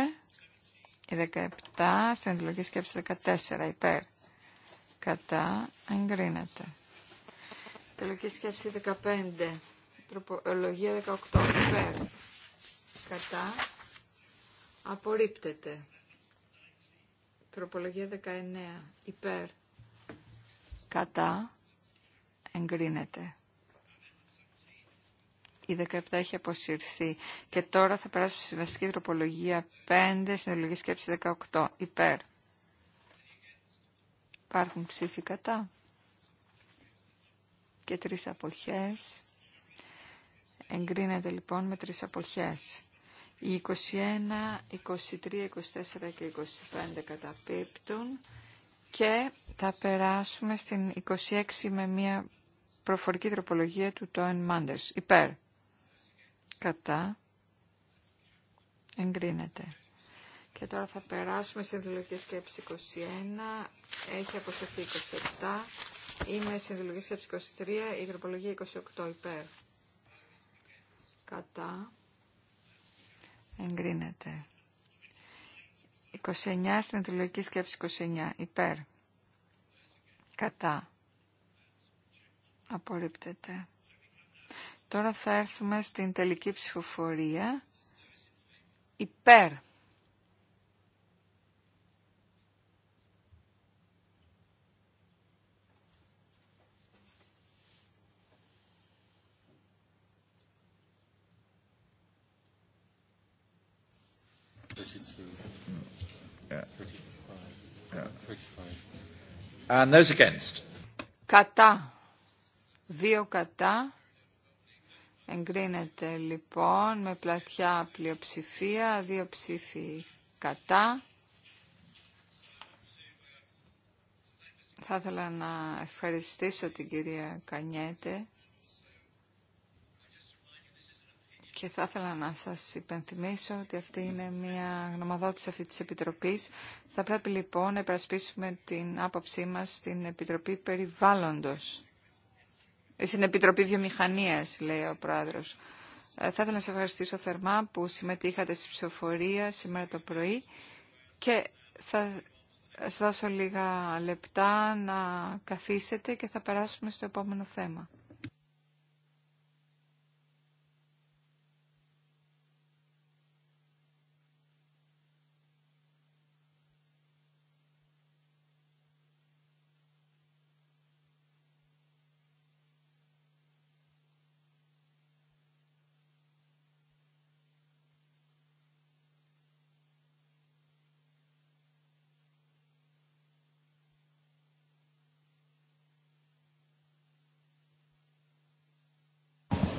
[SPEAKER 4] Η 17 στην σκέψη 14 υπέρ κατά εγκρίνεται. Τελική σκέψη 15. Τροπολογία 18. Υπέρ. Κατά. Απορρίπτεται. Τροπολογία 19. Υπέρ. Κατά. Εγκρίνεται. Η 17 έχει αποσυρθεί. Και τώρα θα περάσουμε στη συμβαστική τροπολογία 5, Συνολική σκέψη 18. Υπέρ. Υπάρχουν ψήφοι κατά. Και τρεις αποχές. Εγκρίνεται λοιπόν με τρεις αποχές. Οι 21, 23, 24 και 25 καταπίπτουν και θα περάσουμε στην 26 με μια προφορική τροπολογία του Τόεν Μάντερς. Υπέρ. Κατά. Εγκρίνεται. Και τώρα θα περάσουμε στην δηλογική σκέψη 21. Έχει αποσυρθεί 27. Είμαι στην δηλογική σκέψη 23. Η τροπολογία 28 υπέρ. Κατά εγκρίνεται. 29 στην αιτιολογική σκέψη 29. Υπέρ. Κατά. Απορρίπτεται. Τώρα θα έρθουμε στην τελική ψηφοφορία. Υπέρ. Uh, κατά. Δύο κατά. Εγκρίνεται λοιπόν με πλατιά πλειοψηφία, δύο ψήφοι κατά. Θα ήθελα να ευχαριστήσω την κυρία Κανιέτε Και θα ήθελα να σας υπενθυμίσω ότι αυτή είναι μια γνωμοδότηση αυτή της Επιτροπής. Θα πρέπει λοιπόν να επρασπίσουμε την άποψή μας στην Επιτροπή Περιβάλλοντος. Ε, στην Επιτροπή Βιομηχανίας, λέει ο Πρόεδρος. Ε, θα ήθελα να σας ευχαριστήσω θερμά που συμμετείχατε στη ψηφοφορία σήμερα το πρωί και θα σας δώσω λίγα λεπτά να καθίσετε και θα περάσουμε στο επόμενο θέμα.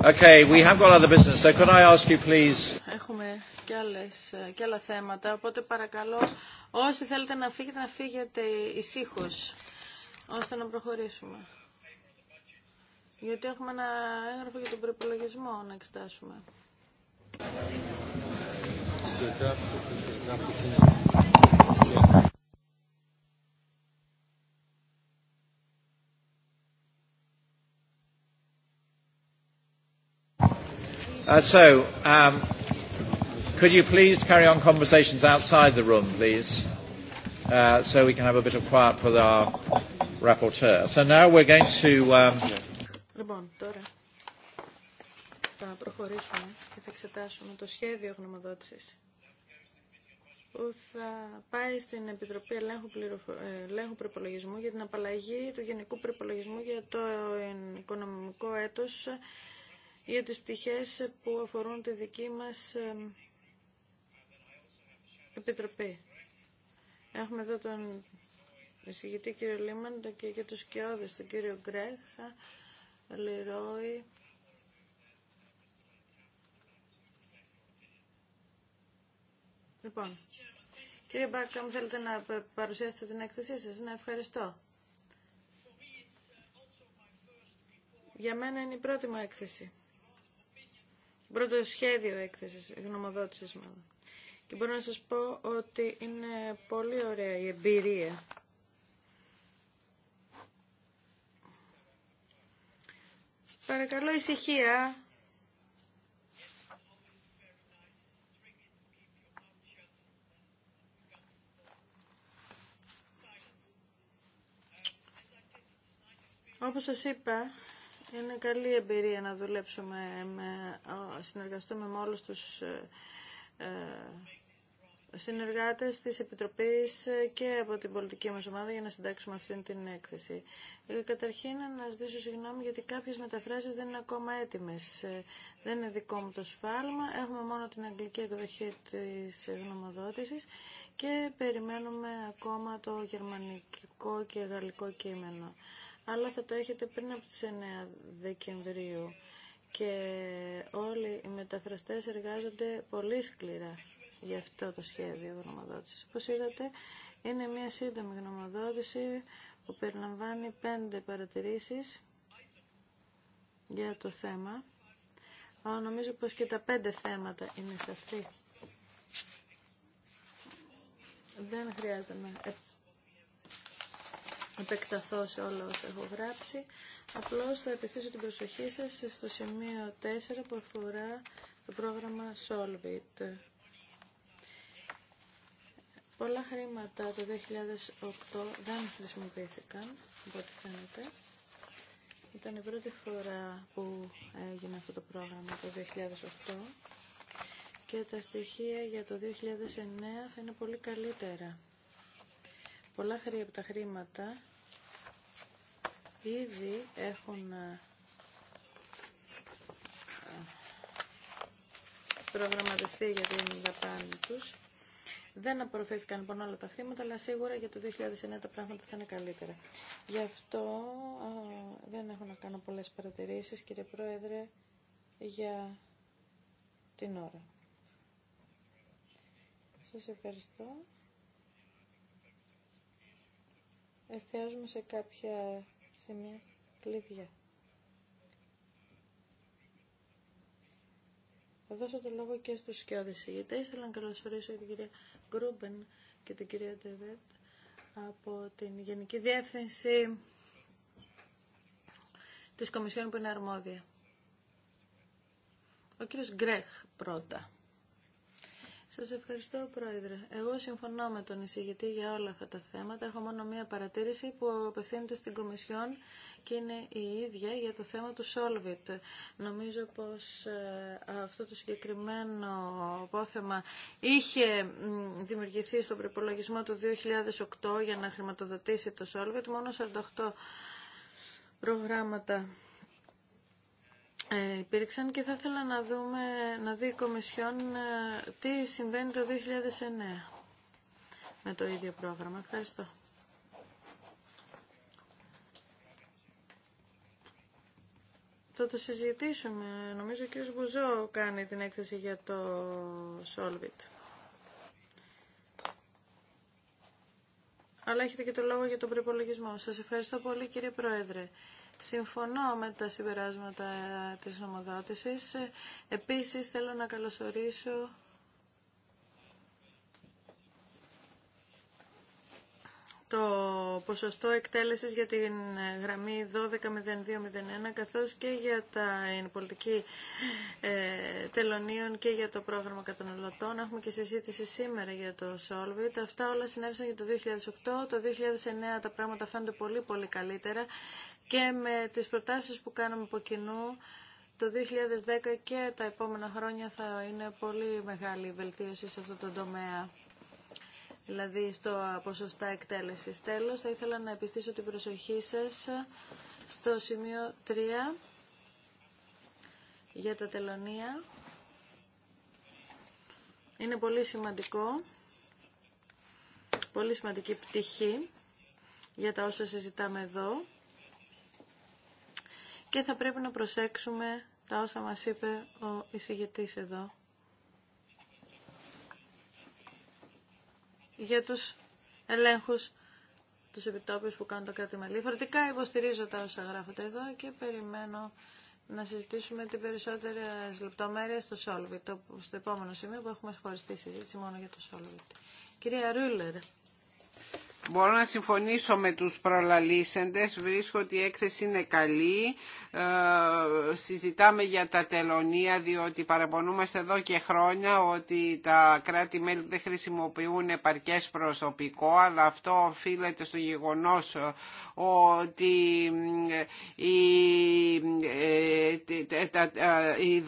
[SPEAKER 1] Okay, we have got other business, so could I ask you please...
[SPEAKER 2] Έχουμε και, άλλες, και άλλα θέματα, οπότε παρακαλώ όσοι θέλετε να φύγετε, να φύγετε ησύχω, ώστε να προχωρήσουμε. Γιατί έχουμε ένα έγγραφο για τον προπολογισμό να εξετάσουμε.
[SPEAKER 1] Uh, so, um, could you please carry on conversations outside the room, please, uh, so we can have a bit of quiet for our rapporteur. So now we're going to... Um...
[SPEAKER 2] Λοιπόν, τώρα θα προχωρήσουμε και θα εξετάσουμε το σχέδιο γνωμοδότησης που θα πάει στην Επιτροπή Ελέγχου, Πληροφο... Ελέγχου Προπολογισμού για την απαλλαγή του Γενικού Προπολογισμού για το οικονομικό έτος για τις πτυχές που αφορούν τη δική μας επιτροπή. Έχουμε εδώ τον εισηγητή κύριο Λίμαν και για τους σκιώδες, τον κύριο Γκρέχα, Λιρόι. Λοιπόν, κύριε μου θέλετε να παρουσιάσετε την έκθεσή σας. Να ευχαριστώ. Για μένα είναι η πρώτη μου έκθεση πρώτο σχέδιο έκθεσης, γνωμοδότησης μάλλον. Και μπορώ να σας πω ότι είναι πολύ ωραία η εμπειρία. Παρακαλώ ησυχία. Όπως σας είπα, είναι καλή εμπειρία να δουλέψουμε, με, συνεργαστούμε με όλους τους ε, ε, συνεργάτες της Επιτροπής και από την πολιτική μας ομάδα για να συντάξουμε αυτήν την έκθεση. Ε, καταρχήν να ζητήσω συγγνώμη γιατί κάποιες μεταφράσεις δεν είναι ακόμα έτοιμες. Δεν είναι δικό μου το σφάλμα. Έχουμε μόνο την αγγλική εκδοχή της γνωμοδότησης και περιμένουμε ακόμα το γερμανικό και γαλλικό κείμενο αλλά θα το έχετε πριν από τις 9 Δεκεμβρίου και όλοι οι μεταφραστές εργάζονται πολύ σκληρά για αυτό το σχέδιο γνωμοδότησης. Όπως είδατε, είναι μια σύντομη γνωμοδότηση που περιλαμβάνει πέντε παρατηρήσεις για το θέμα. Νομίζω πως και τα πέντε θέματα είναι σαφή. Δεν χρειάζεται να επεκταθώ σε όλα όσα έχω γράψει. Απλώς θα επιστήσω την προσοχή σας στο σημείο 4 που αφορά το πρόγραμμα Solvit. Πολλά χρήματα το 2008 δεν χρησιμοποιήθηκαν, από ό,τι φαίνεται. Ήταν η πρώτη φορά που έγινε αυτό το πρόγραμμα το 2008 και τα στοιχεία για το 2009 θα είναι πολύ καλύτερα. Πολλά από τα χρήματα ήδη έχουν ε, προγραμματιστεί για την δαπάνη τους. Δεν απορροφήθηκαν λοιπόν όλα τα χρήματα, αλλά σίγουρα για το 2009 τα πράγματα θα είναι καλύτερα. Γι' αυτό ε, δεν έχω να κάνω πολλές παρατηρήσεις, κύριε Πρόεδρε, για την ώρα. Σας ευχαριστώ. εστιάζουμε σε κάποια σημεία κλειδιά. Θα δώσω το λόγο και στους σκιώδες Γιατί Θέλω να καλωσορίσω την κυρία Γκρούμπεν και την κυρία Τεβέτ από την Γενική Διεύθυνση της Κομισιόν που είναι αρμόδια. Ο κύριος Γκρέχ πρώτα. Σας ευχαριστώ, Πρόεδρε. Εγώ συμφωνώ με τον εισηγητή για όλα αυτά τα θέματα. Έχω μόνο μία παρατήρηση που απευθύνεται στην Κομισιόν και είναι η ίδια για το θέμα του Solvit. Νομίζω πως ε, αυτό το συγκεκριμένο απόθεμα είχε δημιουργηθεί στον προπολογισμό του 2008 για να χρηματοδοτήσει το Solvit. Μόνο 48 προγράμματα ε, υπήρξαν και θα ήθελα να, δούμε, να δει η Κομισιόν ε, τι συμβαίνει το 2009 με το ίδιο πρόγραμμα. Ευχαριστώ. Θα το συζητήσουμε. Νομίζω ο κ. Μπουζό κάνει την έκθεση για το Solvit. Αλλά έχετε και το λόγο για τον προπολογισμό. Σας ευχαριστώ πολύ κύριε Πρόεδρε. Συμφωνώ με τα συμπεράσματα ε, της νομοδότησης. Επίσης θέλω να καλωσορίσω το ποσοστό εκτέλεσης για την ε, γραμμή 12.02.01 καθώς και για τα ε, πολιτική ε, τελωνίων και για το πρόγραμμα καταναλωτών. Έχουμε και συζήτηση σήμερα για το Solvit. Αυτά όλα συνέβησαν για το 2008. Το 2009 τα πράγματα φαίνονται πολύ πολύ καλύτερα και με τις προτάσεις που κάναμε από κοινού το 2010 και τα επόμενα χρόνια θα είναι πολύ μεγάλη βελτίωση σε αυτό το τομέα δηλαδή στο ποσοστά εκτέλεσης. Τέλος, θα ήθελα να επιστήσω την προσοχή σας στο σημείο 3 για τα τελωνία. Είναι πολύ σημαντικό, πολύ σημαντική πτυχή για τα όσα συζητάμε εδώ και θα πρέπει να προσέξουμε τα όσα μας είπε ο εισηγητής εδώ. Για τους ελέγχους τους επιτόπιους που κάνουν το κράτη μελή. Φορτικά υποστηρίζω τα όσα γράφονται εδώ και περιμένω να συζητήσουμε την περισσότερες λεπτομέρειες στο Σόλβιτ, στο επόμενο σημείο που έχουμε χωριστή συζήτηση μόνο για το Σόλβιτ. Κυρία Ρούλερ,
[SPEAKER 3] Μπορώ να συμφωνήσω με τους προλαλήσεντες, βρίσκω ότι η έκθεση είναι καλή, ε, συζητάμε για τα τελωνία διότι παραπονούμαστε εδώ και χρόνια ότι τα κράτη-μέλη δεν χρησιμοποιούν επαρκές προσωπικό αλλά αυτό οφείλεται στο γεγονός ε, ότι ε, οι, οι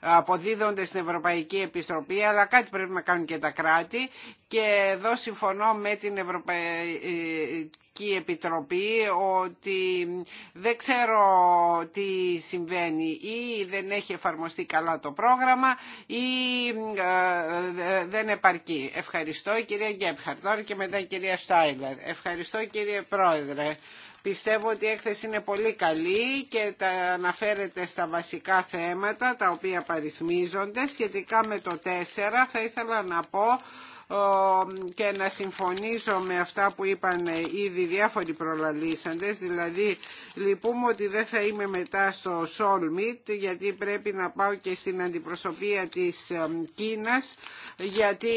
[SPEAKER 3] αποδίδονται στην Ευρωπαϊκή Επιστροπή αλλά κάτι πρέπει να κάνουν και τα κράτη και εδώ συμφωνώ με την Ευρωπαϊκή Ευρωπαϊκή Επιτροπή ότι δεν ξέρω τι συμβαίνει ή δεν έχει εφαρμοστεί καλά το πρόγραμμα ή ε, ε, δεν επαρκεί. Ευχαριστώ κυρία Γκέπχαρτ. Τώρα και μετά κυρία Στάιλερ. Ευχαριστώ κύριε Πρόεδρε. Πιστεύω ότι η έκθεση είναι πολύ καλή και τα αναφέρεται στα βασικά θέματα τα οποία παριθμίζονται. Σχετικά με το 4 θα ήθελα να πω και να συμφωνήσω με αυτά που είπαν ήδη διάφοροι προλαλήσαντες, δηλαδή λυπούμε ότι δεν θα είμαι μετά στο Meet, γιατί πρέπει να πάω και στην αντιπροσωπεία της ε, Κίνας γιατί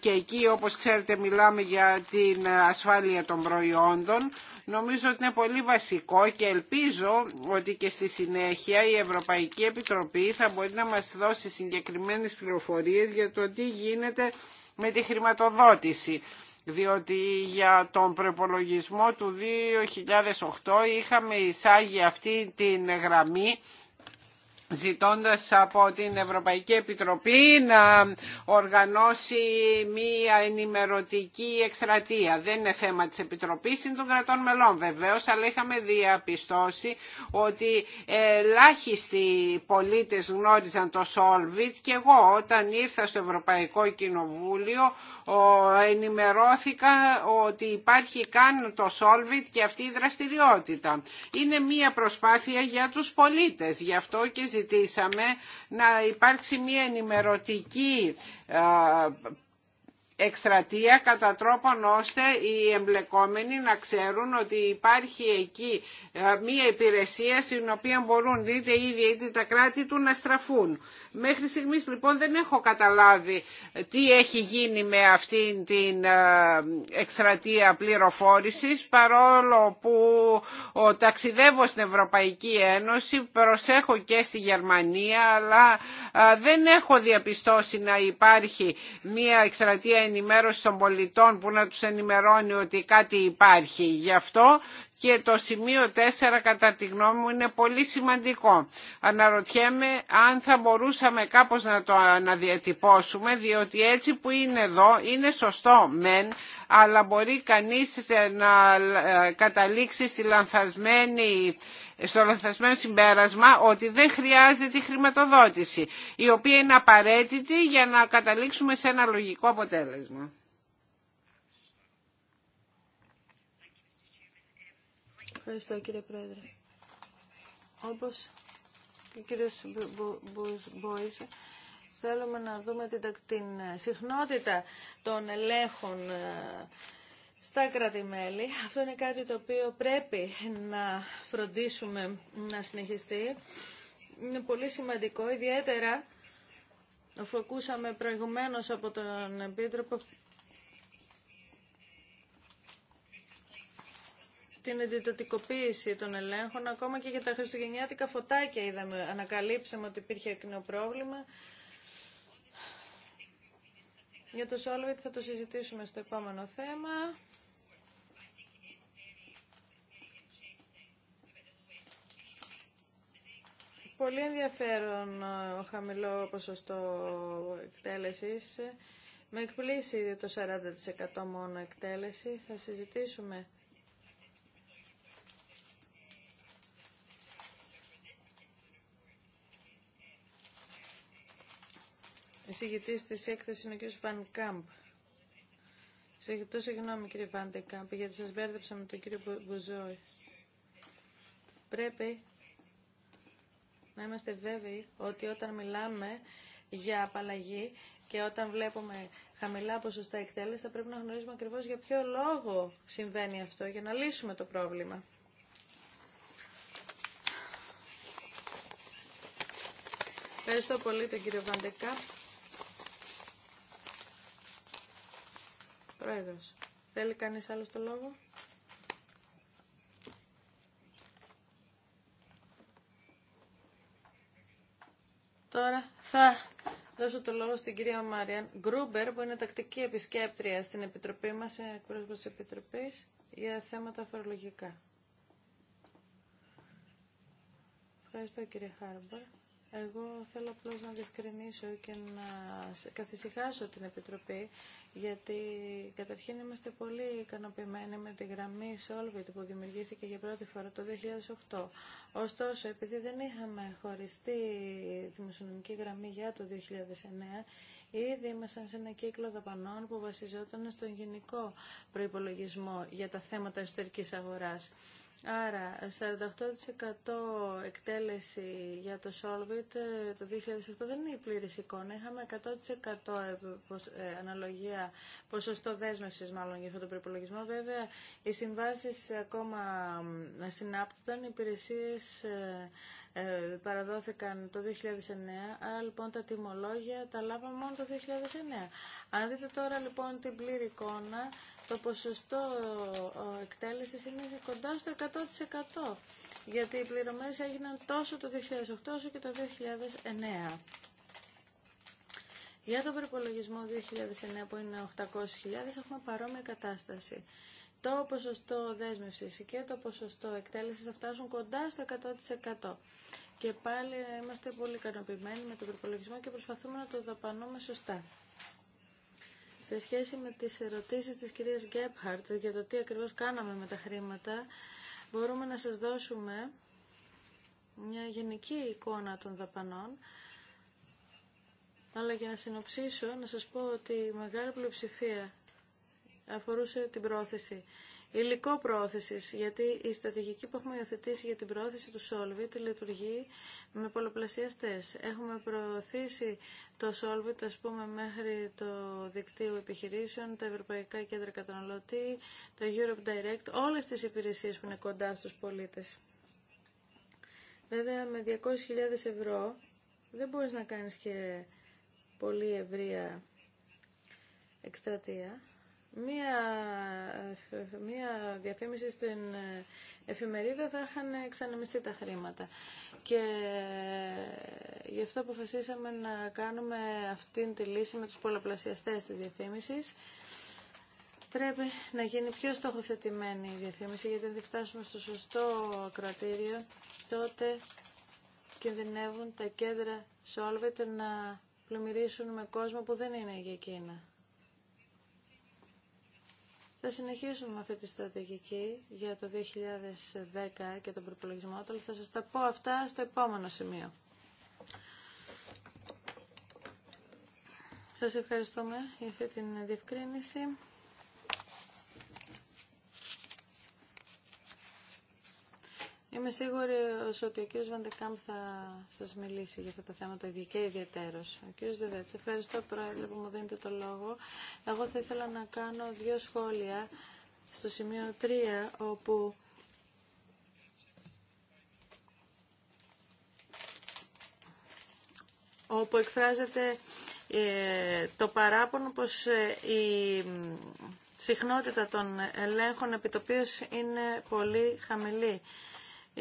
[SPEAKER 3] και εκεί όπως ξέρετε μιλάμε για την ασφάλεια των προϊόντων Νομίζω ότι είναι πολύ βασικό και ελπίζω ότι και στη συνέχεια η Ευρωπαϊκή Επιτροπή θα μπορεί να μας δώσει συγκεκριμένες πληροφορίες για το τι γίνεται με τη χρηματοδότηση διότι για τον προπολογισμό του 2008 είχαμε εισάγει αυτή την γραμμή ζητώντας από την Ευρωπαϊκή Επιτροπή να οργανώσει μία ενημερωτική εκστρατεία. Δεν είναι θέμα της Επιτροπής, είναι των κρατών μελών βεβαίως, αλλά είχαμε διαπιστώσει ότι ελάχιστοι πολίτες γνώριζαν το Solvit και εγώ όταν ήρθα στο Ευρωπαϊκό Κοινοβούλιο ενημερώθηκα ότι υπάρχει καν το Solvit και αυτή η δραστηριότητα. Είναι μία προσπάθεια για τους πολίτες, γι' αυτό και ζητήσαμε να υπάρξει μια ενημερωτική εκστρατεία κατά τρόπον ώστε οι εμπλεκόμενοι να ξέρουν ότι υπάρχει εκεί μία υπηρεσία στην οποία μπορούν είτε οι ίδιοι είτε τα κράτη του να στραφούν. Μέχρι στιγμής λοιπόν δεν έχω καταλάβει ε, τι έχει γίνει με αυτήν την ε, εκστρατεία πληροφόρησης παρόλο που ταξιδεύω στην Ευρωπαϊκή Ένωση, προσέχω και στη Γερμανία αλλά ε, δεν έχω διαπιστώσει να υπάρχει μια εκστρατεία ενημέρωση των πολιτών που να τους ενημερώνει ότι κάτι υπάρχει. Γι' αυτό και το σημείο 4 κατά τη γνώμη μου είναι πολύ σημαντικό. Αναρωτιέμαι αν θα μπορούσαμε κάπως να το αναδιατυπώσουμε διότι έτσι που είναι εδώ είναι σωστό μεν αλλά μπορεί κανείς να ε, καταλήξει στη λανθασμένη στο λανθασμένο συμπέρασμα ότι δεν χρειάζεται χρηματοδότηση, η οποία είναι απαραίτητη για να καταλήξουμε σε ένα λογικό αποτέλεσμα. Ευχαριστώ κύριε Πρόεδρε.
[SPEAKER 2] Όπως και ο κύριος Μπόης, θέλουμε να δούμε την, την ε, συχνότητα των ελέγχων ε, στα κρατημέλη μελη Αυτό είναι κάτι το οποίο πρέπει να φροντίσουμε να συνεχιστεί. Είναι πολύ σημαντικό, ιδιαίτερα αφού ακούσαμε προηγουμένως από τον Επίτροπο την εντυπωτικοποίηση των ελέγχων, ακόμα και για τα χριστουγεννιάτικα φωτάκια είδαμε, ανακαλύψαμε ότι υπήρχε κοινό πρόβλημα. Για το Solvit θα το συζητήσουμε στο επόμενο θέμα. Πολύ ενδιαφέρον ε, ο χαμηλό ποσοστό εκτέλεσης. Με εκπλήσει το 40% μόνο εκτέλεση. Θα συζητήσουμε Εισηγητής της έκθεση είναι ο κ. Βαν Κάμπ. Ζητώ συγγνώμη κύριε Κάμπ γιατί σας μπέρδεψα με τον κύριο Μπουζόη. Πρέπει να είμαστε βέβαιοι ότι όταν μιλάμε για απαλλαγή και όταν βλέπουμε χαμηλά ποσοστά εκτέλεση θα πρέπει να γνωρίζουμε ακριβώς για ποιο λόγο συμβαίνει αυτό για να λύσουμε το πρόβλημα. Ευχαριστώ πολύ τον κύριο Βαντεκά. Πρόεδρος. Θέλει κανείς άλλο το λόγο. Τώρα θα δώσω το λόγο στην κυρία Μάριαν Γκρούμπερ, που είναι τακτική επισκέπτρια στην Επιτροπή μας, εκπρόσωπος της Επιτροπής, για θέματα φορολογικά. Ευχαριστώ κύριε Χάρμπερ. Εγώ θέλω απλώ να διευκρινίσω και να καθησυχάσω την Επιτροπή, γιατί καταρχήν είμαστε πολύ ικανοποιημένοι με τη γραμμή Solvit που δημιουργήθηκε για πρώτη φορά το 2008. Ωστόσο, επειδή δεν είχαμε χωριστή δημοσιονομική γραμμή για το 2009, Ήδη ήμασταν σε ένα κύκλο δαπανών που βασιζόταν στον γενικό προϋπολογισμό για τα θέματα εσωτερικής αγοράς. Άρα, 48% εκτέλεση για το Solvit ε, το 2008 δεν είναι η πλήρης εικόνα. Είχαμε 100% ε, ε, αναλογία, ποσοστό δέσμευσης μάλλον για αυτό το προπολογισμό. Βέβαια, οι συμβάσεις ακόμα συνάπτωταν, οι υπηρεσίες παραδόθηκαν το 2009, άρα λοιπόν τα τιμολόγια τα λάβαμε μόνο το 2009. Αν δείτε τώρα λοιπόν την πλήρη εικόνα, το ποσοστό εκτέλεσης είναι κοντά στο 100% γιατί οι πληρωμές έγιναν τόσο το 2008 όσο και το 2009. Για τον προπολογισμό 2009 που είναι 800.000 έχουμε παρόμοια κατάσταση. Το ποσοστό δέσμευσης και το ποσοστό εκτέλεσης θα φτάσουν κοντά στο 100%. Και πάλι είμαστε πολύ ικανοποιημένοι με τον προπολογισμό και προσπαθούμε να το δαπανούμε σωστά. Σε σχέση με τις ερωτήσεις της κυρίας Γκέπχαρτ για το τι ακριβώς κάναμε με τα χρήματα, μπορούμε να σας δώσουμε μια γενική εικόνα των δαπανών, αλλά για να συνοψίσω, να σας πω ότι η μεγάλη πλειοψηφία αφορούσε την πρόθεση υλικό πρόθεσης, γιατί η στρατηγική που έχουμε υιοθετήσει για την πρόθεση του Solvit λειτουργεί με πολλαπλασιαστές. Έχουμε προωθήσει το Solvit, α πούμε, μέχρι το δικτύο επιχειρήσεων, τα Ευρωπαϊκά Κέντρα Καταναλωτή, το Europe Direct, όλες τις υπηρεσίες που είναι κοντά στου πολίτες. Βέβαια, με 200.000 ευρώ δεν μπορείς να κάνεις και πολύ ευρεία εκστρατεία μία, μία διαφήμιση στην εφημερίδα θα είχαν ξανεμιστεί τα χρήματα. Και γι' αυτό αποφασίσαμε να κάνουμε αυτή τη λύση με τους πολλαπλασιαστές της διαφήμισης. Πρέπει να γίνει πιο στοχοθετημένη η διαφήμιση, γιατί αν δεν φτάσουμε στο σωστό κρατήριο, τότε κινδυνεύουν τα κέντρα Solvit να πλημμυρίσουν με κόσμο που δεν είναι για εκείνα. Θα συνεχίσουμε με αυτή τη στρατηγική για το 2010 και τον προπολογισμό αλλά θα σας τα πω αυτά στο επόμενο σημείο. Σας ευχαριστούμε για αυτή την διευκρίνηση. Είμαι σίγουρη ότι ο κ. Βαντεκάμ θα σας μιλήσει για αυτά τα θέματα και ιδιαίτερος. Ο κ. Δεβέτς, ευχαριστώ πρόεδρε που μου δίνετε το λόγο. Εγώ θα ήθελα να κάνω δύο σχόλια στο σημείο 3 όπου όπου εκφράζεται ε, το παράπονο πως ε, η συχνότητα των ελέγχων επιτοπίως είναι πολύ χαμηλή.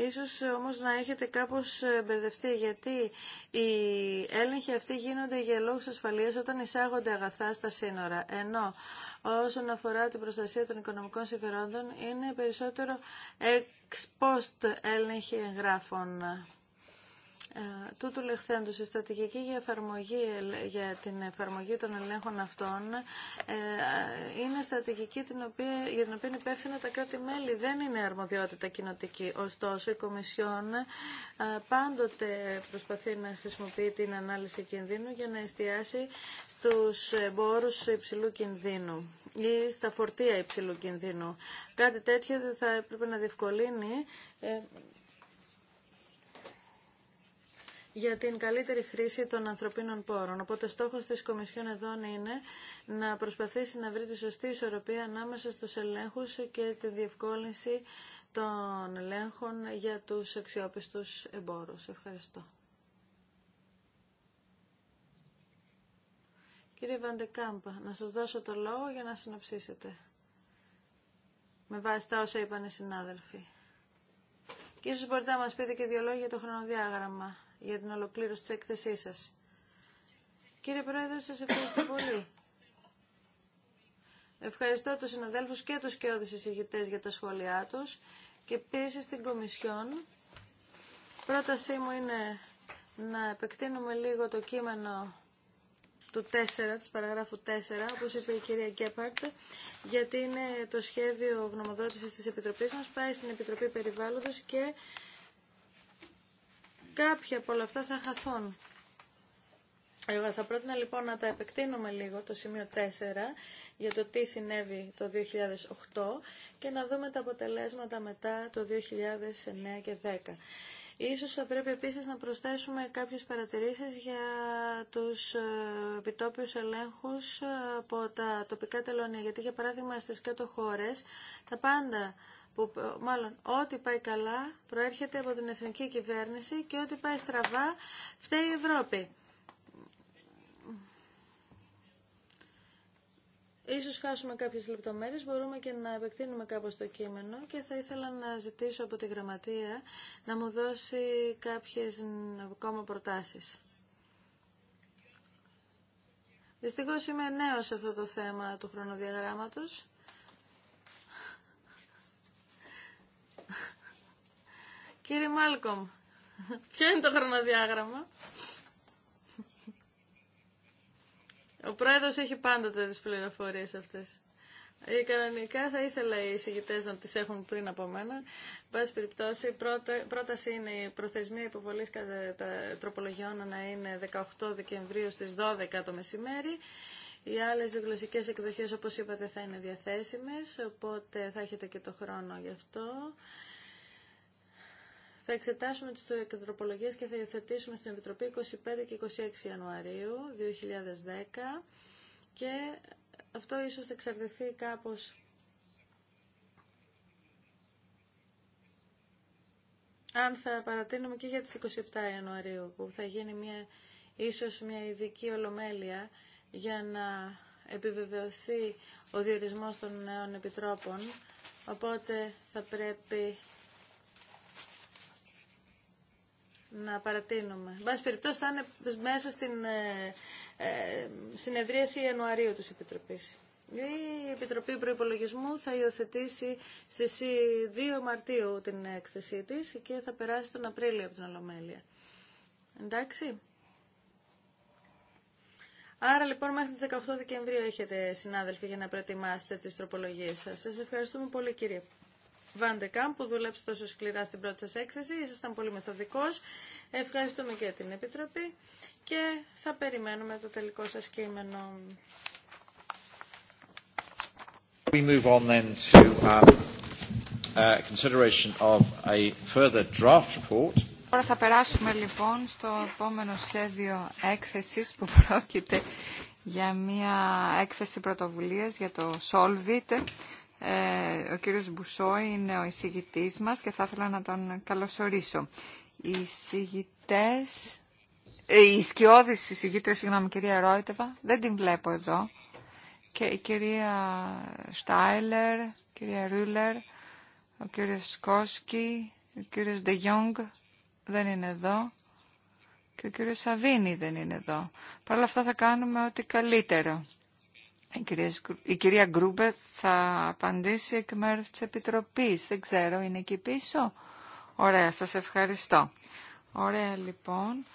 [SPEAKER 2] Ίσως όμως να έχετε κάπως μπερδευτεί γιατί οι έλεγχοι αυτοί γίνονται για λόγους ασφαλείας όταν εισάγονται αγαθά στα σύνορα. Ενώ όσον αφορά την προστασία των οικονομικών συμφερόντων είναι περισσότερο ex post έλεγχοι εγγράφων. Ε, τούτου λεχθέντος, η στρατηγική για, για την εφαρμογή των ελέγχων αυτών ε, είναι στρατηγική την οποία, για την οποία είναι υπεύθυνα τα κράτη-μέλη. Δεν είναι αρμοδιότητα κοινοτική. Ωστόσο, η Κομισιόν ε, πάντοτε προσπαθεί να χρησιμοποιεί την ανάλυση κινδύνου για να εστιάσει στους εμπόρους υψηλού κινδύνου ή στα φορτία υψηλού κινδύνου. Κάτι τέτοιο θα έπρεπε να διευκολύνει για την καλύτερη χρήση των ανθρωπίνων πόρων. Οπότε στόχος της Κομισιόν εδώ είναι να προσπαθήσει να βρει τη σωστή ισορροπία ανάμεσα στους ελέγχους και τη διευκόλυνση των ελέγχων για τους αξιόπιστους εμπόρους. Ευχαριστώ. Κύριε Βαντεκάμπα, να σας δώσω το λόγο για να συνοψίσετε. Με βάση τα όσα είπαν οι συνάδελφοι. Και ίσως μπορείτε να μας πείτε και δύο λόγια για το χρονοδιάγραμμα για την ολοκλήρωση της έκθεσής σας. Κύριε Πρόεδρε, σας ευχαριστώ πολύ. Ευχαριστώ τους συναδέλφους και τους κοιόδης εισηγητές για τα σχόλιά τους και επίση την Κομισιόν. Πρότασή μου είναι να επεκτείνουμε λίγο το κείμενο του 4, της παραγράφου 4, όπως είπε η κυρία Κέπαρτ, γιατί είναι το σχέδιο γνωμοδότησης της Επιτροπής μας, πάει στην Επιτροπή Περιβάλλοντος και κάποια από όλα αυτά θα χαθούν. Εγώ θα πρότεινα λοιπόν να τα επεκτείνουμε λίγο το σημείο 4 για το τι συνέβη το 2008 και να δούμε τα αποτελέσματα μετά το 2009 και 2010. Ίσως θα πρέπει επίσης να προσθέσουμε κάποιες παρατηρήσεις για τους ε, επιτόπιους ελέγχους ε, από τα τοπικά τελωνία. Γιατί για παράδειγμα στις κάτω χώρες τα πάντα που ε, μάλλον ό,τι πάει καλά προέρχεται από την εθνική κυβέρνηση και ό,τι πάει στραβά φταίει η Ευρώπη. Ίσως χάσουμε κάποιες λεπτομέρειες, μπορούμε και να επεκτείνουμε κάπως το κείμενο και θα ήθελα να ζητήσω από τη Γραμματεία να μου δώσει κάποιες ακόμα προτάσεις. Δυστυχώς είμαι νέος σε αυτό το θέμα του χρονοδιαγράμματος. Κύριε Μάλκομ, ποιο είναι το χρονοδιάγραμμα. Ο πρόεδρος έχει πάντα τις πληροφορίες αυτές. Οι ε, κανονικά θα ήθελα οι εισηγητέ να τις έχουν πριν από μένα. Εν πάση περιπτώσει, πρώτα, πρόταση είναι η προθεσμία υποβολής κατά τα τροπολογιών να είναι 18 Δεκεμβρίου στις 12 το μεσημέρι. Οι άλλες γλωσσικές εκδοχές, όπως είπατε, θα είναι διαθέσιμες, οπότε θα έχετε και το χρόνο γι' αυτό. Θα εξετάσουμε τις τροπολογίες και θα υιοθετήσουμε στην Επιτροπή 25 και 26 Ιανουαρίου 2010 και αυτό ίσως εξαρτηθεί κάπως αν θα παρατείνουμε και για τις 27 Ιανουαρίου που θα γίνει μια, ίσως μια ειδική ολομέλεια για να επιβεβαιωθεί ο διορισμός των νέων επιτρόπων οπότε θα πρέπει να παρατείνουμε. Εν πάση περιπτώσει θα είναι μέσα στην ε, ε, συνεδρίαση Ιανουαρίου της Επιτροπής. Η Επιτροπή Προϋπολογισμού θα υιοθετήσει στις 2 Μαρτίου την έκθεσή της και θα περάσει τον Απρίλιο από την Ολομέλεια. Εντάξει. Άρα λοιπόν μέχρι τις 18 Δεκεμβρίου έχετε συνάδελφοι για να προετοιμάσετε τις τροπολογίες σας. Σας ευχαριστούμε πολύ κύριε Βάντεκαμ που δούλεψε τόσο σκληρά στην πρώτη σας έκθεση. Ήσασταν πολύ μεθοδικός. Ευχαριστούμε και την Επιτροπή και θα περιμένουμε το τελικό σας κείμενο.
[SPEAKER 4] Τώρα θα περάσουμε λοιπόν στο επόμενο σχέδιο έκθεσης που πρόκειται για μια έκθεση πρωτοβουλίας για το Solvit ε, ο κύριος Μπουσό είναι ο εισηγητής μας και θα ήθελα να τον καλωσορίσω. Οι εισηγητές, ε, οι σκιώδεις εισηγήτρες, συγγνώμη κυρία Ρόιτεβα, δεν την βλέπω εδώ. Και η κυρία Στάιλερ, η κυρία Ρούλερ, ο κύριος Σκόσκι, ο κύριος Ντέγιονγκ δεν είναι εδώ και ο κύριος Σαβίνη δεν είναι εδώ. Παρ' όλα αυτά θα κάνουμε ό,τι καλύτερο. Η κυρία Γκρούμπε θα απαντήσει εκ μέρους της Επιτροπής. Δεν ξέρω, είναι εκεί πίσω. Ωραία, σας ευχαριστώ. Ωραία, λοιπόν.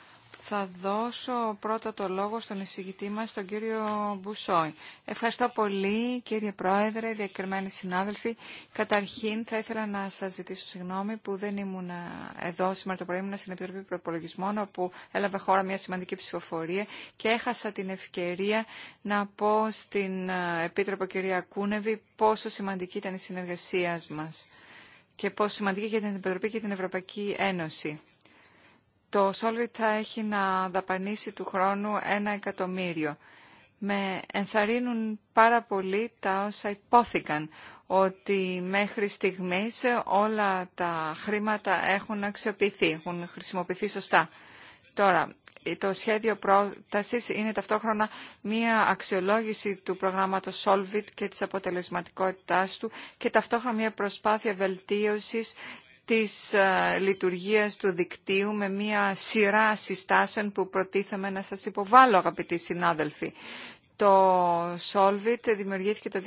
[SPEAKER 4] Θα δώσω πρώτα το λόγο στον εισηγητή μας, τον κύριο Μπουσόη. Ευχαριστώ πολύ κύριε Πρόεδρε, διακριμένοι συνάδελφοι. Καταρχήν θα ήθελα να σας ζητήσω συγγνώμη που δεν ήμουν ε, εδώ σήμερα το πρωί, ήμουν στην Επιτροπή Προπολογισμών όπου έλαβε χώρα μια σημαντική ψηφοφορία και έχασα την ευκαιρία να πω στην ε, Επίτροπο κυρία Κούνεβη πόσο σημαντική ήταν η συνεργασία μας και πόσο σημαντική για την Επιτροπή και την Ευρωπαϊκή Ένωση το Solvit θα έχει να δαπανίσει του χρόνου ένα εκατομμύριο. Με ενθαρρύνουν πάρα πολύ τα όσα υπόθηκαν, ότι μέχρι στιγμής όλα τα χρήματα έχουν αξιοποιηθεί, έχουν χρησιμοποιηθεί σωστά. Τώρα, το σχέδιο πρότασης είναι ταυτόχρονα μία αξιολόγηση του προγράμματος Solvit και της αποτελεσματικότητάς του και ταυτόχρονα μία προσπάθεια βελτίωσης της ε, λειτουργίας του δικτύου με μια σειρά συστάσεων που προτίθεμαι να σας υποβάλω αγαπητοί συνάδελφοι. Το Solvit δημιουργήθηκε το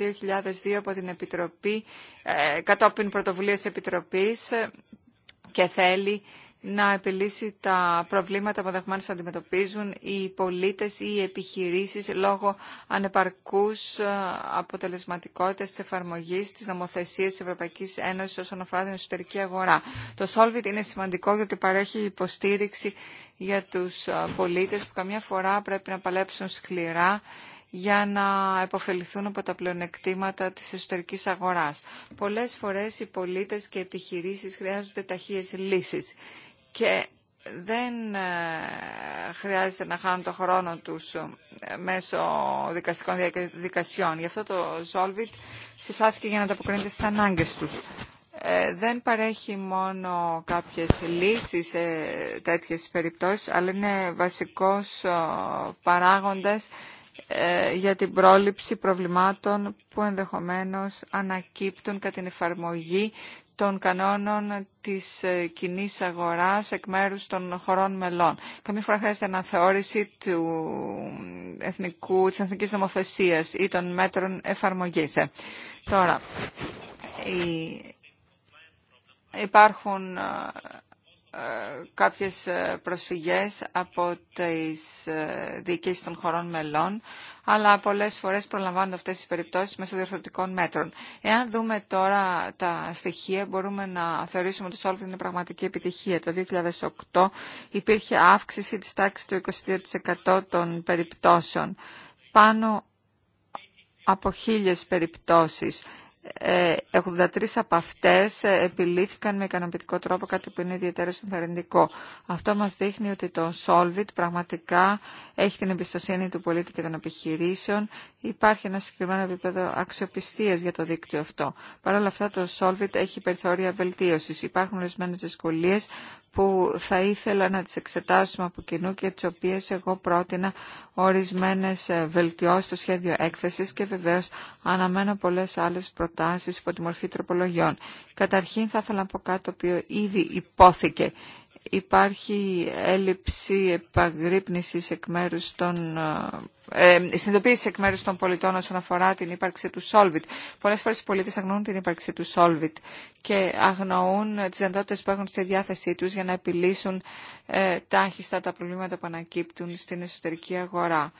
[SPEAKER 4] 2002 από την Επιτροπή, ε, κατόπιν πρωτοβουλίας Επιτροπής ε, και θέλει να επιλύσει τα προβλήματα που ενδεχομένω αντιμετωπίζουν οι πολίτες ή οι επιχειρήσεις λόγω ανεπαρκούς ε, αποτελεσματικότητα της εφαρμογής της νομοθεσίας της Ευρωπαϊκή Ένωση όσον αφορά την εσωτερική αγορά. Το Solvit είναι σημαντικό γιατί παρέχει υποστήριξη για τους ε, πολίτες που καμιά φορά πρέπει να παλέψουν σκληρά για να επωφεληθούν από τα πλεονεκτήματα της εσωτερικής αγοράς. Πολλές φορές οι πολίτες και οι επιχειρήσεις χρειάζονται ταχείες λύσεις και δεν ε, χρειάζεται να χάνουν το χρόνο τους ε, μέσω δικαστικών διαδικασιών. Γι' αυτό το Solvit συστάθηκε για να ανταποκρίνεται στις ανάγκες τους. Ε, δεν παρέχει μόνο κάποιες λύσεις σε τέτοιες περιπτώσεις, αλλά είναι βασικός παράγοντας για την πρόληψη προβλημάτων που ενδεχομένως ανακύπτουν κατά την εφαρμογή των κανόνων της ε, κοινή αγοράς εκ μέρους των χωρών μελών. Καμία φορά χρειάζεται αναθεώρηση του εθνικού, της εθνικής ή των μέτρων εφαρμογής. Ε, τώρα, υπάρχουν ε, κάποιες προσφυγές από τις διοικήσεις των χωρών μελών αλλά πολλές φορές προλαμβάνουν αυτές τις περιπτώσεις μέσω διορθωτικών μέτρων. Εάν δούμε τώρα τα στοιχεία, μπορούμε να θεωρήσουμε ότι Solvit είναι πραγματική επιτυχία. Το 2008 υπήρχε αύξηση της τάξης του 22% των περιπτώσεων. Πάνω από χίλιες περιπτώσεις 83 ε, από αυτές ε, επιλήθηκαν με ικανοποιητικό τρόπο, κάτι που είναι ιδιαίτερο συμφερεντικό. Αυτό μας δείχνει ότι το Solvit πραγματικά έχει την εμπιστοσύνη του πολίτη και των επιχειρήσεων. Υπάρχει ένα συγκεκριμένο επίπεδο αξιοπιστίας για το δίκτυο αυτό. Παρ' όλα αυτά το Solvit έχει περιθώρια βελτίωσης. Υπάρχουν ορισμένε δυσκολίε που θα ήθελα να τις εξετάσουμε από κοινού και τις οποίες εγώ πρότεινα ορισμένες ε, βελτιώσεις στο σχέδιο έκθεσης και βεβαίως αναμένω πολλές άλλε προτάσεις προτάσεις υπό τη μορφή τροπολογιών. Καταρχήν θα ήθελα να πω κάτι το οποίο ήδη υπόθηκε. Υπάρχει έλλειψη επαγρύπνησης εκ μέρους των ε, ε συνειδητοποίηση εκ μέρου των πολιτών όσον αφορά την ύπαρξη του Solvit. Πολλέ φορέ οι πολίτε αγνοούν την ύπαρξη του Solvit και αγνοούν τι δυνατότητε που έχουν στη διάθεσή του για να επιλύσουν ε, τάχιστα τα προβλήματα που ανακύπτουν στην εσωτερική αγορά.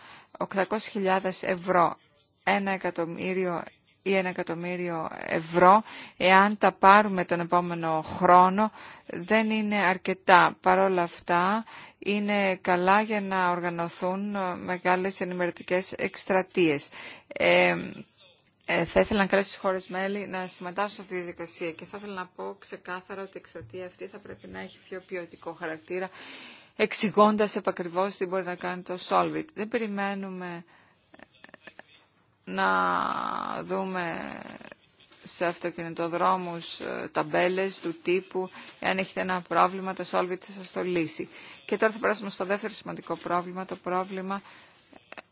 [SPEAKER 4] 800.000 ευρώ, 1 εκατομμύριο ή ένα εκατομμύριο ευρώ, εάν τα πάρουμε τον επόμενο χρόνο, δεν είναι αρκετά. Παρ' όλα αυτά, είναι καλά για να οργανωθούν μεγάλες ενημερωτικές εκστρατείες. Ε, ε θα ήθελα να καλέσω τι χώρε μέλη να συμμετάσχουν σε αυτή τη διαδικασία και θα ήθελα να πω ξεκάθαρα ότι η εκστρατεία αυτή θα πρέπει να έχει πιο ποιοτικό χαρακτήρα, εξηγώντα επακριβώ τι μπορεί να κάνει το Solvit. Δεν περιμένουμε να δούμε σε αυτοκινητοδρόμους ε, ταμπέλες του τύπου εάν έχετε ένα πρόβλημα το Solvit θα σας το λύσει. Και τώρα θα περάσουμε στο δεύτερο σημαντικό πρόβλημα, το πρόβλημα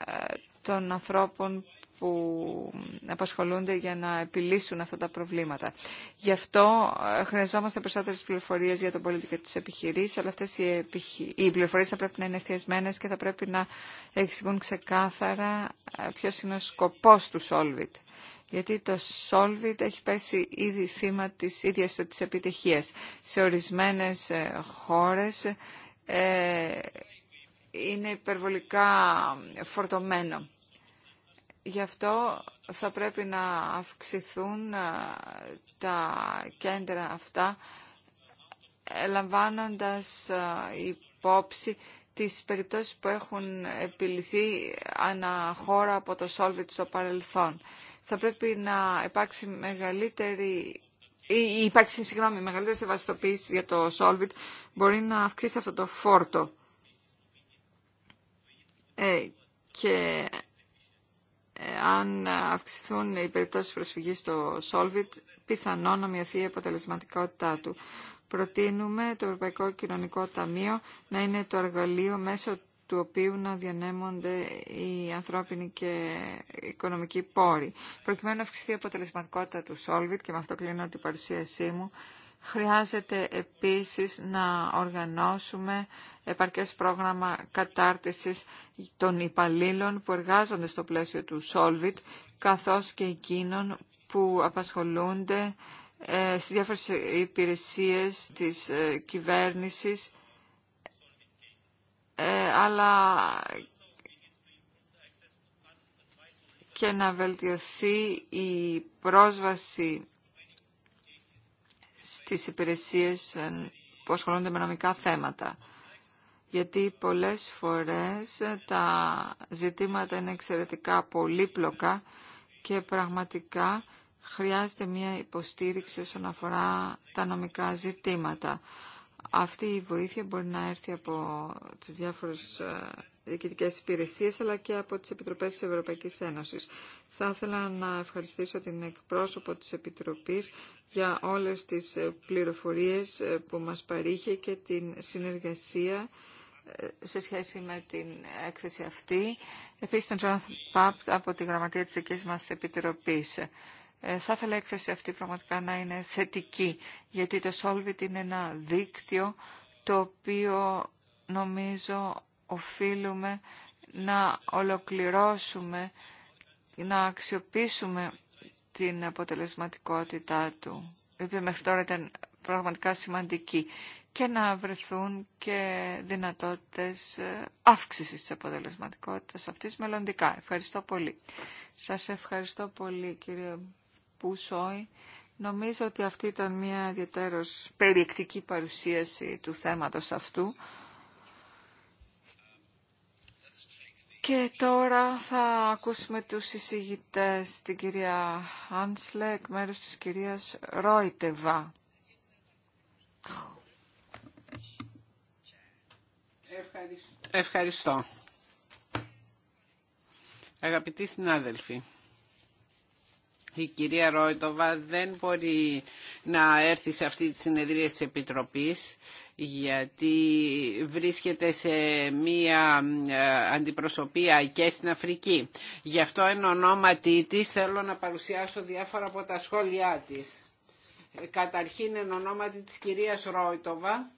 [SPEAKER 4] ε, των ανθρώπων που απασχολούνται για να επιλύσουν αυτά τα προβλήματα. Γι' αυτό ε, χρειαζόμαστε περισσότερε πληροφορίε για τον πολίτη και τι επιχειρήσει, αλλά αυτέ οι, επιχει... πληροφορίες θα πρέπει να είναι εστιασμένε και θα πρέπει να εξηγούν ξεκάθαρα ε, ποιο είναι ο σκοπό του Solvit. Γιατί το Solvit έχει πέσει ήδη θύμα τη ίδια τη επιτυχία Σε ορισμένε ε, χώρε είναι υπερβολικά φορτωμένο Γι' αυτό θα πρέπει να αυξηθούν ε, τα κέντρα αυτά λαμβάνοντας ε, υπόψη τις περιπτώσεις που έχουν επιληθεί αναχώρα από το Solvit στο παρελθόν. Θα πρέπει να υπάρξει μεγαλύτερη υπάρξει συγγνώμη, μεγαλύτερη σεβαστοποίηση για το Solvit μπορεί να αυξήσει αυτό το φόρτο. Ε, και αν αυξηθούν οι περιπτώσεις προσφυγής στο Solvit, πιθανόν να μειωθεί η αποτελεσματικότητά του. Προτείνουμε το Ευρωπαϊκό Κοινωνικό Ταμείο να είναι το εργαλείο μέσω του οποίου να διανέμονται οι ανθρώπινοι και οικονομικοί πόροι. Προκειμένου να αυξηθεί η αποτελεσματικότητα του Solvit, και με αυτό κλείνω την παρουσίασή μου, Χρειάζεται επίσης να οργανώσουμε επαρκές πρόγραμμα κατάρτισης των υπαλλήλων που εργάζονται στο πλαίσιο του Solvit, καθώς και εκείνων που απασχολούνται ε, στις διάφορες υπηρεσίες της ε, κυβέρνησης, ε, αλλά και να βελτιωθεί η πρόσβαση στις υπηρεσίες ε, που ασχολούνται με νομικά θέματα. Γιατί πολλές φορές ε, τα ζητήματα είναι εξαιρετικά πολύπλοκα και πραγματικά χρειάζεται μια υποστήριξη όσον αφορά τα νομικά ζητήματα. Αυτή η βοήθεια μπορεί να έρθει από τις διάφορες ε, διοικητικές υπηρεσίες αλλά και από τις Επιτροπές της Ευρωπαϊκής Ένωσης. Θα ήθελα να ευχαριστήσω την εκπρόσωπο της Επιτροπής για όλες τις ε, πληροφορίες ε, που μας παρήχε και την συνεργασία ε, σε σχέση με την έκθεση αυτή. Επίσης τον Τζόναθ Παπ από τη Γραμματεία της δικής μας Επιτροπής. Θα ήθελα η έκθεση αυτή πραγματικά να είναι θετική, γιατί το Solvit είναι ένα δίκτυο το οποίο νομίζω οφείλουμε να ολοκληρώσουμε να αξιοποιήσουμε την αποτελεσματικότητά του, η οποία μέχρι τώρα ήταν πραγματικά σημαντική, και να βρεθούν και δυνατότητες ε, αύξησης της αποτελεσματικότητας αυτής μελλοντικά. Ευχαριστώ πολύ. Σας ευχαριστώ πολύ κύριε Πουσόη. Νομίζω ότι αυτή ήταν μια ιδιαίτερως περιεκτική παρουσίαση του θέματος αυτού. Και τώρα θα ακούσουμε τους εισηγητές, την κυρία Άνσλε, εκ μέρους της κυρίας Ρόιτεβα.
[SPEAKER 3] Ευχαριστώ. Αγαπητοί συνάδελφοι, η κυρία Ρόιτοβα δεν μπορεί να έρθει σε αυτή τη συνεδρία της Επιτροπής γιατί βρίσκεται σε μία ε, αντιπροσωπεία και στην Αφρική. Γι' αυτό εν ονόματι της θέλω να παρουσιάσω διάφορα από τα σχόλιά της. Ε, καταρχήν εν ονόματι της κυρίας Ρόιτοβα,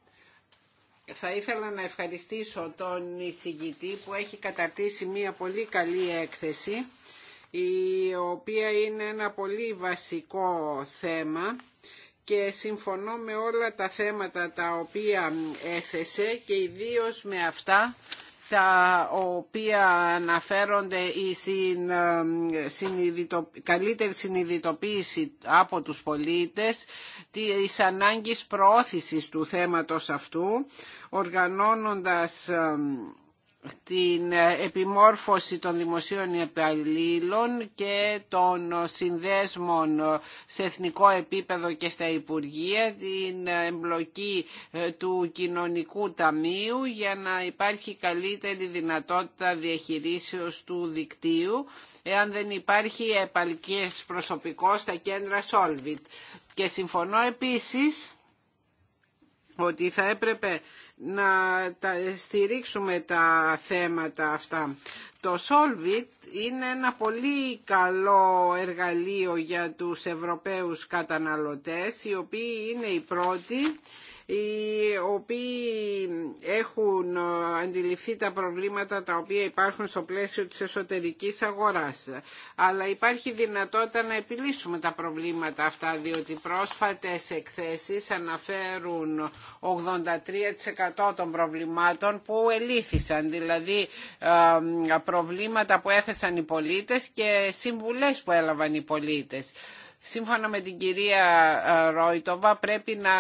[SPEAKER 3] θα ήθελα να ευχαριστήσω τον εισηγητή που έχει καταρτήσει μία πολύ καλή έκθεση η οποία είναι ένα πολύ βασικό θέμα και συμφωνώ με όλα τα θέματα τα οποία έθεσε και ιδίως με αυτά τα οποία αναφέρονται στην ε, συνειδητο... καλύτερη συνειδητοποίηση από τους πολίτες της ανάγκης προώθησης του θέματος αυτού, οργανώνοντας ε, την ε, επιμόρφωση των δημοσίων υπαλλήλων και των ε, συνδέσμων ε, σε εθνικό επίπεδο και στα Υπουργεία, την εμπλοκή του Κοινωνικού Ταμείου για να υπάρχει καλύτερη δυνατότητα διαχειρήσεως του δικτύου εάν δεν υπάρχει επαλκές προσωπικό στα κέντρα Solvit. Και συμφωνώ επίσης ότι θα έπρεπε να τα στηρίξουμε τα θέματα αυτά. Το Solvit είναι ένα πολύ καλό εργαλείο για τους Ευρωπαίους καταναλωτές, οι οποίοι είναι οι πρώτοι οι οποίοι έχουν ε, αντιληφθεί τα προβλήματα τα οποία υπάρχουν στο πλαίσιο της εσωτερικής αγοράς. Αλλά υπάρχει δυνατότητα να επιλύσουμε τα προβλήματα αυτά, διότι πρόσφατες εκθέσεις αναφέρουν 83% των προβλημάτων που ελήφθησαν, δηλαδή ε, προβλήματα που έθεσαν οι πολίτες και συμβουλές που έλαβαν οι πολίτες. Σύμφωνα με την κυρία ε, Ρόιτοβα πρέπει να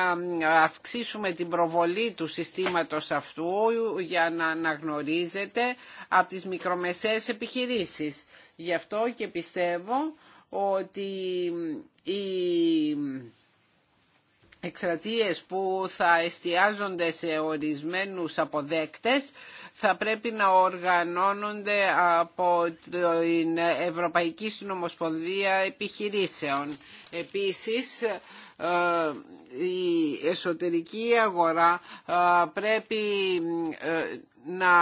[SPEAKER 3] αυξήσουμε την προβολή του συστήματος αυτού για να αναγνωρίζεται από τις μικρομεσαίες επιχειρήσεις. Γι' αυτό και πιστεύω ότι η εκστρατείες που θα εστιάζονται σε ορισμένους αποδέκτες θα πρέπει να οργανώνονται από την Ευρωπαϊκή Συνομοσπονδία Επιχειρήσεων. Επίσης, ε, η εσωτερική αγορά ε, πρέπει ε, να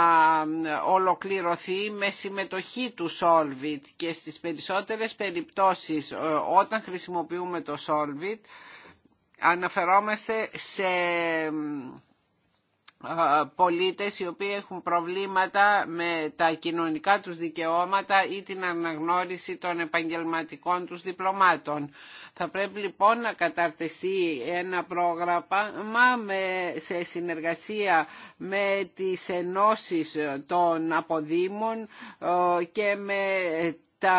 [SPEAKER 3] ολοκληρωθεί με συμμετοχή του Solvit και στις περισσότερες περιπτώσεις όταν χρησιμοποιούμε το Solvit αναφερόμαστε σε ε, πολίτες οι οποίοι έχουν προβλήματα με τα κοινωνικά τους δικαιώματα ή την αναγνώριση των επαγγελματικών τους διπλωμάτων. Θα πρέπει λοιπόν να καταρτιστεί ένα πρόγραμμα με, σε συνεργασία με τις ενώσεις των αποδήμων ε, και με τα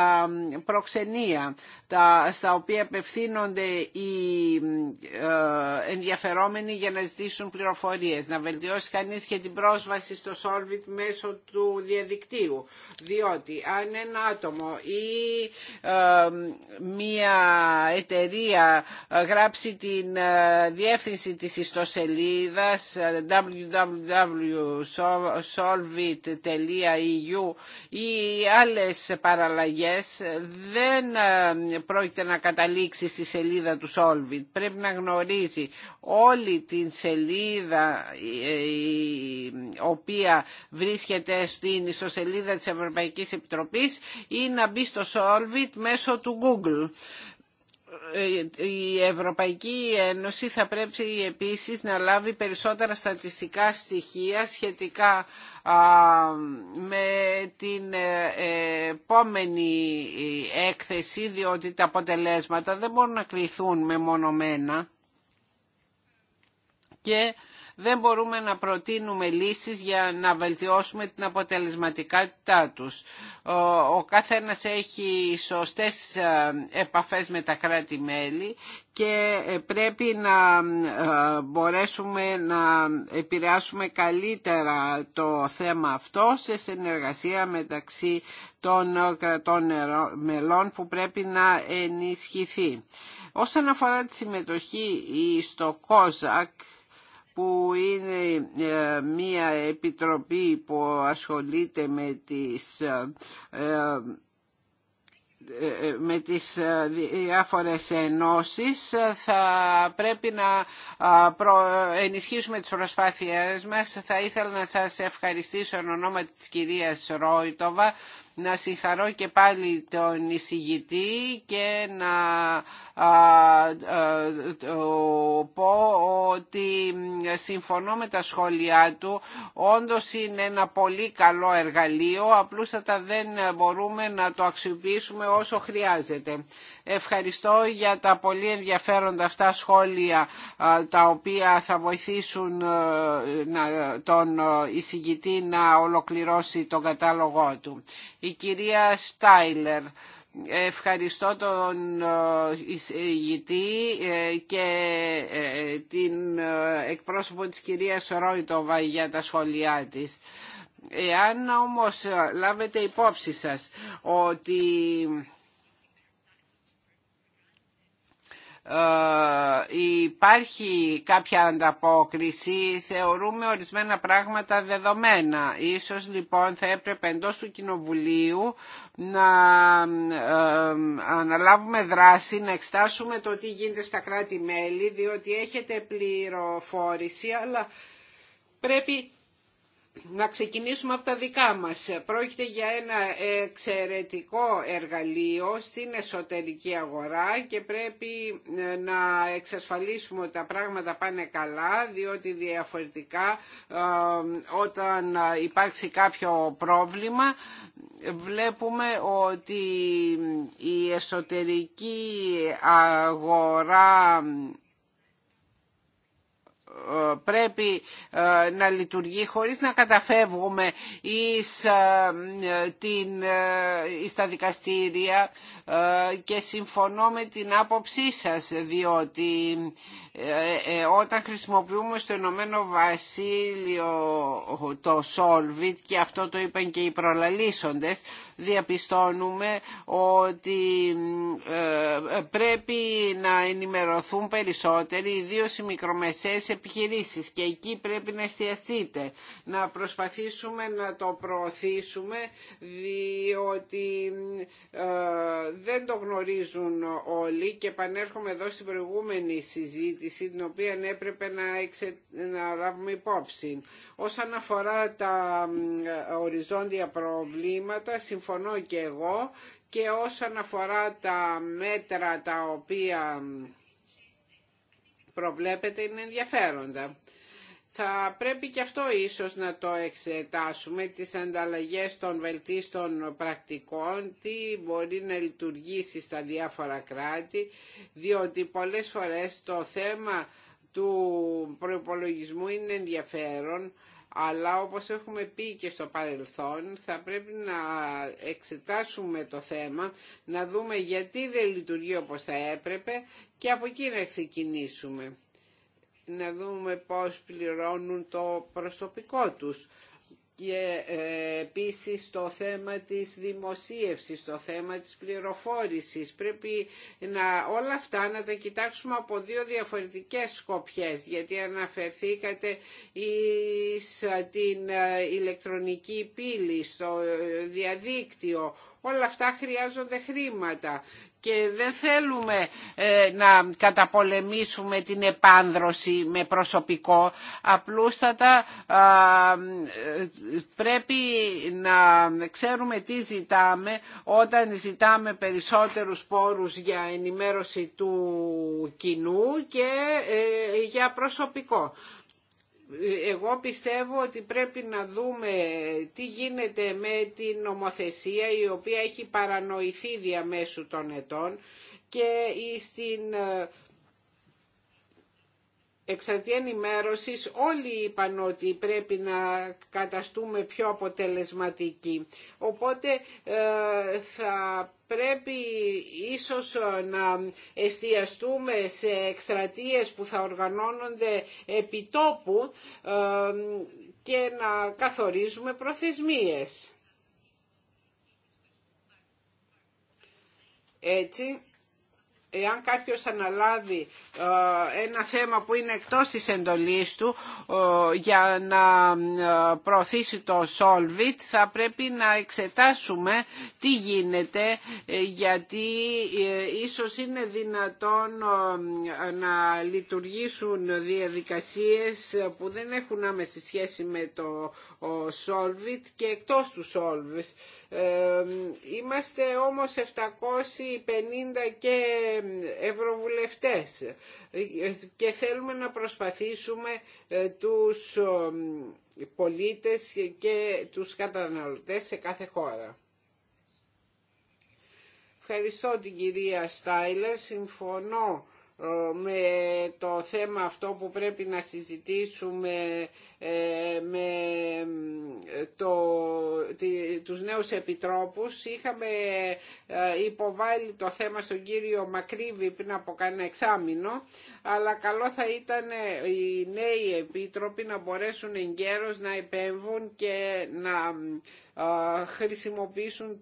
[SPEAKER 3] προξενία τα, στα οποία απευθύνονται οι ε, ενδιαφερόμενοι για να ζητήσουν πληροφορίες. Να βελτιώσει κανείς και την πρόσβαση στο Solvit μέσω του διαδικτύου. Διότι αν ένα άτομο ή ε, μία εταιρεία ε, γράψει την ε, διεύθυνση της ιστοσελίδας www.solvit.eu ή άλλες παραλλαγές ε, δεν ε, πρόκειται να καταλήξει στη σελίδα του Solvit. Πρέπει να γνωρίζει όλη την σελίδα ε, η οποία βρίσκεται στην ιστοσελίδα της Ευρωπαϊκής Επιτροπής ή να μπει στο Solvit μέσω του Google η Ευρωπαϊκή Ένωση θα πρέπει επίσης να λάβει περισσότερα στατιστικά στοιχεία σχετικά με την ε, επόμενη ε, έκθεση διότι τα αποτελέσματα δεν μπορούν να κληθούν μεμονωμένα και δεν μπορούμε να προτείνουμε λύσεις για να βελτιώσουμε την αποτελεσματικότητά τους. Ο καθένας έχει σωστές ε, επαφές με τα κράτη-μέλη και ε, πρέπει να ε, μπορέσουμε να επηρεάσουμε καλύτερα το θέμα αυτό σε συνεργασία μεταξύ των κρατών μελών που πρέπει να ενισχυθεί. Όσον αφορά τη συμμετοχή στο ΚΟΖΑΚ, που είναι ε, μια επιτροπή που ασχολείται με τις ε, ε, με τις διάφορες ενώσεις θα πρέπει να ενισχύσουμε τις προσπάθειές μας. Θα ήθελα να σας ευχαριστήσω εν ονόματι της κυρίας Ρόιτοβα να συγχαρώ και πάλι τον εισηγητή και να το πω ότι συμφωνώ με τα σχόλιά του. Όντως είναι ένα πολύ καλό εργαλείο, απλούστατα δεν μπορούμε να το αξιοποιήσουμε όσο χρειάζεται. Ευχαριστώ για τα πολύ ενδιαφέροντα αυτά σχόλια τα οποία θα βοηθήσουν τον εισηγητή να ολοκληρώσει τον κατάλογό του η κυρία Στάιλερ. Ευχαριστώ τον ε, εισηγητή ε, και ε, την εκπρόσωπο της κυρίας Ρόιτοβα για τα σχόλιά της. Εάν όμως λάβετε υπόψη σας ότι Ε, υπάρχει κάποια ανταπόκριση, θεωρούμε ορισμένα πράγματα δεδομένα. Ίσως λοιπόν θα έπρεπε εντός του Κοινοβουλίου να ε, αναλάβουμε δράση, να εξτάσουμε το τι γίνεται στα κράτη-μέλη, διότι έχετε πληροφόρηση, αλλά πρέπει να ξεκινήσουμε από τα δικά μας. Πρόκειται για ένα εξαιρετικό εργαλείο στην εσωτερική αγορά και πρέπει ε, να εξασφαλίσουμε ότι τα πράγματα πάνε καλά, διότι διαφορετικά ε, όταν υπάρξει κάποιο πρόβλημα βλέπουμε ότι η εσωτερική αγορά ε, πρέπει ε, να λειτουργεί χωρίς να καταφεύγουμε εις, ε, εις τα δικαστήρια ε, και συμφωνώ με την άποψή σας διότι ε, ε, όταν χρησιμοποιούμε στο Ηνωμένο Βασίλειο το Solvit και αυτό το είπαν και οι προλαλήσοντες διαπιστώνουμε ότι πρέπει να ενημερωθούν περισσότεροι ιδίως οι μικρομεσαίες επιχειρήσεις και εκεί πρέπει να εστιαστείτε να προσπαθήσουμε να το προωθήσουμε διότι δεν το γνωρίζουν όλοι και επανέρχομαι εδώ στην προηγούμενη συζήτηση την οποία έπρεπε να, εξε... να λάβουμε υπόψη. Όσον αφορά τα οριζόντια προβλήματα, συμφωνώ και εγώ και όσον αφορά τα μέτρα τα οποία προβλέπετε είναι ενδιαφέροντα. Θα πρέπει και αυτό ίσως να το εξετάσουμε, τις ανταλλαγές των βελτίστων πρακτικών, τι μπορεί να λειτουργήσει στα διάφορα κράτη, διότι πολλές φορές το θέμα του προϋπολογισμού είναι ενδιαφέρον, αλλά όπως έχουμε πει και στο παρελθόν θα πρέπει να εξετάσουμε το θέμα, να δούμε γιατί δεν λειτουργεί όπως θα έπρεπε και από εκεί να ξεκινήσουμε να δούμε πώς πληρώνουν το προσωπικό τους και ε, επίσης το θέμα της δημοσίευσης, το θέμα της πληροφόρησης. Πρέπει να, όλα αυτά να τα κοιτάξουμε από δύο διαφορετικές σκοπιές, γιατί αναφερθήκατε εις ε, την ε, ηλεκτρονική πύλη, στο διαδίκτυο, Όλα αυτά χρειάζονται χρήματα και δεν θέλουμε ε, να καταπολεμήσουμε την επάνδρωση με προσωπικό. Απλούστατα πρέπει να ξέρουμε τι ζητάμε όταν ζητάμε περισσότερους πόρους για ενημέρωση του κοινού και ε, για προσωπικό εγώ πιστεύω ότι πρέπει να δούμε τι γίνεται με την νομοθεσία η οποία έχει παρανοηθεί διαμέσου των ετών και στην ε, εξαρτή ενημέρωση όλοι είπαν ότι πρέπει να καταστούμε πιο αποτελεσματικοί. Οπότε ε, θα πρέπει ίσως να εστιαστούμε σε εκστρατείες που θα οργανώνονται επιτόπου τόπου ε, και να καθορίζουμε προθεσμίες. Έτσι, εάν κάποιος αναλάβει ε, ένα θέμα που είναι εκτός της εντολής του ε, για να ε, προωθήσει το Solvit θα πρέπει να εξετάσουμε τι γίνεται γιατί ίσως είναι δυνατόν να λειτουργήσουν διαδικασίες που δεν έχουν άμεση σχέση με το Solvit και εκτός του Solvit Είμαστε όμως 750 και ευρωβουλευτές και θέλουμε να προσπαθήσουμε ε, τους πολίτες και τους καταναλωτές σε κάθε χώρα. Ευχαριστώ την κυρία Στάιλερ, συμφωνώ ε, με το θέμα αυτό που πρέπει να συζητήσουμε ε, με ε, το, τους νέους επιτρόπους. Είχαμε υποβάλει το θέμα στον κύριο Μακρύβη πριν από κανένα εξάμηνο αλλά καλό θα ήταν οι νέοι επίτροποι να μπορέσουν εγκαίρως να επέμβουν και να χρησιμοποιήσουν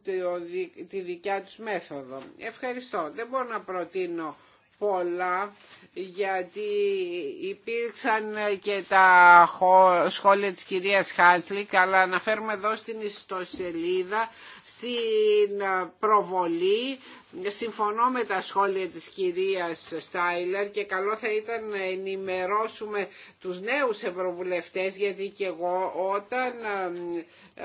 [SPEAKER 3] τη δικιά τους μέθοδο. Ευχαριστώ. Δεν μπορώ να προτείνω πολλά γιατί υπήρξαν και τα σχόλια της κυρίας Χάσλικ αλλά αναφέρουμε εδώ στην ιστοσελίδα, στην προβολή συμφωνώ με τα σχόλια της κυρίας Στάιλερ και καλό θα ήταν να ενημερώσουμε τους νέους ευρωβουλευτές γιατί και εγώ όταν ε,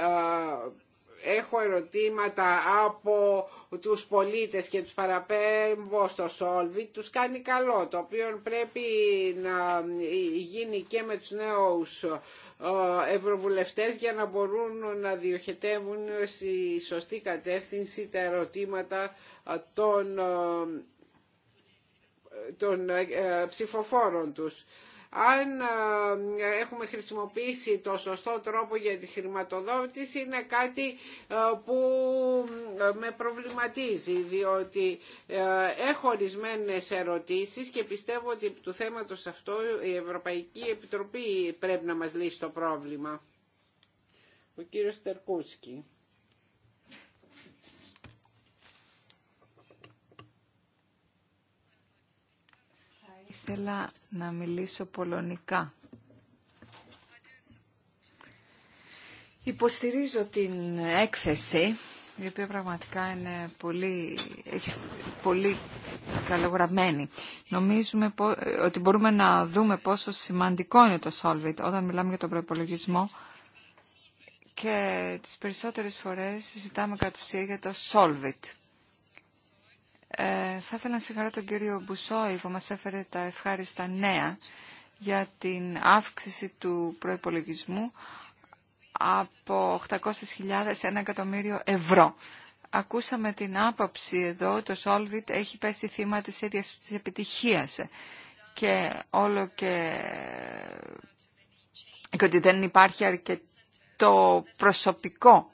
[SPEAKER 3] έχω ερωτήματα από τους πολίτες και τους παραπέμπω στο Σόλβι, τους κάνει καλό το οποίο πρέπει να γίνει και με τους νέους ε, ευρωβουλευτές για να μπορούν να διοχετεύουν στη σωστή κατεύθυνση τα ερωτήματα ε, των ε, των ψηφοφόρων τους αν έχουμε χρησιμοποιήσει το σωστό τρόπο για τη χρηματοδότηση είναι κάτι που με προβληματίζει διότι έχω ορισμένε ερωτήσεις και πιστεύω ότι του θέματος αυτό η Ευρωπαϊκή Επιτροπή πρέπει να μας λύσει το πρόβλημα. Ο κύριος Τερκούσκι.
[SPEAKER 4] ήθελα να μιλήσω πολωνικά. Υποστηρίζω την έκθεση, η οποία πραγματικά είναι πολύ, έχει, πολύ καλογραμμένη. Νομίζουμε ότι μπορούμε να δούμε πόσο σημαντικό είναι το Solvit όταν μιλάμε για τον προπολογισμό και τις περισσότερες φορές συζητάμε κατ' ουσία για το Solvit. Ε, θα ήθελα να συγχαρώ τον κύριο Μπουσόη που μας έφερε τα ευχάριστα νέα για την αύξηση του προϋπολογισμού από 800.000 σε 1 εκατομμύριο ευρώ. Ακούσαμε την άποψη εδώ, το Solvit έχει πέσει θύμα της ίδιας της επιτυχίας και όλο και... και ότι δεν υπάρχει αρκετό προσωπικό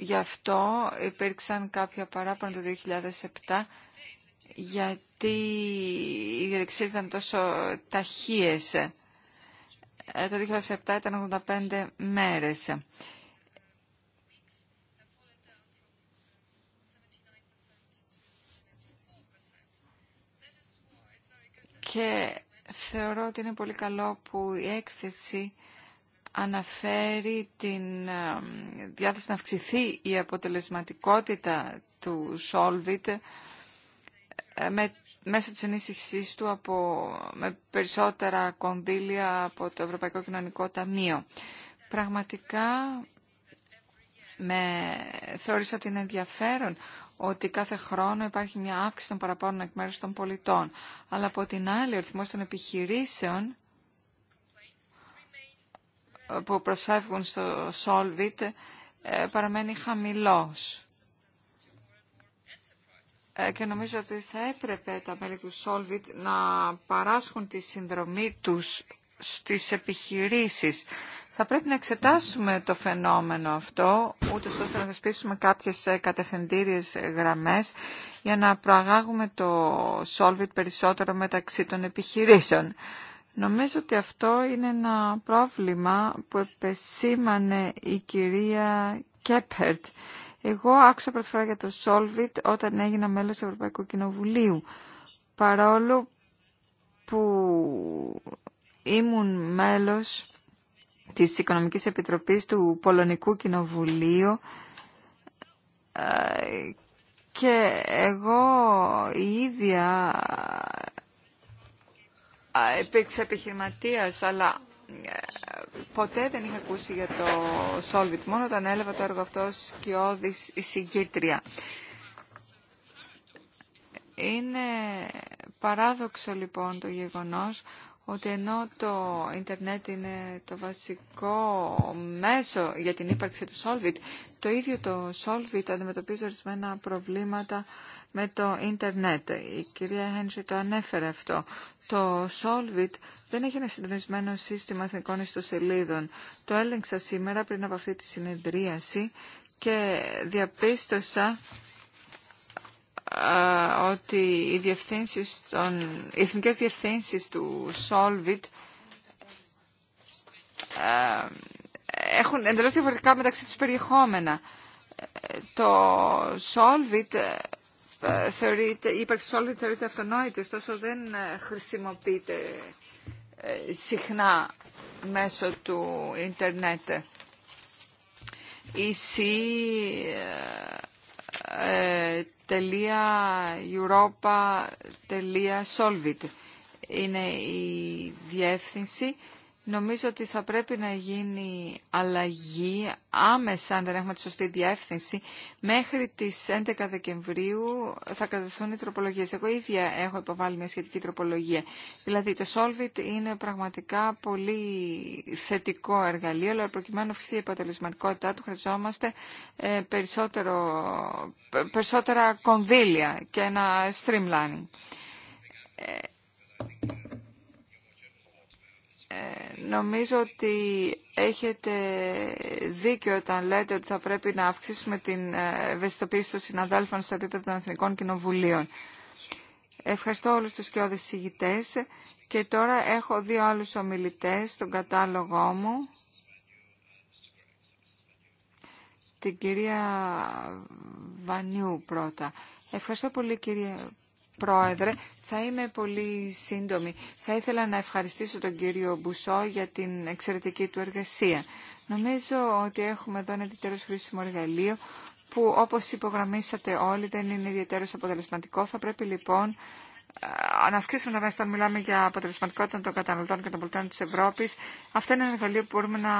[SPEAKER 4] Γι' αυτό υπήρξαν κάποια παράπονα το 2007 γιατί οι διαδικασίε ήταν τόσο ταχείε. Το 2007 ήταν 85 μέρες. Και θεωρώ ότι είναι πολύ καλό που η έκθεση αναφέρει την διάθεση να αυξηθεί η αποτελεσματικότητα του Solvit ε, με, μέσω της ενίσχυσής του από, με περισσότερα κονδύλια από το Ευρωπαϊκό Κοινωνικό Ταμείο. Πραγματικά με θεώρησα την ενδιαφέρον ότι κάθε χρόνο υπάρχει μια αύξηση των παραπάνω εκ μέρους των πολιτών. Αλλά από την άλλη, ο ρυθμός των επιχειρήσεων που προσφεύγουν στο Solvit ε, παραμένει χαμηλός. Ε, και νομίζω ότι θα έπρεπε τα μέλη του Solvit να παράσχουν τη συνδρομή τους στις επιχειρήσεις. Θα πρέπει να εξετάσουμε το φαινόμενο αυτό, ούτως ώστε να θεσπίσουμε κάποιες ε, κατευθυντήριες γραμμές για να προαγάγουμε το Solvit περισσότερο μεταξύ των επιχειρήσεων. Νομίζω ότι αυτό είναι ένα πρόβλημα που επεσήμανε η κυρία Κέπερτ. Εγώ άκουσα πρώτη φορά για το Solvit όταν έγινα μέλος του Ευρωπαϊκού Κοινοβουλίου. Παρόλο που ήμουν μέλος της Οικονομικής Επιτροπής του Πολωνικού Κοινοβουλίου ε, και εγώ η ίδια υπήρξε επιχειρηματίας, αλλά ε, ποτέ δεν είχα ακούσει για το Solvit, μόνο όταν έλαβα το έργο αυτό η συγκίτρια Είναι παράδοξο λοιπόν το γεγονός ότι ενώ το ίντερνετ είναι το βασικό μέσο για την ύπαρξη του Solvit, το ίδιο το Solvit αντιμετωπίζει ορισμένα προβλήματα με το ίντερνετ. Η κυρία Χέντρι το ανέφερε αυτό. Το Solvit δεν έχει ένα συντονισμένο σύστημα εθνικών ιστοσελίδων. Το έλεγξα σήμερα πριν από αυτή τη συνεδρίαση και διαπίστωσα ε, ότι οι, διευθύνσεις των, οι εθνικές διευθύνσεις του Solvit ε, έχουν εντελώς διαφορετικά μεταξύ τους περιεχόμενα. Το Solvit ε, θεωρείται, η ύπαρξη Solvit θεωρείται αυτονόητη, ωστόσο δεν χρησιμοποιείται συχνά μέσω του ίντερνετ. Η C, Europa.solvit. Είναι η διεύθυνση Νομίζω ότι θα πρέπει να γίνει αλλαγή άμεσα, αν δεν έχουμε τη σωστή διεύθυνση. Μέχρι τις 11 Δεκεμβρίου θα κατευθούν οι τροπολογίες. Εγώ ίδια έχω υποβάλει μια σχετική τροπολογία. Δηλαδή το Solvit είναι πραγματικά πολύ θετικό εργαλείο, αλλά προκειμένου να αυξηθεί η αποτελεσματικότητά του χρειαζόμαστε ε, περισσότερα κονδύλια και ένα streamlining ε, ε, νομίζω ότι έχετε δίκιο όταν λέτε ότι θα πρέπει να αυξήσουμε την ε, ευαισθητοποίηση των συναδέλφων στο επίπεδο των Εθνικών Κοινοβουλίων. Ευχαριστώ όλους τους και συγητές. και τώρα έχω δύο άλλους ομιλητές στον κατάλογό μου. Την κυρία Βανιού πρώτα. Ευχαριστώ πολύ κυρία Πρόεδρε, θα είμαι πολύ σύντομη. Θα ήθελα να ευχαριστήσω τον κύριο Μπουσό για την εξαιρετική του εργασία. Νομίζω ότι έχουμε εδώ ένα ιδιαίτερο χρήσιμο εργαλείο που όπως υπογραμμίσατε όλοι δεν είναι ιδιαίτερο αποτελεσματικό. Θα πρέπει λοιπόν αν αυξήσουμε τα μέσα όταν μιλάμε για αποτελεσματικότητα των καταναλωτών και των πολιτών της Ευρώπης, αυτό είναι ένα εργαλείο που μπορούμε να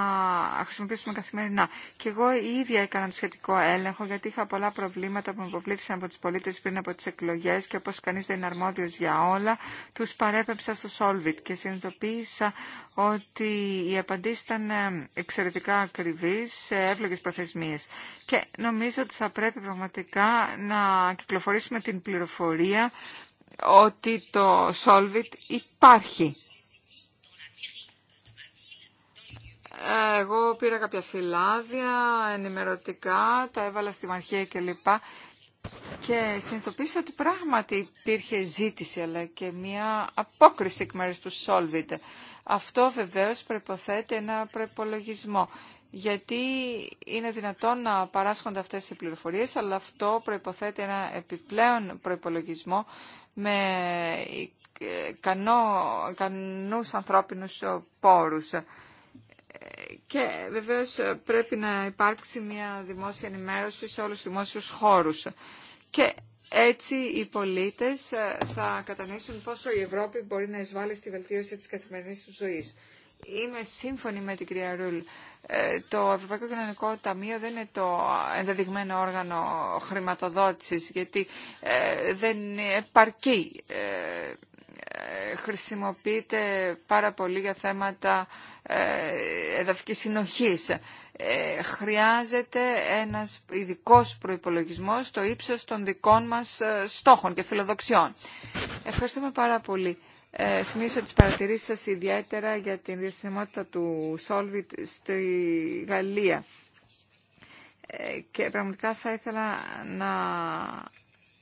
[SPEAKER 4] χρησιμοποιήσουμε καθημερινά. Και εγώ η ίδια έκανα το σχετικό έλεγχο, γιατί είχα πολλά προβλήματα που με υποβλήθησαν από τις πολίτες πριν από τις εκλογές και όπως κανείς δεν είναι αρμόδιος για όλα, τους παρέπεψα στο Solvit και συνειδητοποίησα ότι οι απαντήσει ήταν ε, εξαιρετικά ακριβεί σε εύλογε προθεσμίε. Και νομίζω ότι θα πρέπει πραγματικά να κυκλοφορήσουμε την πληροφορία ότι το Solvit υπάρχει. Εγώ πήρα κάποια φυλάδια ενημερωτικά, τα έβαλα στη μαρχία κλπ. Και συνειδητοποίησα ότι πράγματι υπήρχε ζήτηση αλλά και μια απόκριση εκ μέρους του Solvit. Αυτό βεβαίως προϋποθέτει ένα προϋπολογισμό. Γιατί είναι δυνατόν να παράσχονται αυτές οι πληροφορίες, αλλά αυτό προϋποθέτει ένα επιπλέον προϋπολογισμό με κανόνα ικανούς ανθρώπινους πόρους. Και βεβαίως πρέπει να υπάρξει μια δημόσια ενημέρωση σε όλους τους δημόσιους χώρους. Και έτσι οι πολίτες θα κατανοήσουν πόσο η Ευρώπη μπορεί να εισβάλλει στη βελτίωση της καθημερινής του ζωής. Είμαι σύμφωνη με την κυρία Ρούλ. Ε, το Ευρωπαϊκό Κοινωνικό Ταμείο δεν είναι το ενδεδειγμένο όργανο χρηματοδότησης γιατί ε, δεν επαρκή. Ε, χρησιμοποιείται πάρα πολύ για θέματα εδαφικής συνοχής. Χρειάζεται ένας ειδικό προϋπολογισμός στο ύψος των δικών μας στόχων και φιλοδοξιών. Ευχαριστούμε πάρα πολύ. Ε, σημείωσα τις παρατηρήσεις σας ιδιαίτερα για την διαστημότητα του Solvit στη Γαλλία. Ε, και πραγματικά θα ήθελα να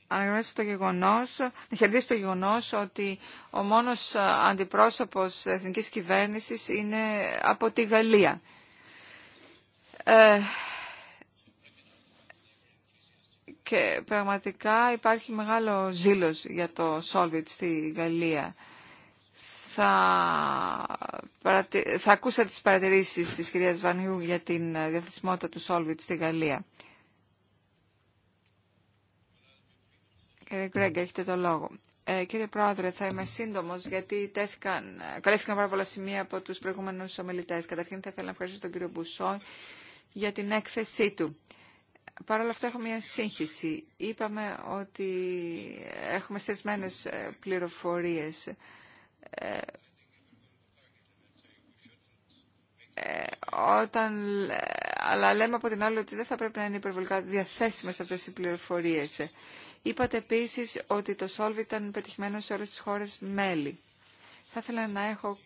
[SPEAKER 4] αναγνωρίσω το γεγονός, να χαιρετήσω το γεγονός ότι ο μόνος αντιπρόσωπος εθνικής κυβέρνησης είναι από τη Γαλλία. Ε, και πραγματικά υπάρχει μεγάλο ζήλος για το Solvit στη Γαλλία θα, θα ακούσα τις παρατηρήσεις της κυρίας Βανιού για την ε, διαθεσιμότητα του Σόλβιτ στη Γαλλία. Κύριε Γκρέγκ, έχετε το λόγο. Ε, κύριε Πρόεδρε, θα είμαι σύντομο γιατί τέθηκαν, ε, καλέθηκαν πάρα πολλά σημεία από του προηγούμενου ομιλητέ. Καταρχήν, θα ήθελα να ευχαριστήσω τον κύριο Μπουσό για την έκθεσή του. Παρ' όλα αυτά, έχω μια σύγχυση. Είπαμε ότι έχουμε στεσμένε πληροφορίε. Ε, ε, όταν, αλλά λέμε από την άλλη ότι δεν θα πρέπει να είναι υπερβολικά διαθέσιμες αυτές οι πληροφορίες. Είπατε επίσης ότι το Solve ήταν πετυχημένο σε όλες τις χώρες μέλη. Θα ήθελα να έχω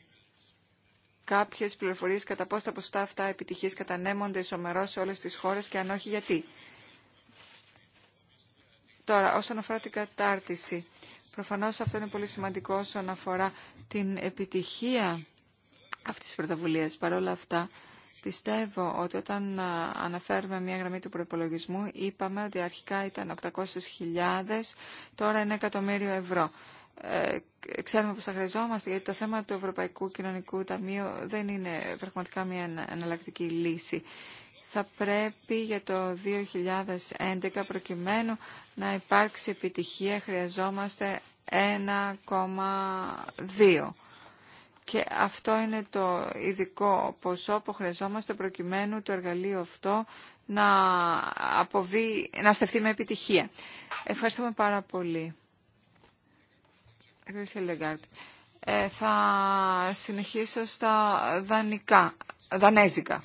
[SPEAKER 4] κάποιες πληροφορίες κατά πώς τα ποστά αυτά επιτυχίες κατανέμονται ισομερώς σε όλες τις χώρες και αν όχι γιατί. Τώρα, όσον αφορά την κατάρτιση, Προφανώς αυτό είναι πολύ σημαντικό όσον αφορά την επιτυχία αυτής της πρωτοβουλίας. Παρ' όλα αυτά, πιστεύω ότι όταν αναφέρουμε μια γραμμή του προπολογισμού, είπαμε ότι αρχικά ήταν 800.000, τώρα είναι εκατομμύριο ευρώ. Ε, ξέρουμε πως θα χρειαζόμαστε, γιατί το θέμα του Ευρωπαϊκού Κοινωνικού Ταμείου δεν είναι πραγματικά μια εναλλακτική λύση. Θα πρέπει για το 2011, προκειμένου να υπάρξει επιτυχία, χρειαζόμαστε 1,2. Και αυτό είναι το ειδικό ποσό που χρειαζόμαστε προκειμένου το εργαλείο αυτό να, αποβεί, να στεφθεί με επιτυχία. Ευχαριστούμε πάρα πολύ. Ε, θα συνεχίσω στα δανικά, δανέζικα.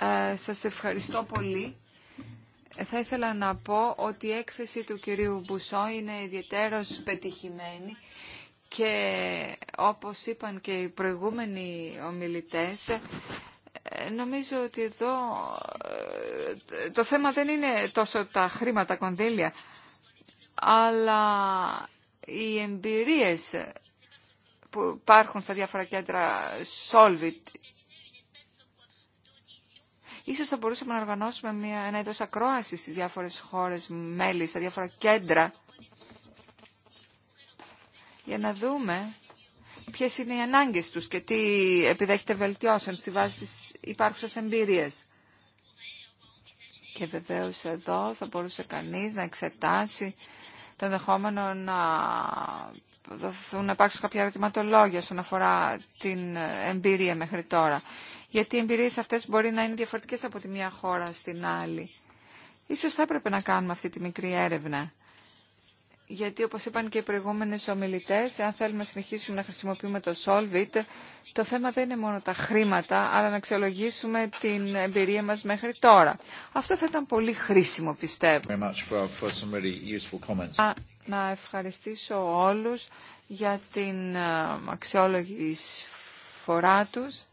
[SPEAKER 4] Ε, σας ευχαριστώ πολύ. Ε, θα ήθελα να πω ότι η έκθεση του κυρίου Μπουσό είναι ιδιαίτερος πετυχημένη και όπως είπαν και οι προηγούμενοι ομιλητές, ε, νομίζω ότι εδώ το θέμα δεν είναι τόσο τα χρήματα κονδύλια, αλλά οι εμπειρίες που υπάρχουν στα διάφορα κέντρα Solvit. Ίσως θα μπορούσαμε να οργανώσουμε μια, ένα είδος ακρόαση στις διάφορες χώρες μέλη, στα διάφορα κέντρα, για να δούμε ποιες είναι οι ανάγκες τους και τι επιδέχεται βελτιώσεων στη βάση της υπάρχουσας εμπειρίας. Και βεβαίως εδώ θα μπορούσε κανείς να εξετάσει το ενδεχόμενο να δοθούν, να υπάρξουν κάποια ερωτηματολόγια όσον αφορά την εμπειρία μέχρι τώρα. Γιατί οι εμπειρίε αυτές μπορεί να είναι διαφορετικέ από τη μία χώρα στην άλλη. Ίσως θα έπρεπε να κάνουμε αυτή τη μικρή έρευνα γιατί όπως είπαν και οι προηγούμενες ομιλητές, αν θέλουμε να συνεχίσουμε να χρησιμοποιούμε το Solvit, το θέμα δεν είναι μόνο τα χρήματα, αλλά να αξιολογήσουμε την εμπειρία μας μέχρι τώρα. Αυτό θα ήταν πολύ
[SPEAKER 1] χρήσιμο, πιστεύω.
[SPEAKER 4] Να ευχαριστήσω όλους για την ε, αξιόλογη φορά τους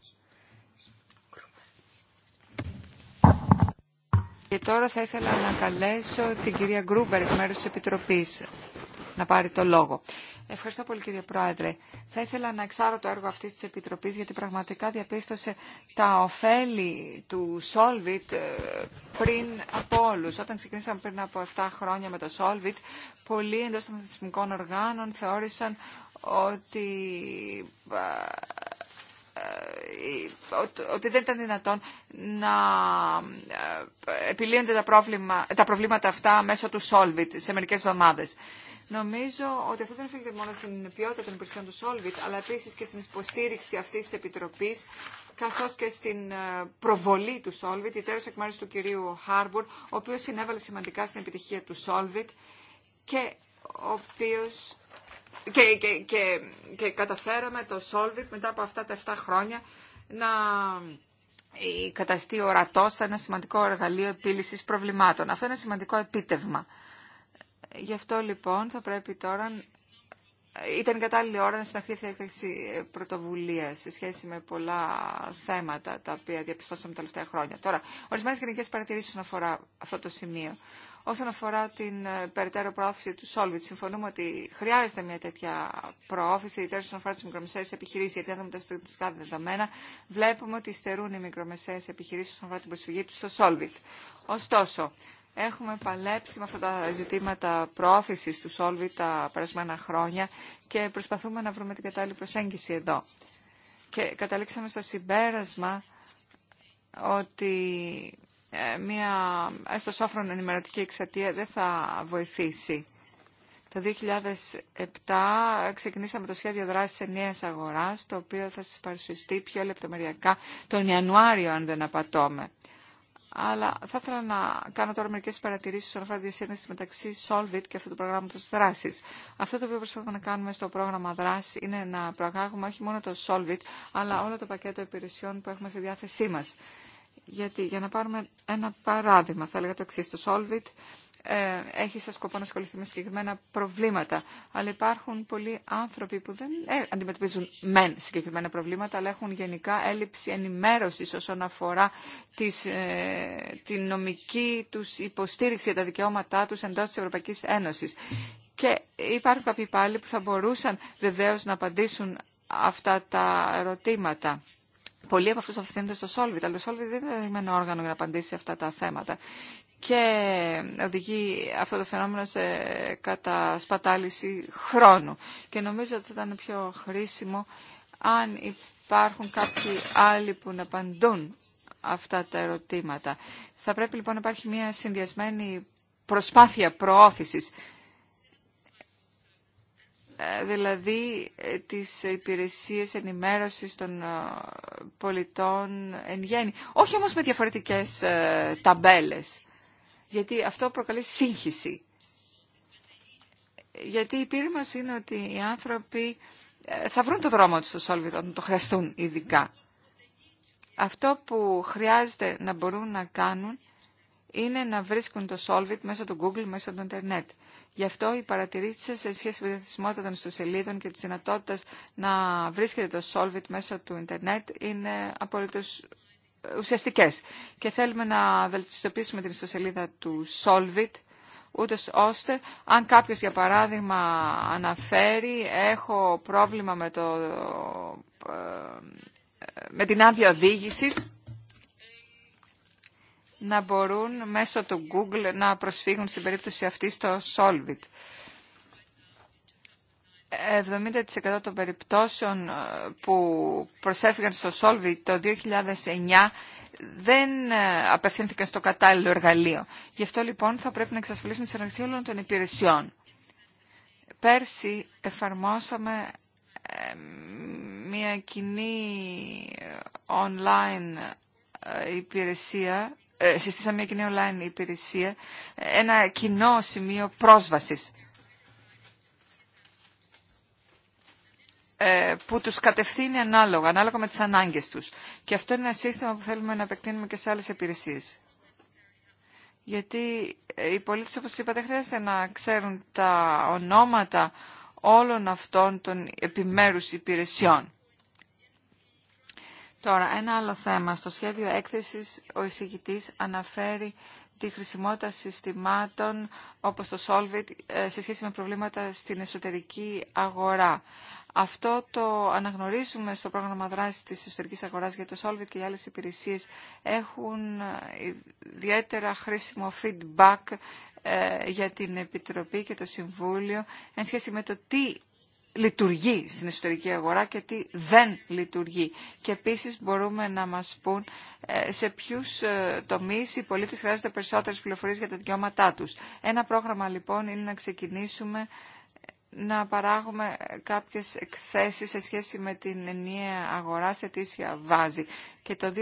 [SPEAKER 4] Και τώρα θα ήθελα να καλέσω την κυρία Γκρούμπερ εκ μέρους της Επιτροπής να πάρει το λόγο. Ευχαριστώ πολύ κύριε Πρόεδρε. Θα ήθελα να εξάρω το έργο αυτής της Επιτροπής γιατί πραγματικά διαπίστωσε τα ωφέλη του Solvit ε, πριν από όλους. Όταν ξεκινήσαμε πριν από 7 χρόνια με το Solvit, πολλοί εντός των θεσμικών οργάνων θεώρησαν ότι ε, ε, ότι δεν ήταν δυνατόν να ε, επιλύονται ε, τα, προβλήματα αυτά μέσω του Solvit σε μερικές εβδομάδες. Νομίζω ότι αυτό δεν οφείλεται μόνο στην ποιότητα των υπηρεσιών του Solvit, αλλά επίση και στην υποστήριξη αυτή τη επιτροπή καθώ και στην προβολή του Solvit, ιδέω εκ μέρου του κυρίου Χάρμπουρ, ο οποίο συνέβαλε σημαντικά στην επιτυχία του Solvit και ο οποίο και, και, και, καταφέραμε το Solvit μετά από αυτά τα 7 χρόνια να ε, καταστεί ορατό σαν ένα σημαντικό εργαλείο επίλυσης προβλημάτων. Αυτό είναι ένα σημαντικό επίτευγμα. Γι' αυτό λοιπόν θα πρέπει τώρα ε, ήταν κατάλληλη ώρα να συναχθεί αυτή η έκθεση ε, πρωτοβουλία σε σχέση με πολλά θέματα τα οποία διαπιστώσαμε τα τελευταία χρόνια. Τώρα, ορισμένε γενικέ παρατηρήσει όσον αφορά αυτό το σημείο. Όσον αφορά την ε, περαιτέρω προώθηση του Solvit, συμφωνούμε ότι χρειάζεται μια τέτοια προώθηση, ιδιαίτερα όσον αφορά τι μικρομεσαίε επιχειρήσει, γιατί αν δούμε τα στατιστικά δεδομένα, βλέπουμε ότι στερούν οι μικρομεσαίε επιχειρήσει όσον αφορά την προσφυγή του στο Solvit. Ωστόσο, Έχουμε παλέψει με αυτά τα ζητήματα προώθηση του Solvit τα περασμένα χρόνια και προσπαθούμε να βρούμε την κατάλληλη προσέγγιση εδώ. Και καταλήξαμε στο συμπέρασμα ότι ε, μια έστω σόφρον ενημερωτική εξατία δεν θα βοηθήσει. Το 2007 ξεκινήσαμε το σχέδιο δράσης ενιαίας αγοράς, το οποίο θα σας παρουσιαστεί πιο λεπτομεριακά τον Ιανουάριο, αν δεν απατώμε. Αλλά θα ήθελα να κάνω τώρα μερικέ παρατηρήσει όσον αφορά τη διασύνδεση μεταξύ Solvit και αυτού του προγράμματο δράση. Αυτό το οποίο προσπαθούμε να κάνουμε στο πρόγραμμα δράση είναι να προαγάγουμε όχι μόνο το Solvit, αλλά όλο το πακέτο υπηρεσιών που έχουμε στη διάθεσή μα. Γιατί για να πάρουμε ένα παράδειγμα, θα έλεγα το εξή, το Solvit ε, έχει σαν σκοπό να ασχοληθεί με συγκεκριμένα προβλήματα. Αλλά υπάρχουν πολλοί άνθρωποι που δεν ε, αντιμετωπίζουν μεν συγκεκριμένα προβλήματα, αλλά έχουν γενικά έλλειψη ενημέρωσης όσον αφορά τις, ε, την νομική τους υποστήριξη για τα δικαιώματά τους εντός της Ευρωπαϊκής Ένωσης. Και υπάρχουν κάποιοι πάλι που θα μπορούσαν βεβαίως να απαντήσουν αυτά τα ερωτήματα. Πολλοί από αυτού απευθύνονται στο Solvit, αλλά το Solvit δεν είναι δεδομένο όργανο για να απαντήσει αυτά τα θέματα. Και οδηγεί αυτό το φαινόμενο σε κατασπατάληση χρόνου. Και νομίζω ότι θα ήταν πιο χρήσιμο αν υπάρχουν κάποιοι άλλοι που να απαντούν αυτά τα ερωτήματα. Θα πρέπει λοιπόν να υπάρχει μια συνδυασμένη προσπάθεια προώθησης ε, δηλαδή ε, τις υπηρεσίες ενημέρωσης των ε, πολιτών εν γέννη. Όχι όμως με διαφορετικές ταμπέλες, γιατί αυτό προκαλεί σύγχυση. Γιατί η πείρη μας είναι ότι οι άνθρωποι θα βρουν το δρόμο τους στο Σόλβιτ όταν το χρειαστούν ειδικά. Αυτό που χρειάζεται να μπορούν να κάνουν είναι να βρίσκουν το Solvit μέσω του Google, μέσω του Ιντερνετ. Γι' αυτό οι παρατηρήσει σα σε σχέση με τη διαθεσιμότητα των ιστοσελίδων και τη δυνατότητα να βρίσκεται το Solvit μέσω του Ιντερνετ είναι απολύτω ε, ουσιαστικέ. Και θέλουμε να βελτιστοποιήσουμε την ιστοσελίδα του Solvit, ούτω ώστε αν κάποιο, για παράδειγμα, αναφέρει έχω πρόβλημα με, ε, με την άδεια οδήγηση, να μπορούν μέσω του Google να προσφύγουν στην περίπτωση αυτή στο Solvit. 70% των περιπτώσεων ε, που προσέφηκαν στο Solvit το 2009 δεν ε, απευθύνθηκαν στο κατάλληλο εργαλείο. Γι' αυτό λοιπόν θα πρέπει να εξασφαλίσουμε τη συνεργασία όλων των υπηρεσιών. Πέρσι εφαρμόσαμε ε, μια κοινή online υπηρεσία ε, συστήσαμε μια κοινή online υπηρεσία, ένα κοινό σημείο πρόσβασης ε, που τους κατευθύνει ανάλογα, ανάλογα με τις ανάγκες τους. Και αυτό είναι ένα σύστημα που θέλουμε να επεκτείνουμε και σε άλλες υπηρεσίες. Γιατί ε, οι πολίτες, όπως είπατε, χρειάζεται να ξέρουν τα ονόματα όλων αυτών των επιμέρους υπηρεσιών. Τώρα, ένα άλλο θέμα. Στο σχέδιο έκθεσης ο εισηγητής αναφέρει τη χρησιμότητα συστημάτων όπως το Solvit ε, σε σχέση με προβλήματα στην εσωτερική αγορά. Αυτό το αναγνωρίζουμε στο πρόγραμμα δράση της εσωτερικής αγοράς για το Solvit και οι άλλες υπηρεσίες έχουν ε, ιδιαίτερα χρήσιμο feedback ε, για την Επιτροπή και το Συμβούλιο εν σχέση με το τι λειτουργεί στην ιστορική αγορά και τι δεν λειτουργεί. Και επίσης μπορούμε να μας πούν ε, σε ποιους ε, τομείς οι πολίτες χρειάζονται περισσότερες πληροφορίες για τα δικαιώματά τους. Ένα πρόγραμμα λοιπόν είναι να ξεκινήσουμε ε, να παράγουμε κάποιες εκθέσεις σε σχέση με την ενιαία αγορά σε τήσια βάζη. Και το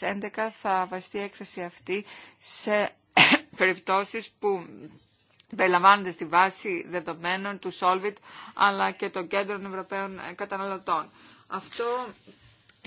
[SPEAKER 4] 2011 θα βαστεί η έκθεση αυτή σε περιπτώσεις που περιλαμβάνονται στη βάση δεδομένων του Solvit αλλά και των κέντρων Ευρωπαίων καταναλωτών. Αυτό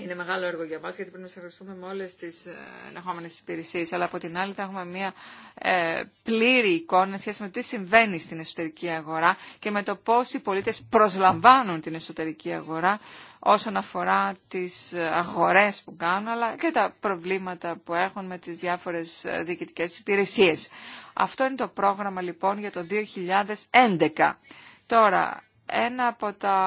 [SPEAKER 4] είναι μεγάλο έργο για μας γιατί πρέπει να συνεργαστούμε με όλες τις ε, ενεχόμενες υπηρεσίες αλλά από την άλλη θα έχουμε μια ε, πλήρη εικόνα σχέση με τι συμβαίνει στην εσωτερική αγορά και με το πώς οι πολίτες προσλαμβάνουν την εσωτερική αγορά όσον αφορά τις ε, αγορές που κάνουν αλλά και τα προβλήματα που έχουν με τις διάφορες διοικητικές υπηρεσίες. Αυτό είναι το πρόγραμμα λοιπόν για το 2011. Τώρα, ένα από τα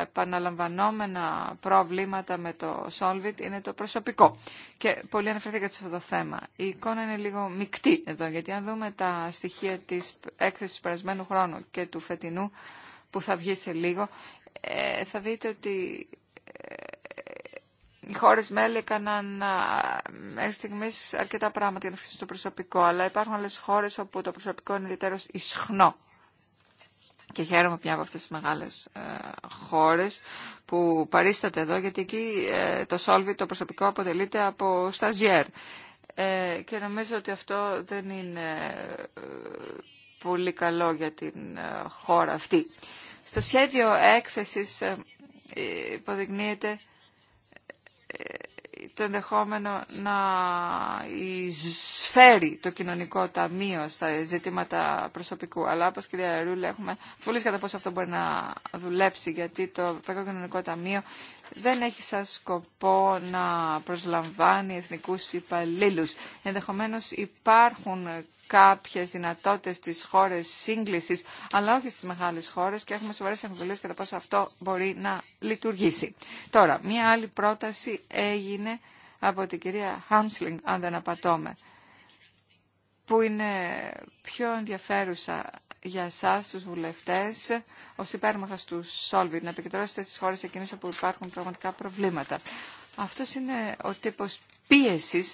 [SPEAKER 4] επαναλαμβανόμενα προβλήματα με το Solvit είναι το προσωπικό. Και πολύ αναφερθήκατε σε αυτό το θέμα. Η εικόνα είναι λίγο μεικτή εδώ, γιατί αν δούμε τα στοιχεία της έκθεσης του περασμένου χρόνου και του φετινού, που θα βγει σε λίγο, ε, θα δείτε ότι ε, οι χώρες μέλη έκαναν μέχρι στιγμής αρκετά πράγματα για να αυξήσουν το προσωπικό, αλλά υπάρχουν άλλες χώρες όπου το προσωπικό είναι ιδιαίτερως ισχνό και χαίρομαι πια από αυτές τις μεγάλες ε, χώρες που παρίσταται εδώ γιατί εκεί ε, το Solvit το προσωπικό αποτελείται από σταζιέρ ε, και νομίζω ότι αυτό δεν είναι ε, πολύ καλό για την χώρα αυτή. Στο σχέδιο έκθεσης υποδεικνύεται το ενδεχόμενο να εισφέρει το κοινωνικό ταμείο στα ζητήματα προσωπικού. Αλλά όπως κυρία Ρούλη έχουμε φουλής κατά πόσο αυτό μπορεί να δουλέψει γιατί το Ευρωπαϊκό Κοινωνικό Ταμείο δεν έχει σαν σκοπό να προσλαμβάνει εθνικούς υπαλλήλους. Ενδεχομένως υπάρχουν κάποιες δυνατότητες στις χώρες σύγκλησης, αλλά όχι στις μεγάλες χώρες και έχουμε σοβαρές αμφιβολίες κατά πόσο αυτό μπορεί να λειτουργήσει. Τώρα, μία άλλη πρόταση έγινε από την κυρία Χάμσλινγκ, αν δεν απατώμε, που είναι πιο ενδιαφέρουσα για εσά, του βουλευτέ, ω υπέρμαχα του Σόλβιτ να επικεντρώσετε στι χώρε εκείνε όπου υπάρχουν πραγματικά προβλήματα. Αυτό είναι ο τύπο πίεση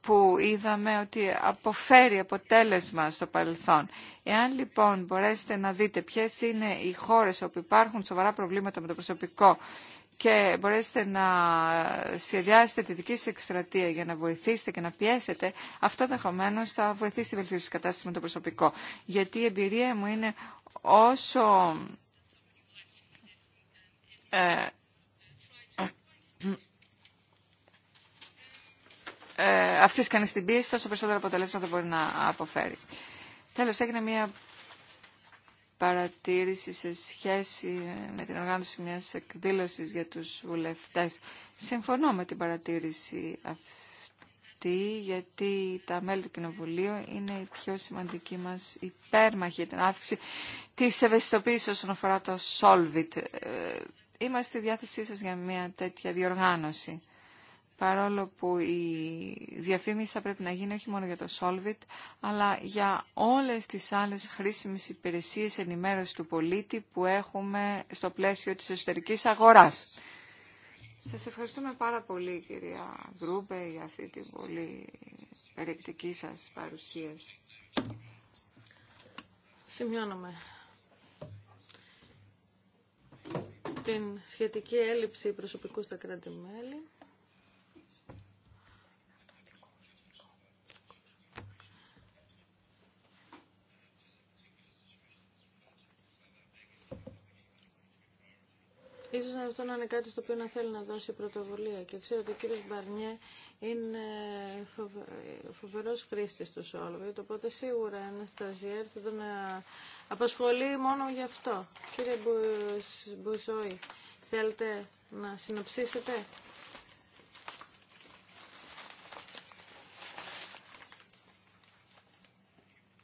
[SPEAKER 4] που είδαμε ότι αποφέρει αποτέλεσμα στο παρελθόν. Εάν λοιπόν μπορέσετε να δείτε ποιες είναι οι χώρες όπου υπάρχουν σοβαρά προβλήματα με το προσωπικό και μπορέσετε να σχεδιάσετε τη δική σας εκστρατεία για να βοηθήσετε και να πιέσετε, αυτό ενδεχομένω θα βοηθήσει τη βελτίωση τη κατάσταση με το προσωπικό. Γιατί η εμπειρία μου είναι όσο. Ε, ε, αυτή κανεί την πίεση, τόσο περισσότερα αποτελέσματα μπορεί να αποφέρει. Τέλος, έγινε μια παρατήρηση σε σχέση με την οργάνωση μιας εκδήλωσης για τους βουλευτές. Συμφωνώ με την παρατήρηση αυτή, γιατί τα μέλη του Κοινοβουλίου είναι η πιο σημαντική μας υπέρμαχη την αύξηση της ευαισθητοποίησης όσον αφορά το Solvit. Ε, είμαστε στη διάθεσή σας για μια τέτοια διοργάνωση παρόλο που η διαφήμιση θα πρέπει να γίνει όχι μόνο για το Solvit, αλλά για όλες τις άλλες χρήσιμες υπηρεσίες ενημέρωσης του πολίτη που έχουμε στο πλαίσιο της εσωτερικής αγοράς. Σας ευχαριστούμε πάρα πολύ κυρία Γκρούμπε για αυτή την πολύ περιεκτική σας παρουσίαση.
[SPEAKER 2] Σημειώνομαι την σχετική έλλειψη προσωπικού στα κράτη-μέλη. Ίσως αυτό να είναι κάτι στο οποίο να θέλει να δώσει πρωτοβουλία. Και ξέρω ότι ο κύριος Μπαρνιέ είναι φοβερός χρήστης του Σόλβιτ, οπότε σίγουρα ένα σταζιέρ θα τον ε, απασχολεί μόνο γι' αυτό. Κύριε Μπουζόη, θέλετε να συνοψίσετε.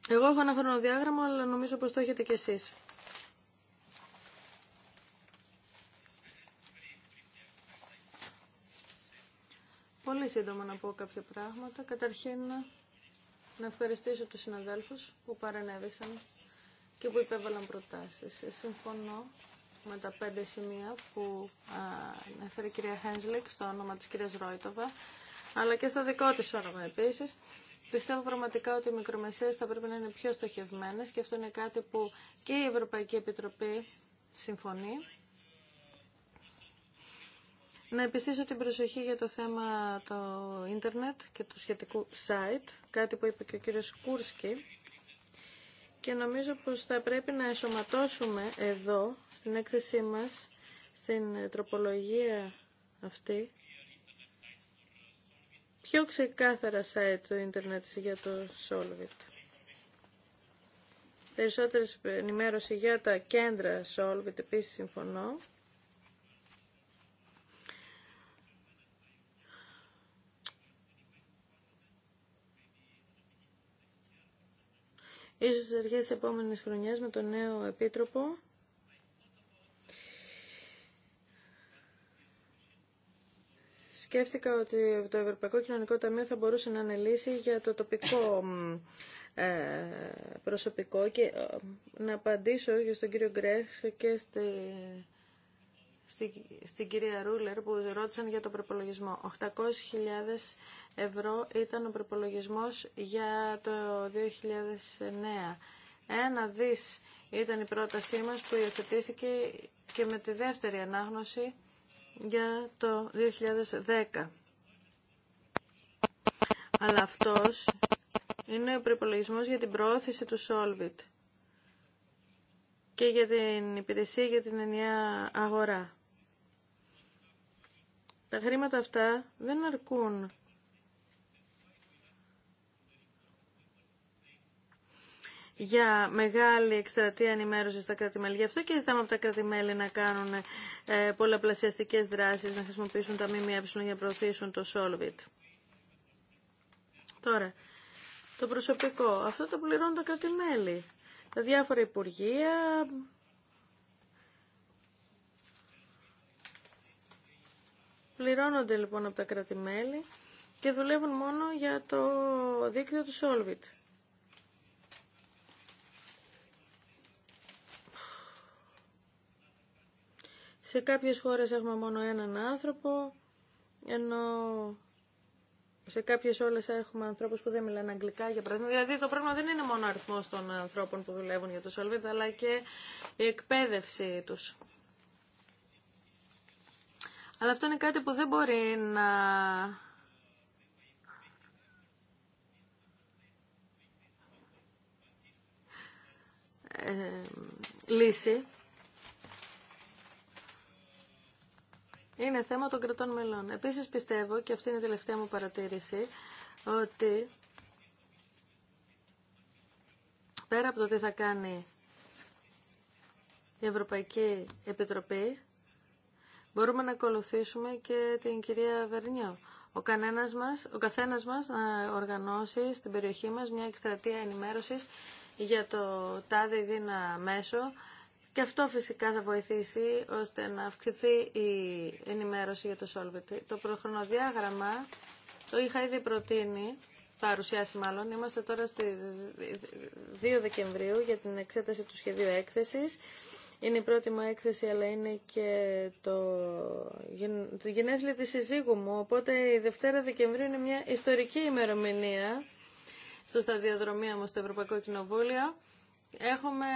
[SPEAKER 2] Εγώ έχω ένα χρονοδιάγραμμα, αλλά νομίζω πως το έχετε κι εσείς. Πολύ σύντομα να πω κάποια πράγματα. Καταρχήν να ευχαριστήσω τους συναδέλφους που παρενέβησαν και που υπέβαλαν προτάσεις. Συμφωνώ με τα πέντε σημεία που έφερε η κυρία Χένσλικ στο όνομα της κυρίας Ρόιτοβα, αλλά και στο δικό της όνομα επίσης. Πιστεύω πραγματικά ότι οι μικρομεσαίες θα πρέπει να είναι πιο στοχευμένες και αυτό είναι κάτι που και η Ευρωπαϊκή Επιτροπή συμφωνεί να επιστήσω την προσοχή για το θέμα το ίντερνετ και του σχετικού site, κάτι που είπε και ο κύριος Κούρσκι. Και νομίζω πως θα πρέπει να εσωματώσουμε εδώ, στην έκθεσή μας, στην τροπολογία αυτή, πιο ξεκάθαρα site το ίντερνετ για το Solvit. Περισσότερη ενημέρωση για τα κέντρα Solvit επίσης συμφωνώ. ίσως στις αρχές της επόμενης χρονιάς με τον νέο επίτροπο. Σκέφτηκα ότι το Ευρωπαϊκό Κοινωνικό Ταμείο θα μπορούσε να είναι για το τοπικό ε, προσωπικό και ε, να απαντήσω και στον κύριο Γκρέχ και στη στην, κυρία Ρούλερ που ρώτησαν για τον προπολογισμό. 800.000 ευρώ ήταν ο προπολογισμό για το 2009. Ένα δις ήταν η πρότασή μας που υιοθετήθηκε και με τη δεύτερη ανάγνωση για το 2010. Αλλά αυτός είναι ο προπολογισμό για την προώθηση του Solvit και για την υπηρεσία για την ενιαία αγορά. Τα χρήματα αυτά δεν αρκούν για μεγάλη εκστρατεία ενημέρωση στα κράτη-μέλη. Γι' αυτό και ζητάμε από τα κράτη-μέλη να κάνουν ε, πολλαπλασιαστικέ δράσει, να χρησιμοποιήσουν τα ΜΜΕ για να προωθήσουν το Solvit. Τώρα, το προσωπικό. Αυτό το πληρώνουν τα κράτη-μέλη. Τα διάφορα υπουργεία, πληρώνονται λοιπόν από τα κρατημέλη και δουλεύουν μόνο για το δίκτυο του Solvit. Σε κάποιες χώρες έχουμε μόνο έναν άνθρωπο, ενώ σε κάποιες όλες έχουμε ανθρώπους που δεν μιλάνε αγγλικά για παράδειγμα. Δηλαδή το πρόβλημα δεν είναι μόνο ο αριθμός των ανθρώπων που δουλεύουν για το Solvit, αλλά και η εκπαίδευση τους. Αλλά αυτό είναι κάτι που δεν μπορεί να ε, λύση. Είναι θέμα των κρατών μελών. Επίσης πιστεύω, και αυτή είναι η τελευταία μου παρατήρηση, ότι πέρα από το τι θα κάνει η Ευρωπαϊκή Επιτροπή, Μπορούμε να ακολουθήσουμε και την κυρία Βερνιό. Ο, κανένας μας, ο καθένας μας να οργανώσει στην περιοχή μας μια εκστρατεία ενημέρωσης για το τάδε δίνα μέσο και αυτό φυσικά θα βοηθήσει ώστε να αυξηθεί η ενημέρωση για το Solvit. Το προχρονοδιάγραμμα το είχα ήδη προτείνει, παρουσιάσει μάλλον. Είμαστε τώρα στη 2 Δεκεμβρίου για την εξέταση του σχεδίου έκθεσης. Είναι η πρώτη μου έκθεση, αλλά είναι και το, το γενέθλιο της συζύγου μου, οπότε η Δευτέρα Δεκεμβρίου είναι μια ιστορική ημερομηνία στο σταδιοδρομία μου στο Ευρωπαϊκό Κοινοβούλιο. Έχουμε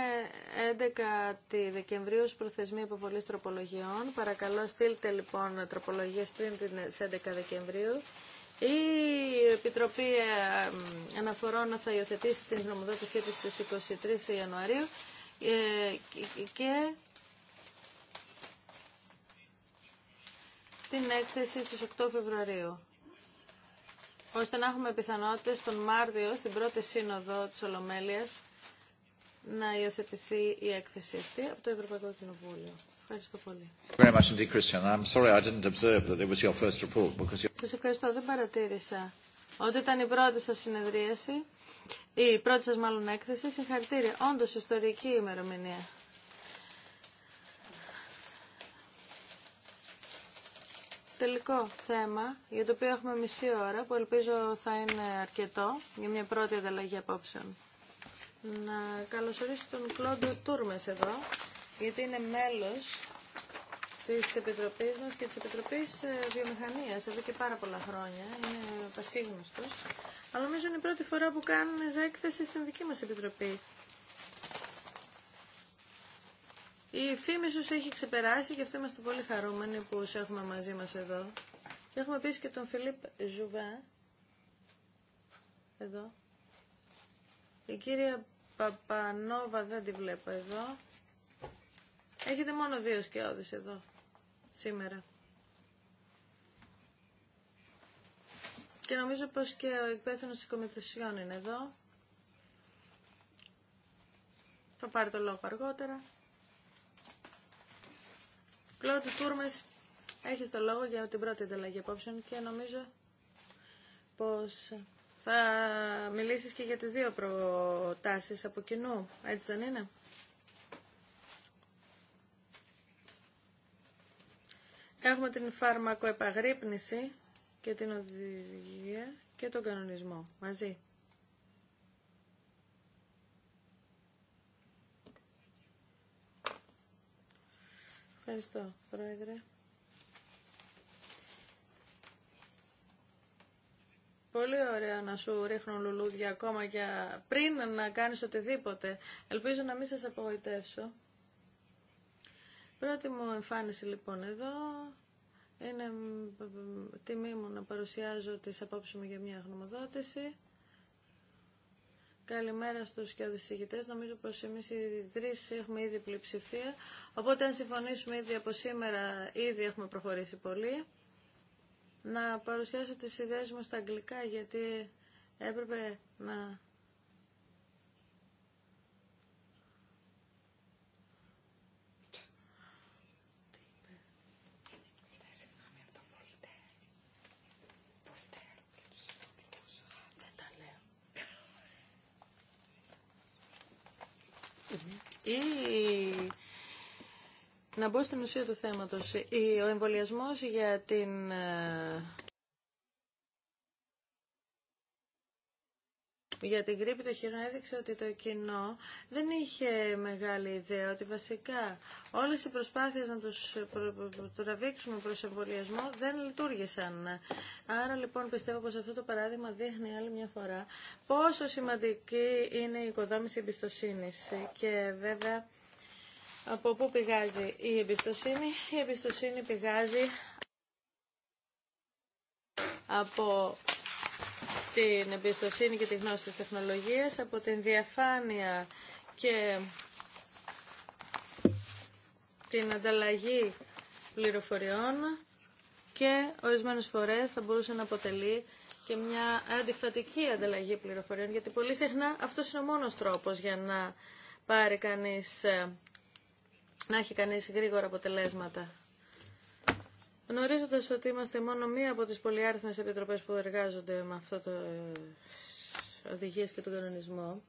[SPEAKER 2] 11 τη Δεκεμβρίου ως προθεσμία υποβολής τροπολογιών. Παρακαλώ στείλτε λοιπόν τροπολογίες πριν την 11 Δεκεμβρίου. Η Επιτροπή ε, ε, Αναφορών θα υιοθετήσει την νομοδότησή της στις 23 Ιανουαρίου ε, και την έκθεση στις 8 Φεβρουαρίου ώστε να έχουμε πιθανότητες τον Μάρτιο στην πρώτη σύνοδο της Ολομέλειας να υιοθετηθεί η έκθεση αυτή από το Ευρωπαϊκό Κοινοβούλιο. Ευχαριστώ πολύ. Σας ευχαριστώ. Δεν παρατήρησα ότι ήταν η πρώτη σας συνεδρίαση, η πρώτη σας μάλλον έκθεση. Συγχαρητήρια, όντως ιστορική ημερομηνία. Τελικό θέμα, για το οποίο έχουμε μισή ώρα, που ελπίζω θα είναι αρκετό για μια πρώτη ανταλλαγή απόψεων. Να καλωσορίσω τον Κλόντο Τούρμες εδώ, γιατί είναι μέλος της Επιτροπής μας και της Επιτροπής ε, Βιομηχανίας εδώ και πάρα πολλά χρόνια. Είναι πασίγνωστος. Αλλά νομίζω είναι η πρώτη φορά που κάνουν έκθεση στην δική μας Επιτροπή. Η φήμη σου έχει ξεπεράσει και αυτό είμαστε πολύ χαρούμενοι που σε έχουμε μαζί μας εδώ. Και έχουμε επίσης και τον Φιλίπ Ζουβά. Εδώ. Η κύρια Παπανόβα δεν τη βλέπω εδώ. Έχετε μόνο δύο σκιώδεις εδώ σήμερα. Και νομίζω πως και ο υπεύθυνο τη είναι εδώ. Θα πάρει το λόγο αργότερα. Κλώτη Τούρμες, έχεις το λόγο για την πρώτη ανταλλαγή απόψεων και νομίζω πως θα μιλήσεις και για τις δύο προτάσεις από κοινού. Έτσι δεν είναι. Έχουμε την φαρμακοεπαγρύπνηση και την οδηγία και τον κανονισμό μαζί. Ευχαριστώ, Πρόεδρε. Πολύ ωραία να σου ρίχνω λουλούδια ακόμα για πριν να κάνεις οτιδήποτε. Ελπίζω να μην σας απογοητεύσω. Πρώτη μου εμφάνιση λοιπόν εδώ. Είναι τιμή μου να παρουσιάζω τις απόψεις μου για μια γνωμοδότηση. Καλημέρα στους και οδησηγητές. Νομίζω πως εμείς οι τρεις έχουμε ήδη πλειοψηφία. Οπότε αν συμφωνήσουμε ήδη από σήμερα, ήδη έχουμε προχωρήσει πολύ. Να παρουσιάσω τις ιδέες μου στα αγγλικά γιατί έπρεπε να ή να μπω στην ουσία του θέματος. Ο εμβολιασμός για την ε, για την κρύπη, το χειρό έδειξε ότι το κοινό δεν είχε μεγάλη ιδέα ότι βασικά όλες οι προσπάθειες να τους τραβήξουμε προς εμβολιασμό δεν λειτουργήσαν. Άρα λοιπόν πιστεύω πως αυτό το παράδειγμα δείχνει άλλη μια φορά πόσο σημαντική είναι η οικοδόμηση εμπιστοσύνη. και βέβαια από πού πηγάζει η εμπιστοσύνη. Η εμπιστοσύνη πηγάζει από την εμπιστοσύνη και τη γνώση της τεχνολογίας, από την διαφάνεια και την ανταλλαγή πληροφοριών και ορισμένες φορές θα μπορούσε να αποτελεί και μια αντιφατική ανταλλαγή πληροφοριών, γιατί πολύ συχνά αυτό είναι ο μόνος τρόπος για να πάρει κανείς, να έχει κανείς γρήγορα αποτελέσματα. Γνωρίζοντας ότι είμαστε μόνο μία από τις πολυάριθμες επιτροπές που εργάζονται με αυτό το ε, οδηγίες και τον κανονισμό,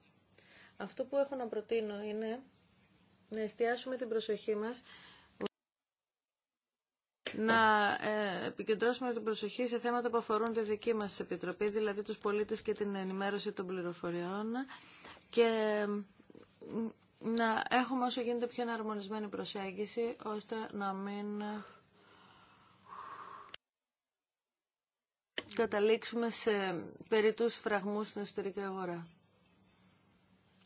[SPEAKER 2] αυτό που έχω να προτείνω είναι να εστιάσουμε την προσοχή μας να ε, επικεντρώσουμε την προσοχή σε θέματα που αφορούν τη δική μας Επιτροπή, δηλαδή τους πολίτες και την ενημέρωση των πληροφοριών και ε, να έχουμε όσο γίνεται πιο εναρμονισμένη προσέγγιση, ώστε να μην καταλήξουμε σε περιτούς φραγμούς στην εσωτερική αγορά.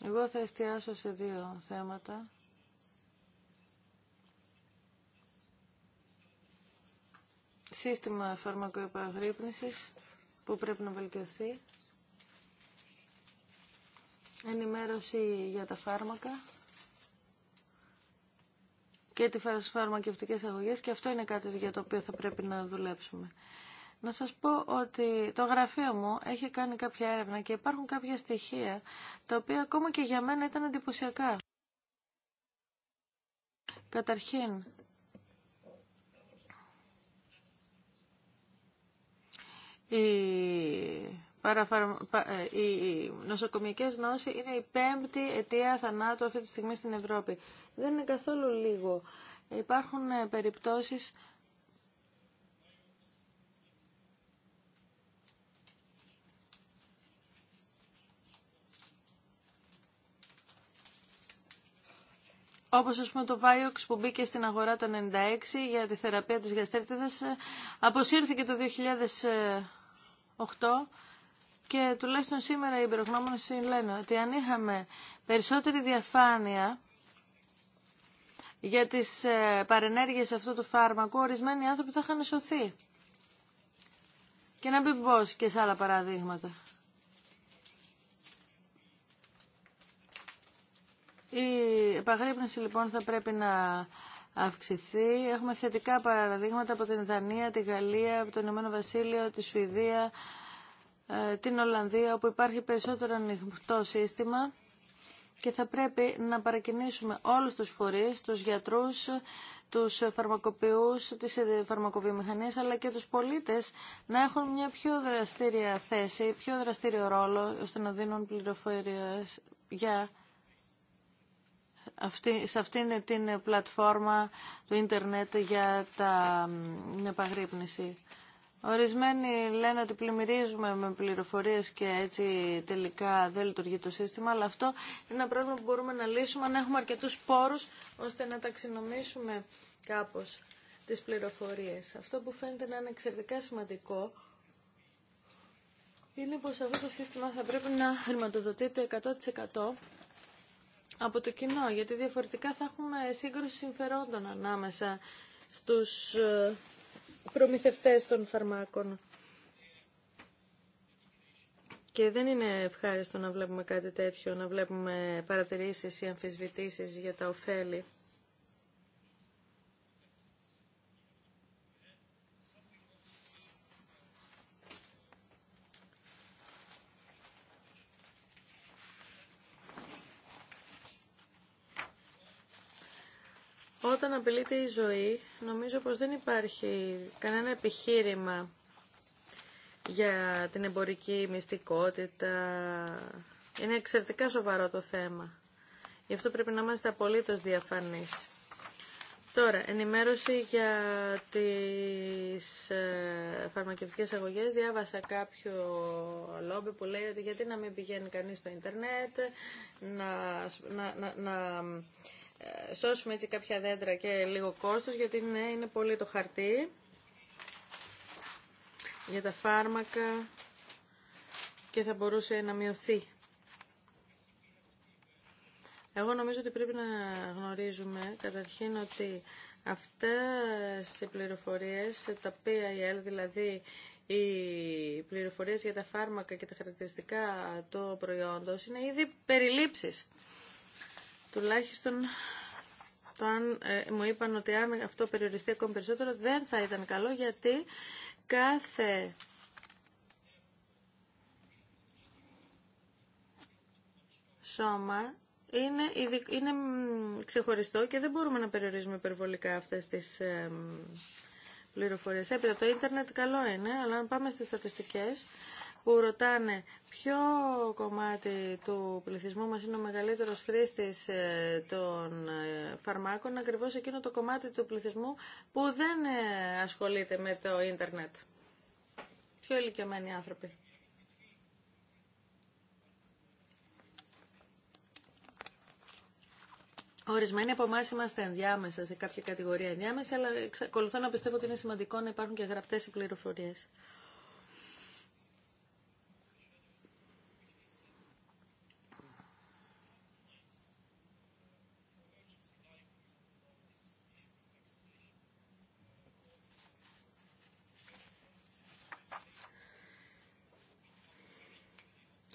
[SPEAKER 2] Εγώ θα εστιάσω σε δύο θέματα. Σύστημα φαρμακοεπαγρύπνησης που πρέπει να βελτιωθεί. Ενημέρωση για τα φάρμακα και τις φαρμακευτικές αγωγές και αυτό είναι κάτι για το οποίο θα πρέπει να δουλέψουμε. Να σας πω ότι το γραφείο μου έχει κάνει κάποια έρευνα και υπάρχουν κάποια στοιχεία τα οποία ακόμα και για μένα ήταν εντυπωσιακά. Καταρχήν, η οι ε, νοσοκομιακέ νόσοι είναι η πέμπτη αιτία θανάτου αυτή τη στιγμή στην Ευρώπη. Δεν είναι καθόλου λίγο. Υπάρχουν ε, περιπτώσεις Όπω α πούμε το Βάιοξ που μπήκε στην αγορά το 1996 για τη θεραπεία της γαστρίτιδας, ε, αποσύρθηκε το 2008 και τουλάχιστον σήμερα οι υπερογνώμονες λένε ότι αν είχαμε περισσότερη διαφάνεια για τις ε, παρενέργειες αυτού του φάρμακου, ορισμένοι άνθρωποι θα είχαν σωθεί. Και να μην πω και σε άλλα παραδείγματα. Η επαγρύπνηση λοιπόν θα πρέπει να αυξηθεί. Έχουμε θετικά παραδείγματα από την Δανία, τη Γαλλία, από το Ηνωμένο Βασίλειο, τη Σουηδία, ε, την Ολλανδία, όπου υπάρχει περισσότερο ανοιχτό σύστημα και θα πρέπει να παρακινήσουμε όλους τους φορείς, τους γιατρούς, τους φαρμακοποιούς, τις φαρμακοβιομηχανίες, αλλά και τους πολίτες να έχουν μια πιο δραστήρια θέση, πιο δραστήριο ρόλο, ώστε να δίνουν πληροφορίες για αυτή, σε αυτήν την πλατφόρμα του ίντερνετ για τα επαγρύπνηση. Ορισμένοι λένε ότι πλημμυρίζουμε με πληροφορίες και έτσι τελικά δεν λειτουργεί το σύστημα, αλλά αυτό είναι ένα πρόβλημα που μπορούμε να λύσουμε να έχουμε αρκετούς πόρους ώστε να ταξινομήσουμε κάπως τις πληροφορίες. Αυτό που φαίνεται να είναι εξαιρετικά σημαντικό είναι πως αυτό το σύστημα θα πρέπει να χρηματοδοτείται 100% από το κοινό, γιατί διαφορετικά θα έχουμε σύγκρουση συμφερόντων ανάμεσα στους ε, προμηθευτές των φαρμάκων. Και δεν είναι ευχάριστο να βλέπουμε κάτι τέτοιο, να βλέπουμε παρατηρήσεις ή αμφισβητήσεις για τα ωφέλη. Όταν απειλείται η ζωή, νομίζω πως δεν υπάρχει κανένα επιχείρημα για την εμπορική μυστικότητα. Είναι εξαιρετικά σοβαρό το θέμα. Γι' αυτό πρέπει να είμαστε απολύτως διαφανείς. Τώρα, ενημέρωση για τις ε, φαρμακευτικές αγωγές. Διάβασα κάποιο λόμπι που λέει ότι γιατί να μην πηγαίνει κανείς στο ίντερνετ, να, να, να ε, σώσουμε έτσι κάποια δέντρα και λίγο κόστος, γιατί ναι, είναι πολύ το χαρτί για τα φάρμακα και θα μπορούσε να μειωθεί. Εγώ νομίζω ότι πρέπει να γνωρίζουμε καταρχήν ότι αυτά οι πληροφορίες, τα PIL, δηλαδή οι πληροφορίες για τα φάρμακα και τα χαρακτηριστικά του προϊόντος, είναι ήδη περιλήψεις. Τουλάχιστον το αν, ε, μου είπαν ότι αν αυτό περιοριστεί ακόμη περισσότερο δεν θα ήταν καλό γιατί κάθε σώμα είναι, είναι ξεχωριστό και δεν μπορούμε να περιορίζουμε υπερβολικά αυτές τις ε, πληροφορίες. Έπειτα το ίντερνετ καλό είναι, αλλά αν πάμε στις στατιστικές που ρωτάνε ποιο κομμάτι του πληθυσμού μας είναι ο μεγαλύτερος χρήστης ε, των ε, φαρμάκων, ακριβώς εκείνο το κομμάτι του πληθυσμού που δεν ε, ασχολείται με το ίντερνετ. Πιο ηλικιωμένοι άνθρωποι. Ορισμένοι από εμά είμαστε ενδιάμεσα σε κάποια κατηγορία ενδιάμεσα, αλλά εξακολουθώ να πιστεύω ότι είναι σημαντικό να υπάρχουν και γραπτέ οι πληροφορίε.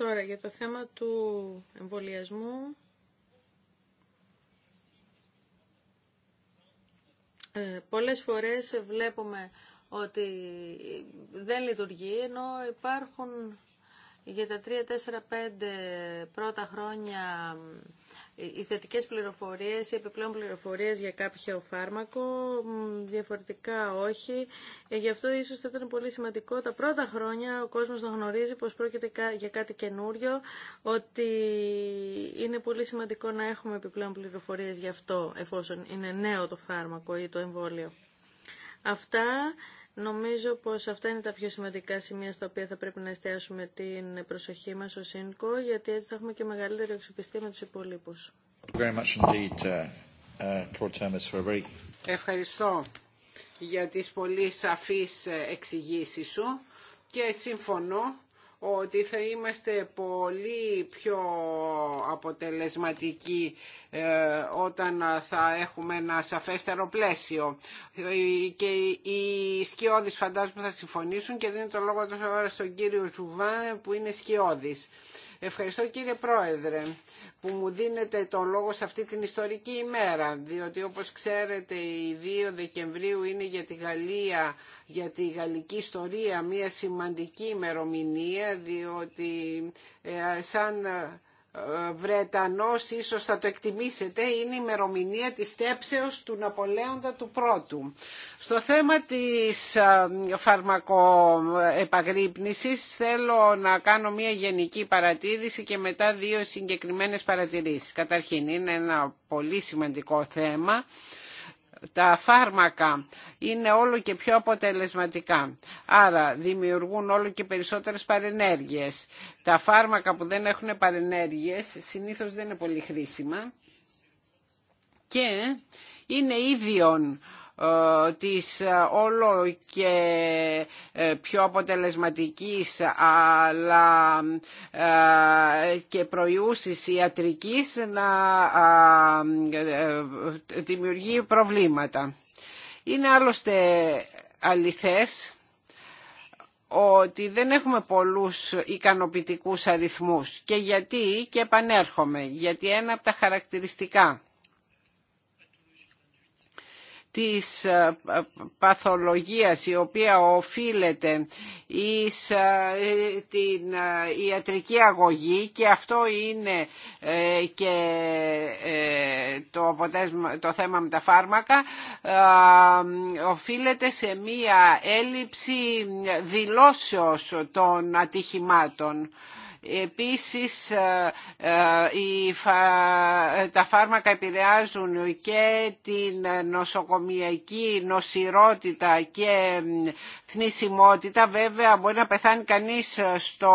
[SPEAKER 2] Τώρα για το θέμα του εμβολιασμού. Ε, πολλές φορές βλέπουμε ότι δεν λειτουργεί, ενώ υπάρχουν για τα 3, 4, 5 πρώτα χρόνια οι θετικές πληροφορίες, οι επιπλέον πληροφορίες για κάποιο φάρμακο, διαφορετικά όχι. Ε, γι' αυτό ίσως θα ήταν πολύ σημαντικό τα πρώτα χρόνια ο κόσμος να γνωρίζει πως πρόκειται για κάτι καινούριο, ότι είναι πολύ σημαντικό να έχουμε επιπλέον πληροφορίες γι' αυτό, εφόσον είναι νέο το φάρμακο ή το εμβόλιο. Αυτά Νομίζω πως αυτά είναι τα πιο σημαντικά σημεία στα οποία θα πρέπει να εστιάσουμε την προσοχή μας ως ΣΥΝΚΟ, γιατί έτσι θα έχουμε και μεγαλύτερη αξιοπιστία με
[SPEAKER 3] τους υπολείπους.
[SPEAKER 1] Uh, uh,
[SPEAKER 3] Ευχαριστώ για τις πολύ σαφείς ε, εξηγήσεις σου και συμφωνώ ότι θα είμαστε πολύ πιο αποτελεσματικοί ε, όταν θα έχουμε ένα σαφέστερο πλαίσιο. Και οι σκιώδεις φαντάζομαι θα συμφωνήσουν και δίνει το λόγο τώρα στον κύριο Ζουβά που είναι σκιώδης. Ευχαριστώ κύριε Πρόεδρε που μου δίνετε το λόγο σε αυτή την ιστορική ημέρα, διότι όπως ξέρετε η 2 Δεκεμβρίου είναι για τη Γαλλία, για τη γαλλική ιστορία μια σημαντική ημερομηνία, διότι ε, σαν Βρετανός ίσως θα το εκτιμήσετε είναι η ημερομηνία της τέψεως του Ναπολέοντα του πρώτου. Στο θέμα της φαρμακοεπαγρύπνησης θέλω να κάνω μια γενική παρατήρηση και μετά δύο συγκεκριμένες παρατηρήσεις. Καταρχήν είναι ένα πολύ σημαντικό θέμα τα φάρμακα είναι όλο και πιο αποτελεσματικά. Άρα δημιουργούν όλο και περισσότερες παρενέργειες. Τα φάρμακα που δεν έχουν παρενέργειες συνήθως δεν είναι πολύ χρήσιμα και είναι ίδιον ε, της ε, όλο και ε, πιο αποτελεσματικής αλλά και προϊούσης ιατρικής να δημιουργεί προβλήματα. Είναι άλλωστε αληθές ότι δεν έχουμε πολλούς ικανοποιητικούς αριθμούς και γιατί και επανέρχομαι γιατί ένα από τα χαρακτηριστικά της ε, παθολογίας η οποία οφείλεται εις ε, την ε, ιατρική αγωγή και αυτό είναι και το, το θέμα με τα φάρμακα οφείλεται σε μία έλλειψη δηλώσεως των ατυχημάτων. Επίσης ε, ε, τα φάρμακα επηρεάζουν και την νοσοκομιακή νοσηρότητα και θνησιμότητα. Βέβαια μπορεί να πεθάνει κανείς ε, στο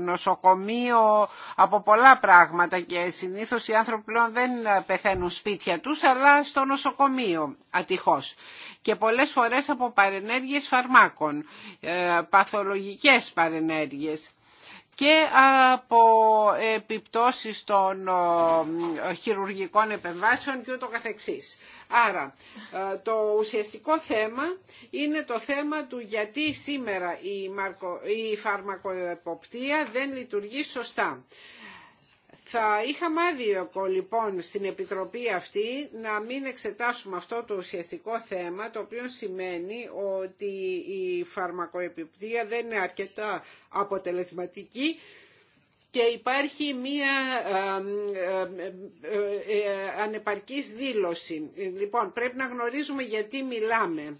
[SPEAKER 3] νοσοκομείο από πολλά πράγματα και συνήθως οι άνθρωποι πλέον δεν πεθαίνουν σπίτια τους αλλά στο νοσοκομείο ατυχώς και πολλές φορές από παρενέργειες φαρμάκων, παθολογικές παρενέργειες και από επιπτώσεις των ε, χειρουργικών επεμβάσεων και ούτω καθεξής. Άρα ε, το ουσιαστικό θέμα είναι το θέμα του γιατί σήμερα η φαρμακοεποπτεία δεν λειτουργεί σωστά. Θα είχαμε άδειο λοιπόν στην Επιτροπή αυτή να μην εξετάσουμε αυτό το ουσιαστικό θέμα το οποίο σημαίνει ότι η φαρμακοεπιπτία δεν είναι αρκετά αποτελεσματική και υπάρχει μία ε, ε, ε, ανεπαρκής δήλωση. Λοιπόν, πρέπει να γνωρίζουμε γιατί μιλάμε.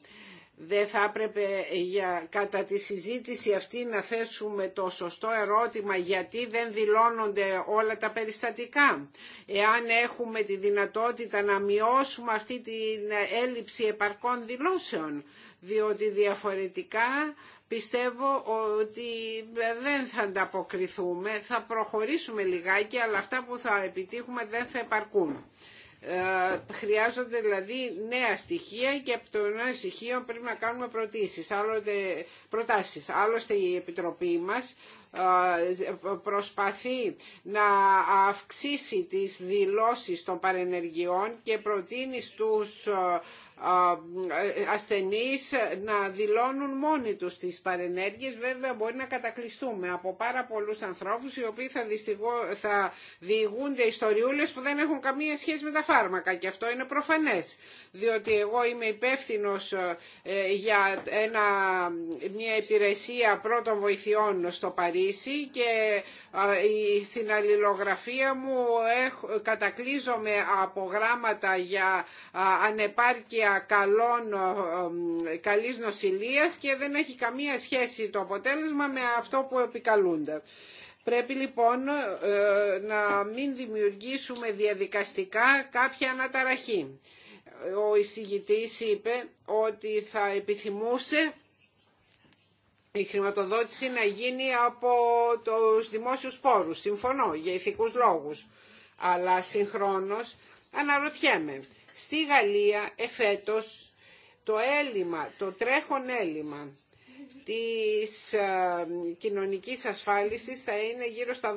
[SPEAKER 3] Δεν θα έπρεπε για, κατά τη συζήτηση αυτή να θέσουμε το σωστό ερώτημα γιατί δεν δηλώνονται όλα τα περιστατικά. Εάν έχουμε τη δυνατότητα να μειώσουμε αυτή την έλλειψη επαρκών δηλώσεων, διότι διαφορετικά πιστεύω ότι δεν θα ανταποκριθούμε, θα προχωρήσουμε λιγάκι, αλλά αυτά που θα επιτύχουμε δεν θα επαρκούν. Ε, χρειάζονται δηλαδή νέα στοιχεία και από το νέο στοιχείο πρέπει να κάνουμε προτάσεις. Άλλοτε, προτάσεις. Άλλωστε η Επιτροπή μας ε, προσπαθεί να αυξήσει τις δηλώσεις των παρενεργειών και προτείνει στους ε, ε, ασθενείς να δηλώνουν μόνοι τους τις παρενέργειες. Βέβαια μπορεί να κατακλειστούμε από πάρα πολλούς ανθρώπους οι οποίοι θα, θα διηγούνται ιστοριούλες που δεν έχουν καμία σχέση με τα φάρμακα και αυτό είναι προφανές. Διότι εγώ είμαι υπεύθυνο ε, για ένα, μια υπηρεσία πρώτων βοηθειών στο Παρίσι και ε, στην αλληλογραφία μου έχω, κατακλείζομαι από γράμματα για ανεπάρκεια Καλή καλών, ε, ε, ε, καλής νοσηλείας και δεν έχει καμία σχέση το αποτέλεσμα με αυτό που επικαλούνται. Πρέπει λοιπόν να μην δημιουργήσουμε διαδικαστικά κάποια αναταραχή. Ο εισηγητής είπε ότι θα επιθυμούσε η χρηματοδότηση να γίνει από τους δημόσιους πόρους. Συμφωνώ για ηθικούς λόγους. Αλλά συγχρόνως αναρωτιέμαι Στη Γαλλία εφέτος το έλλειμμα, το τρέχον έλλειμμα της ε, κοινωνικής ασφάλισης θα είναι γύρω στα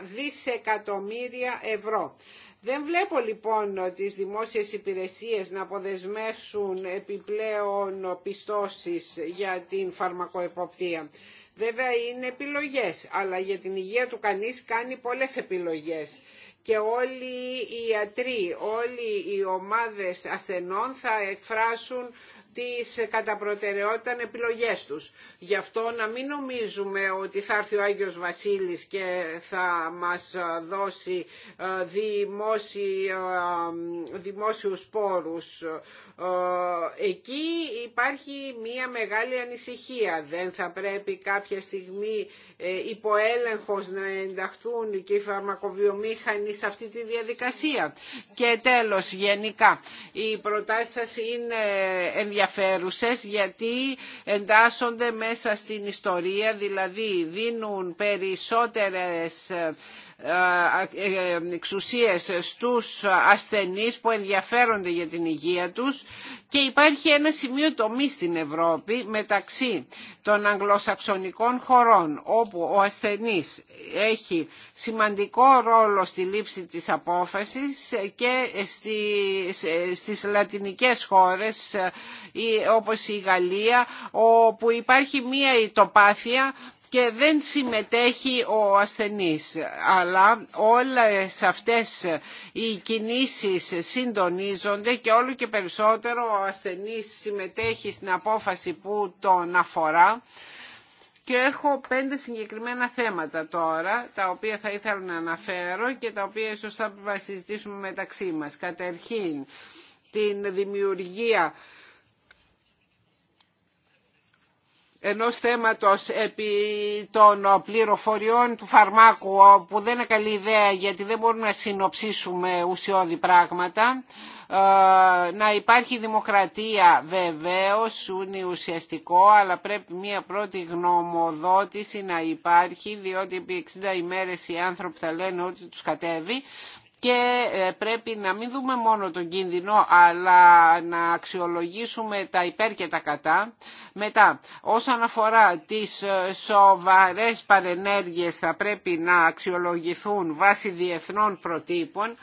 [SPEAKER 3] 12 δισεκατομμύρια ευρώ. Δεν βλέπω λοιπόν τις δημόσιες υπηρεσίες να αποδεσμεύσουν επιπλέον πιστώσεις για την φαρμακοεποπτεία. Βέβαια είναι επιλογές, αλλά για την υγεία του κανείς κάνει πολλές επιλογές και όλοι οι ιατροί, όλοι οι ομάδες ασθενών θα εκφράσουν τις κατά προτεραιότητα επιλογές τους. Γι' αυτό να μην νομίζουμε ότι θα έρθει ο Άγιος Βασίλης και θα μας δώσει ε, ε, δημόσιους πόρους. Ε, εκεί υπάρχει μία μεγάλη ανησυχία. Δεν θα πρέπει κάποια στιγμή ε, υποέλεγχος να ενταχθούν και οι φαρμακοβιομήχανοι σε αυτή τη διαδικασία. Και τέλος, γενικά, οι προτάσεις σας είναι ενδιαφέρουσες γιατί εντάσσονται μέσα στην ιστορία, δηλαδή δίνουν περισσότερες ε, εξουσίες στους ασθενείς που ενδιαφέρονται για την υγεία τους και υπάρχει ένα σημείο τομή στην Ευρώπη μεταξύ των αγγλοσαξονικών χωρών όπου ο ασθενής έχει σημαντικό ρόλο στη λήψη της απόφασης και στις, λατινικές χώρες ε, όπως η Γαλλία όπου υπάρχει μία ητοπάθεια και δεν συμμετέχει ο ασθενής. Αλλά όλες αυτές οι κινήσεις συντονίζονται και όλο και περισσότερο ο ασθενής συμμετέχει στην απόφαση που τον αφορά. Και έχω πέντε συγκεκριμένα θέματα τώρα, τα οποία θα ήθελα να αναφέρω και τα οποία ίσως θα συζητήσουμε μεταξύ μας. Καταρχήν, την δημιουργία ενός θέματος επί των πληροφοριών του φαρμάκου που δεν είναι καλή ιδέα γιατί δεν μπορούμε να συνοψίσουμε ουσιώδη πράγματα ε, να υπάρχει δημοκρατία βεβαίως είναι ουσιαστικό αλλά πρέπει μια πρώτη γνωμοδότηση να υπάρχει διότι επί 60 ημέρες οι άνθρωποι θα λένε ότι τους κατέβει και ε, πρέπει να μην δούμε μόνο τον κίνδυνο αλλά να αξιολογήσουμε τα υπέρ και τα κατά. Μετά, όσον αφορά τις ε, σοβαρές παρενέργειες θα πρέπει να αξιολογηθούν βάσει διεθνών προτύπων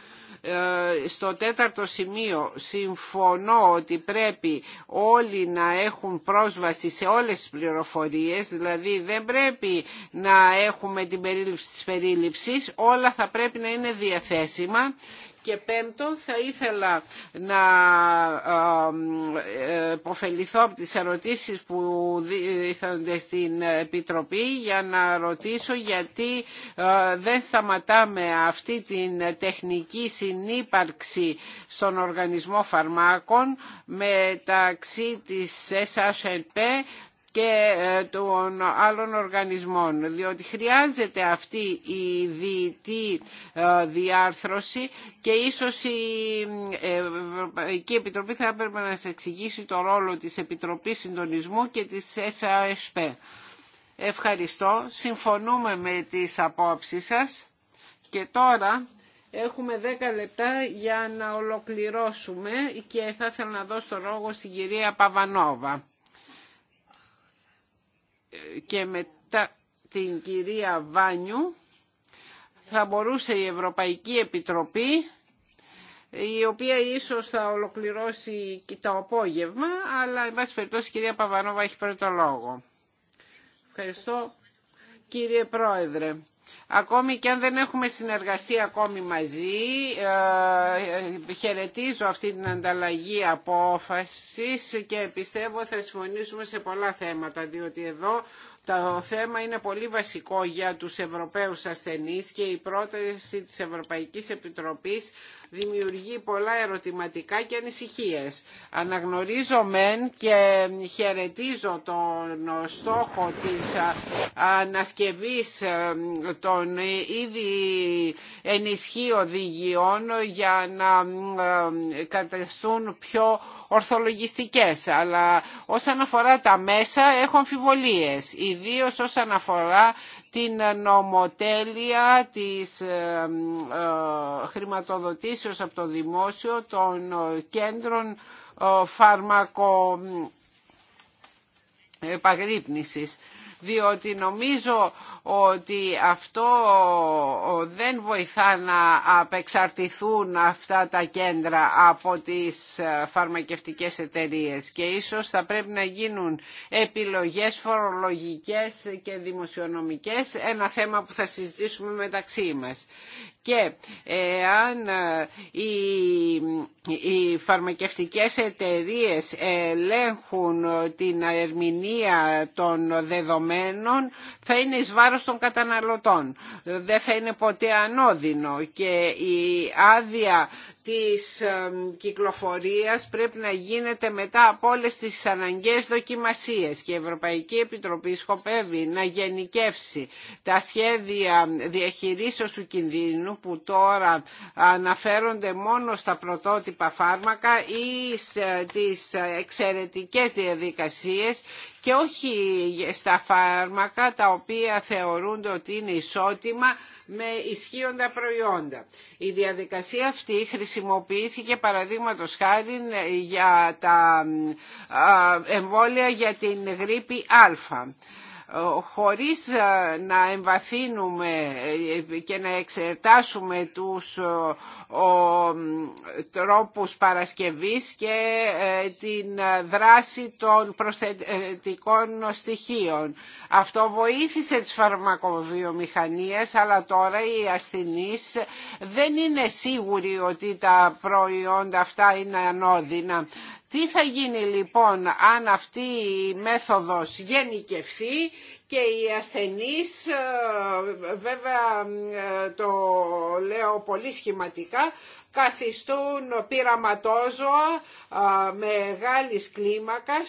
[SPEAKER 3] ε, στο τέταρτο σημείο συμφωνώ ότι πρέπει όλοι να έχουν πρόσβαση σε όλες τις πληροφορίες, δηλαδή δεν πρέπει να έχουμε την περίληψη της περίληψης, όλα θα πρέπει να είναι διαθέσιμα και πέμπτον, θα ήθελα να υποφεληθώ από τις ερωτήσεις που δίθονται στην Επιτροπή για να ρωτήσω γιατί ε, δεν σταματάμε αυτή την τεχνική συνύπαρξη στον οργανισμό φαρμάκων μεταξύ της SHLP και ε, των άλλων οργανισμών διότι χρειάζεται αυτή η διητή ε, διάρθρωση και ίσως η ε, Ευρωπαϊκή Επιτροπή θα έπρεπε να σε εξηγήσει το ρόλο της Επιτροπής Συντονισμού και της SASP. Ευχαριστώ. Συμφωνούμε με τις απόψεις σας. Και τώρα έχουμε 10 λεπτά για να ολοκληρώσουμε και θα ήθελα να δώσω το λόγο στην κυρία Παβανόβα και μετά την κυρία Βάνιου θα μπορούσε η Ευρωπαϊκή Επιτροπή η οποία ίσως θα ολοκληρώσει και το απόγευμα, αλλά εν πάση περιπτώσει η κυρία Παβανόβα έχει πρώτο λόγο. Ευχαριστώ κύριε Πρόεδρε. Ακόμη και αν δεν έχουμε συνεργαστεί ακόμη μαζί, ε, χαιρετίζω αυτή την ανταλλαγή απόφασης και πιστεύω θα συμφωνήσουμε σε πολλά θέματα, διότι εδώ το θέμα είναι πολύ βασικό για τους Ευρωπαίους ασθενείς και η πρόταση της Ευρωπαϊκής Επιτροπής δημιουργεί πολλά ερωτηματικά και ανησυχίες. Αναγνωρίζω μεν και χαιρετίζω τον στόχο της ανασκευής των ήδη ενισχύ οδηγιών για να καταστούν πιο ορθολογιστικές. Αλλά όσον αφορά τα μέσα έχω αμφιβολίες ιδίως όσον αφορά την νομοτέλεια της ε, ε, χρηματοδοτήσεως από το δημόσιο των ε, κέντρων φαρμακο διότι νομίζω ότι αυτό δεν βοηθά να απεξαρτηθούν αυτά τα κέντρα από τις φαρμακευτικές εταιρείες και ίσως θα πρέπει να γίνουν επιλογές φορολογικές και δημοσιονομικές, ένα θέμα που θα συζητήσουμε μεταξύ μας και ε, αν ε, οι, οι φαρμακευτικές εταιρείες ελέγχουν την ερμηνεία των δεδομένων θα είναι εις βάρος των καταναλωτών. Δεν θα είναι ποτέ ανώδυνο και η άδεια της κυκλοφορίας πρέπει να γίνεται μετά από όλες τις αναγκαίες δοκιμασίες και η Ευρωπαϊκή Επιτροπή σκοπεύει να γενικεύσει τα σχέδια διαχειρίσεως του κινδύνου που τώρα αναφέρονται μόνο στα πρωτότυπα φάρμακα ή στις εξαιρετικές διαδικασίες και όχι στα φάρμακα τα οποία θεωρούνται ότι είναι ισότιμα με ισχύοντα προϊόντα. Η διαδικασία αυτή χρησιμοποιήθηκε παραδείγματο χάρη για τα εμβόλια για την γρήπη Α χωρίς ε, να εμβαθύνουμε ε, και να εξετάσουμε τους ε, τρόπους παρασκευής και την δράση των προσθετικών στοιχείων. Αυτό βοήθησε τις φαρμακοβιομηχανίες, αλλά τώρα οι ασθενείς δεν είναι σίγουροι ότι τα προϊόντα αυτά είναι ανώδυνα. Τι θα γίνει λοιπόν αν αυτή η μέθοδος γενικευθεί και οι ασθενείς, ε, βέβαια ε, το λέω πολύ σχηματικά, καθιστούν πειραματόζωα ε, μεγάλης κλίμακας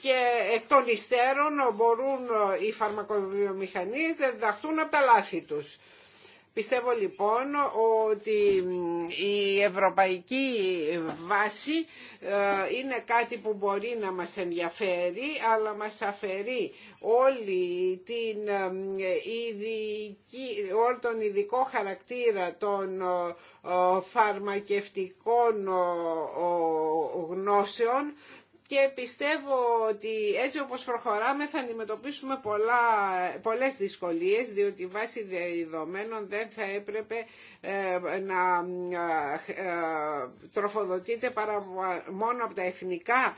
[SPEAKER 3] και εκ των υστέρων μπορούν οι φαρμακοβιομηχανίες να διδαχτούν από τα λάθη τους. Πιστεύω λοιπόν ότι η ευρωπαϊκή βάση ε, είναι κάτι που μπορεί να μας ενδιαφέρει αλλά μας αφαιρεί όλη την ε, ειδική, όλο τον ειδικό χαρακτήρα των ε, φαρμακευτικών γνώσεων και πιστεύω ότι έτσι όπως προχωράμε θα αντιμετωπίσουμε πολλά, πολλές δυσκολίες διότι βάση δεδομένων δεν θα έπρεπε ε, να ε, ε, τροφοδοτείται παρά μόνο από τα εθνικά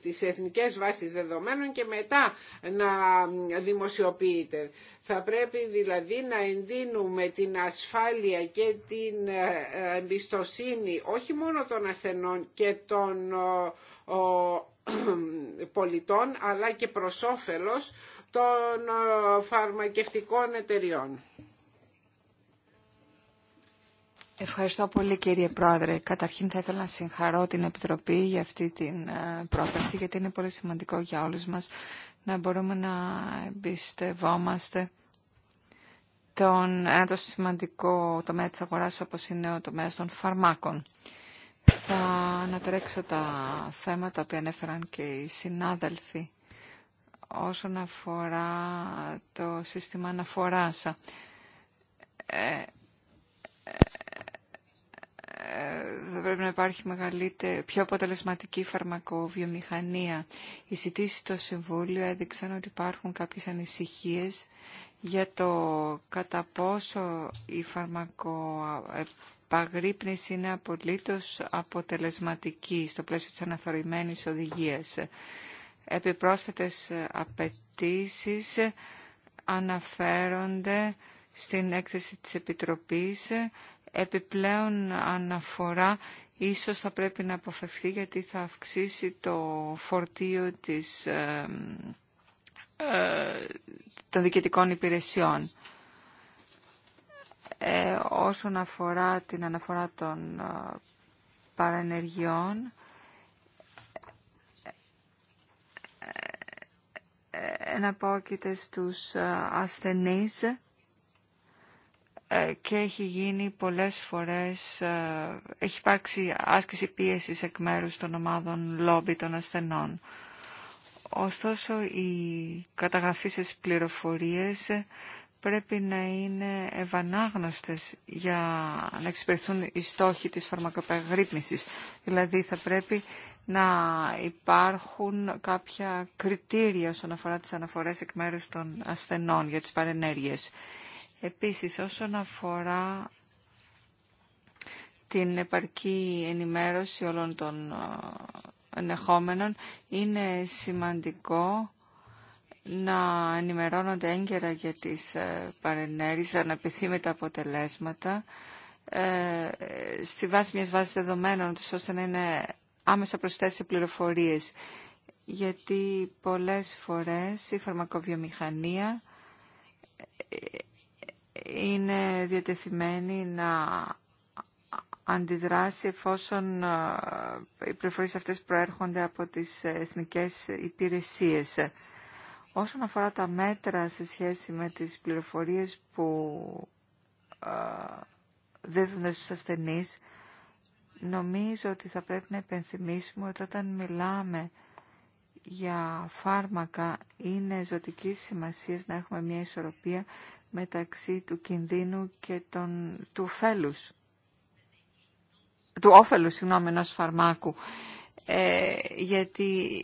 [SPEAKER 3] τις εθνικές βάσεις δεδομένων και μετά να δημοσιοποιείται. Θα πρέπει δηλαδή να εντείνουμε την ασφάλεια και την ε, εμπιστοσύνη όχι μόνο των ασθενών και των πολιτών αλλά και προς όφελος των φαρμακευτικών εταιριών.
[SPEAKER 4] Ευχαριστώ πολύ κύριε Πρόεδρε. Καταρχήν θα ήθελα να συγχαρώ την Επιτροπή για αυτή την ε, πρόταση γιατί είναι πολύ σημαντικό για όλους μας να μπορούμε να εμπιστευόμαστε τον, ένα τόσο σημαντικό τομέα της αγοράς όπως είναι ο τομέας των φαρμάκων. Θα ανατρέξω τα θέματα που ανέφεραν και οι συνάδελφοι όσον αφορά το σύστημα αναφοράς. Ε, ε, ε θα πρέπει να υπάρχει μεγαλύτερη, πιο αποτελεσματική φαρμακοβιομηχανία. Οι συζητήσει στο Συμβούλιο έδειξαν ότι υπάρχουν κάποιες ανησυχίες για το κατά πόσο η φαρμακοπαγρύπνηση είναι απολύτως αποτελεσματική στο πλαίσιο της οδηγίες. οδηγίας. Επιπρόσθετες απαιτήσει αναφέρονται στην έκθεση της Επιτροπής. Επιπλέον αναφορά ίσως θα πρέπει να αποφευθεί γιατί θα αυξήσει το φορτίο της ε, ε, των διοικητικών υπηρεσιών. Ε, όσον αφορά την αναφορά των ε, παρενεργειών, ε, εναπόκειται στους ασθενείς και έχει γίνει πολλές φορές, έχει υπάρξει άσκηση πίεσης εκ μέρους των ομάδων λόμπι των ασθενών. Ωστόσο, οι καταγραφή πληροφορίες πρέπει να είναι ευανάγνωστες για να εξυπηρεθούν οι στόχοι της φαρμακοπαγρύπνησης. Δηλαδή θα πρέπει να υπάρχουν κάποια κριτήρια όσον αφορά τις αναφορές εκ μέρους των ασθενών για τις παρενέργειες. Επίσης, όσον αφορά την επαρκή ενημέρωση όλων των είναι σημαντικό να ενημερώνονται έγκαιρα για τις ε, παρενέργειες, να τα αποτελέσματα ε, στη βάση μιας βάσης δεδομένων τους, ώστε να είναι άμεσα προσθέσει πληροφορίες. Γιατί πολλές φορές η φαρμακοβιομηχανία ε, είναι διατεθειμένη να αντιδράσει εφόσον ε, οι πληροφορίες αυτές προέρχονται από τις ε, εθνικές υπηρεσίες. Όσον αφορά τα μέτρα σε σχέση με τις πληροφορίες που ε, δίδονται στους ασθενείς, νομίζω ότι θα πρέπει να υπενθυμίσουμε ότι όταν μιλάμε για φάρμακα είναι ζωτική σημασία να έχουμε μια ισορροπία μεταξύ του κινδύνου και των, του φέλους του όφελου συγγνώμη, ενός φαρμάκου. Ε, γιατί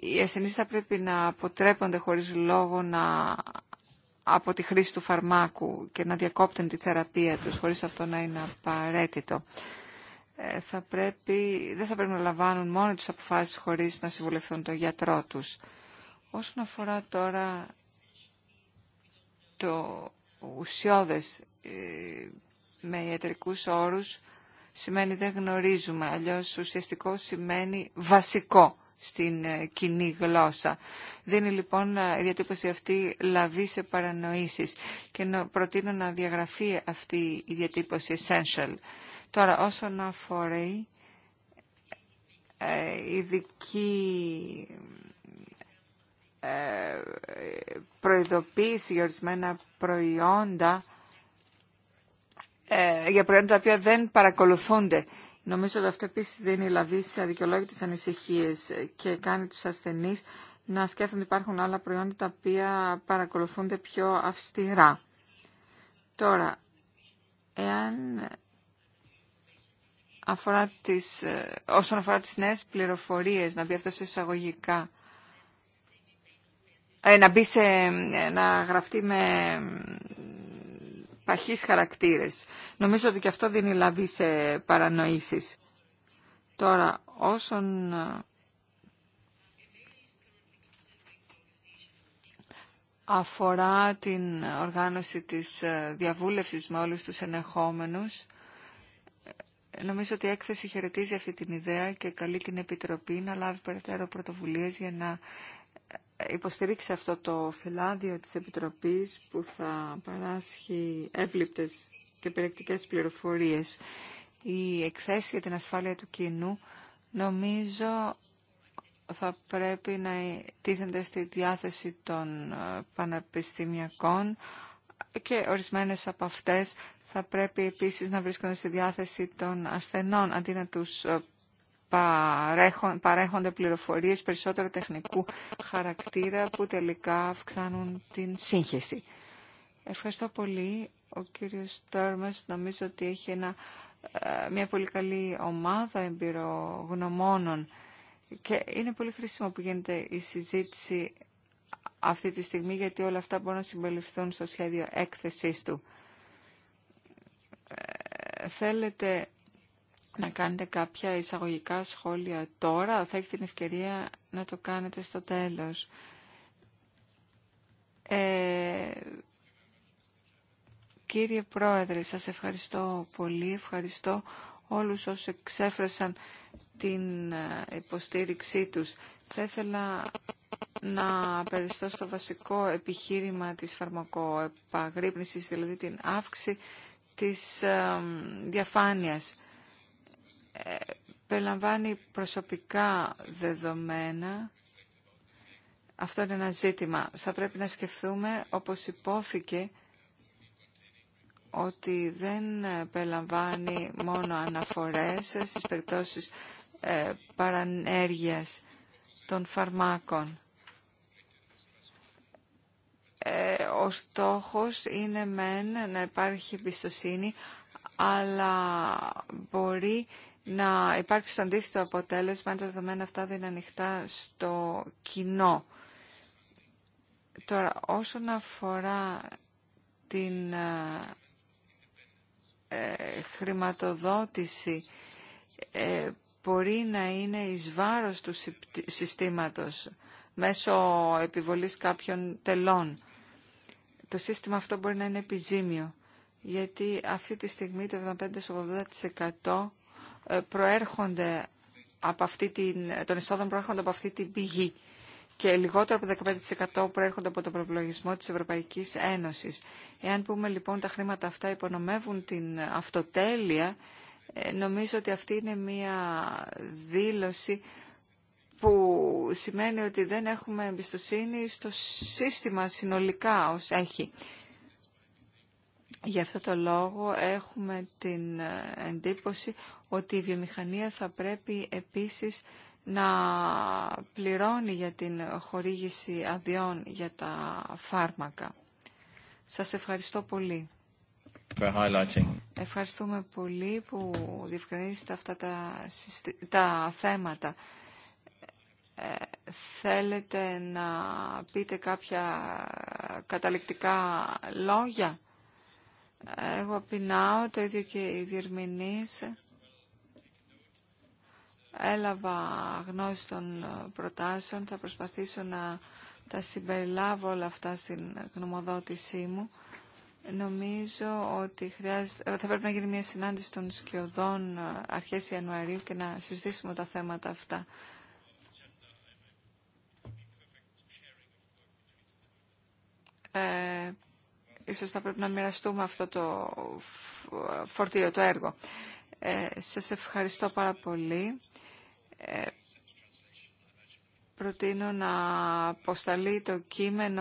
[SPEAKER 4] οι ασθενείς θα πρέπει να αποτρέπονται χωρίς λόγο να, από τη χρήση του φαρμάκου και να διακόπτουν τη θεραπεία τους χωρίς αυτό να είναι απαραίτητο. Ε, θα πρέπει, δεν θα πρέπει να λαμβάνουν μόνο τις αποφάσεις χωρίς να συμβουλευθούν τον γιατρό τους. Όσον αφορά τώρα το ουσιώδες ε, με ιατρικούς όρους, σημαίνει δεν γνωρίζουμε, αλλιώς ουσιαστικό σημαίνει βασικό στην ε, κοινή γλώσσα. Δίνει λοιπόν ε, η διατύπωση αυτή λαβή σε παρανοήσεις και προτείνω να διαγραφεί αυτή η διατύπωση essential. Τώρα όσον αφορά ε, ειδική προειδοποίηση για ορισμένα προϊόντα ε, για προϊόντα τα οποία δεν παρακολουθούνται. Νομίζω ότι αυτό επίση δίνει λαβή σε αδικαιολόγητε ανησυχίε και κάνει του ασθενεί να σκέφτονται ότι υπάρχουν άλλα προϊόντα τα οποία παρακολουθούνται πιο αυστηρά. Τώρα, εάν αφορά τις, ε, όσον αφορά τις νέες πληροφορίες, να μπει αυτό σε εισαγωγικά, ε, να, μπει να γραφτεί με χαρακτήρες. Νομίζω ότι και αυτό δίνει λαβή σε παρανοήσεις. Τώρα, όσον... Ε, αφορά την οργάνωση της ε, διαβούλευσης με όλους τους ενεχόμενους. Ε, νομίζω ότι η έκθεση χαιρετίζει αυτή την ιδέα και καλεί την Επιτροπή να λάβει περαιτέρω πρωτοβουλίες για να υποστηρίξει αυτό το φυλάδιο της Επιτροπής που θα παράσχει εύληπτες και περιεκτικές πληροφορίες. Η εκθέση για την ασφάλεια του κοινού νομίζω θα πρέπει να τίθενται στη διάθεση των ε, πανεπιστημιακών και ορισμένες από αυτές θα πρέπει επίσης να βρίσκονται στη διάθεση των ασθενών αντί να τους ε, παρέχονται πληροφορίες περισσότερο τεχνικού χαρακτήρα που τελικά αυξάνουν την σύγχυση. Ευχαριστώ πολύ. Ο κύριος Τέρμες νομίζω ότι έχει ε, μια πολύ καλή ομάδα εμπειρογνωμόνων και είναι πολύ χρήσιμο που γίνεται η συζήτηση αυτή τη στιγμή γιατί όλα αυτά μπορούν να συμπεριληφθούν στο σχέδιο έκθεσής του. Ε, θέλετε να κάνετε κάποια εισαγωγικά σχόλια τώρα, θα έχετε την ευκαιρία να το κάνετε στο τέλος. Ε, κύριε Πρόεδρε, σας ευχαριστώ πολύ. Ευχαριστώ όλους όσοι εξέφρασαν την ε, υποστήριξή τους. Θα ήθελα να περιστώ στο βασικό επιχείρημα της φαρμακοεπαγρύπνησης, δηλαδή την αύξηση της ε, διαφάνειας περιλαμβάνει προσωπικά δεδομένα. Αυτό είναι ένα ζήτημα. Θα πρέπει να σκεφτούμε, όπως υπόθηκε, ότι δεν περιλαμβάνει μόνο αναφορές στις περιπτώσεις ε, παρανέργειας των φαρμάκων. Ε, ο στόχος είναι μεν να υπάρχει εμπιστοσύνη, αλλά μπορεί να υπάρξει το αντίθετο αποτέλεσμα αν τα δεδομένα αυτά δεν είναι ανοιχτά στο κοινό. Τώρα, όσον αφορά την ε, ε, χρηματοδότηση ε, μπορεί να είναι εις βάρος του συστήματος μέσω επιβολής κάποιων τελών. Το σύστημα αυτό μπορεί να είναι επιζήμιο, γιατί αυτή τη στιγμή το 75-80% ε, προέρχονται από αυτή την, των εισόδων προέρχονται από αυτή την πηγή και λιγότερο από 15% προέρχονται από τον προπολογισμό της Ευρωπαϊκής Ένωσης. Εάν πούμε λοιπόν τα χρήματα αυτά υπονομεύουν την αυτοτέλεια, ε, νομίζω ότι αυτή είναι μια δήλωση που σημαίνει ότι δεν έχουμε εμπιστοσύνη στο σύστημα συνολικά ως έχει. Γι' αυτό το λόγο έχουμε την ε, εντύπωση ότι η βιομηχανία θα πρέπει επίσης να πληρώνει για την χορήγηση αδειών για τα φάρμακα. Σας ευχαριστώ πολύ. Ευχαριστούμε πολύ που διευκρινίζετε αυτά τα, θέματα. Ε, θέλετε να πείτε κάποια καταληκτικά λόγια. Εγώ πεινάω, το ίδιο και οι διερμηνείς. Έλαβα γνώση των προτάσεων, θα προσπαθήσω να τα συμπεριλάβω όλα αυτά στην γνωμοδότησή μου. Νομίζω ότι χρειάζεται, ε, θα πρέπει να γίνει μια συνάντηση των σκιωδών ε, αρχές Ιανουαρίου και να συζητήσουμε τα θέματα αυτά. Ε, ίσως θα πρέπει να μοιραστούμε αυτό το φορτίο, το έργο. Ε, σας ευχαριστώ πάρα πολύ. Ε, προτείνω να αποσταλεί το κείμενο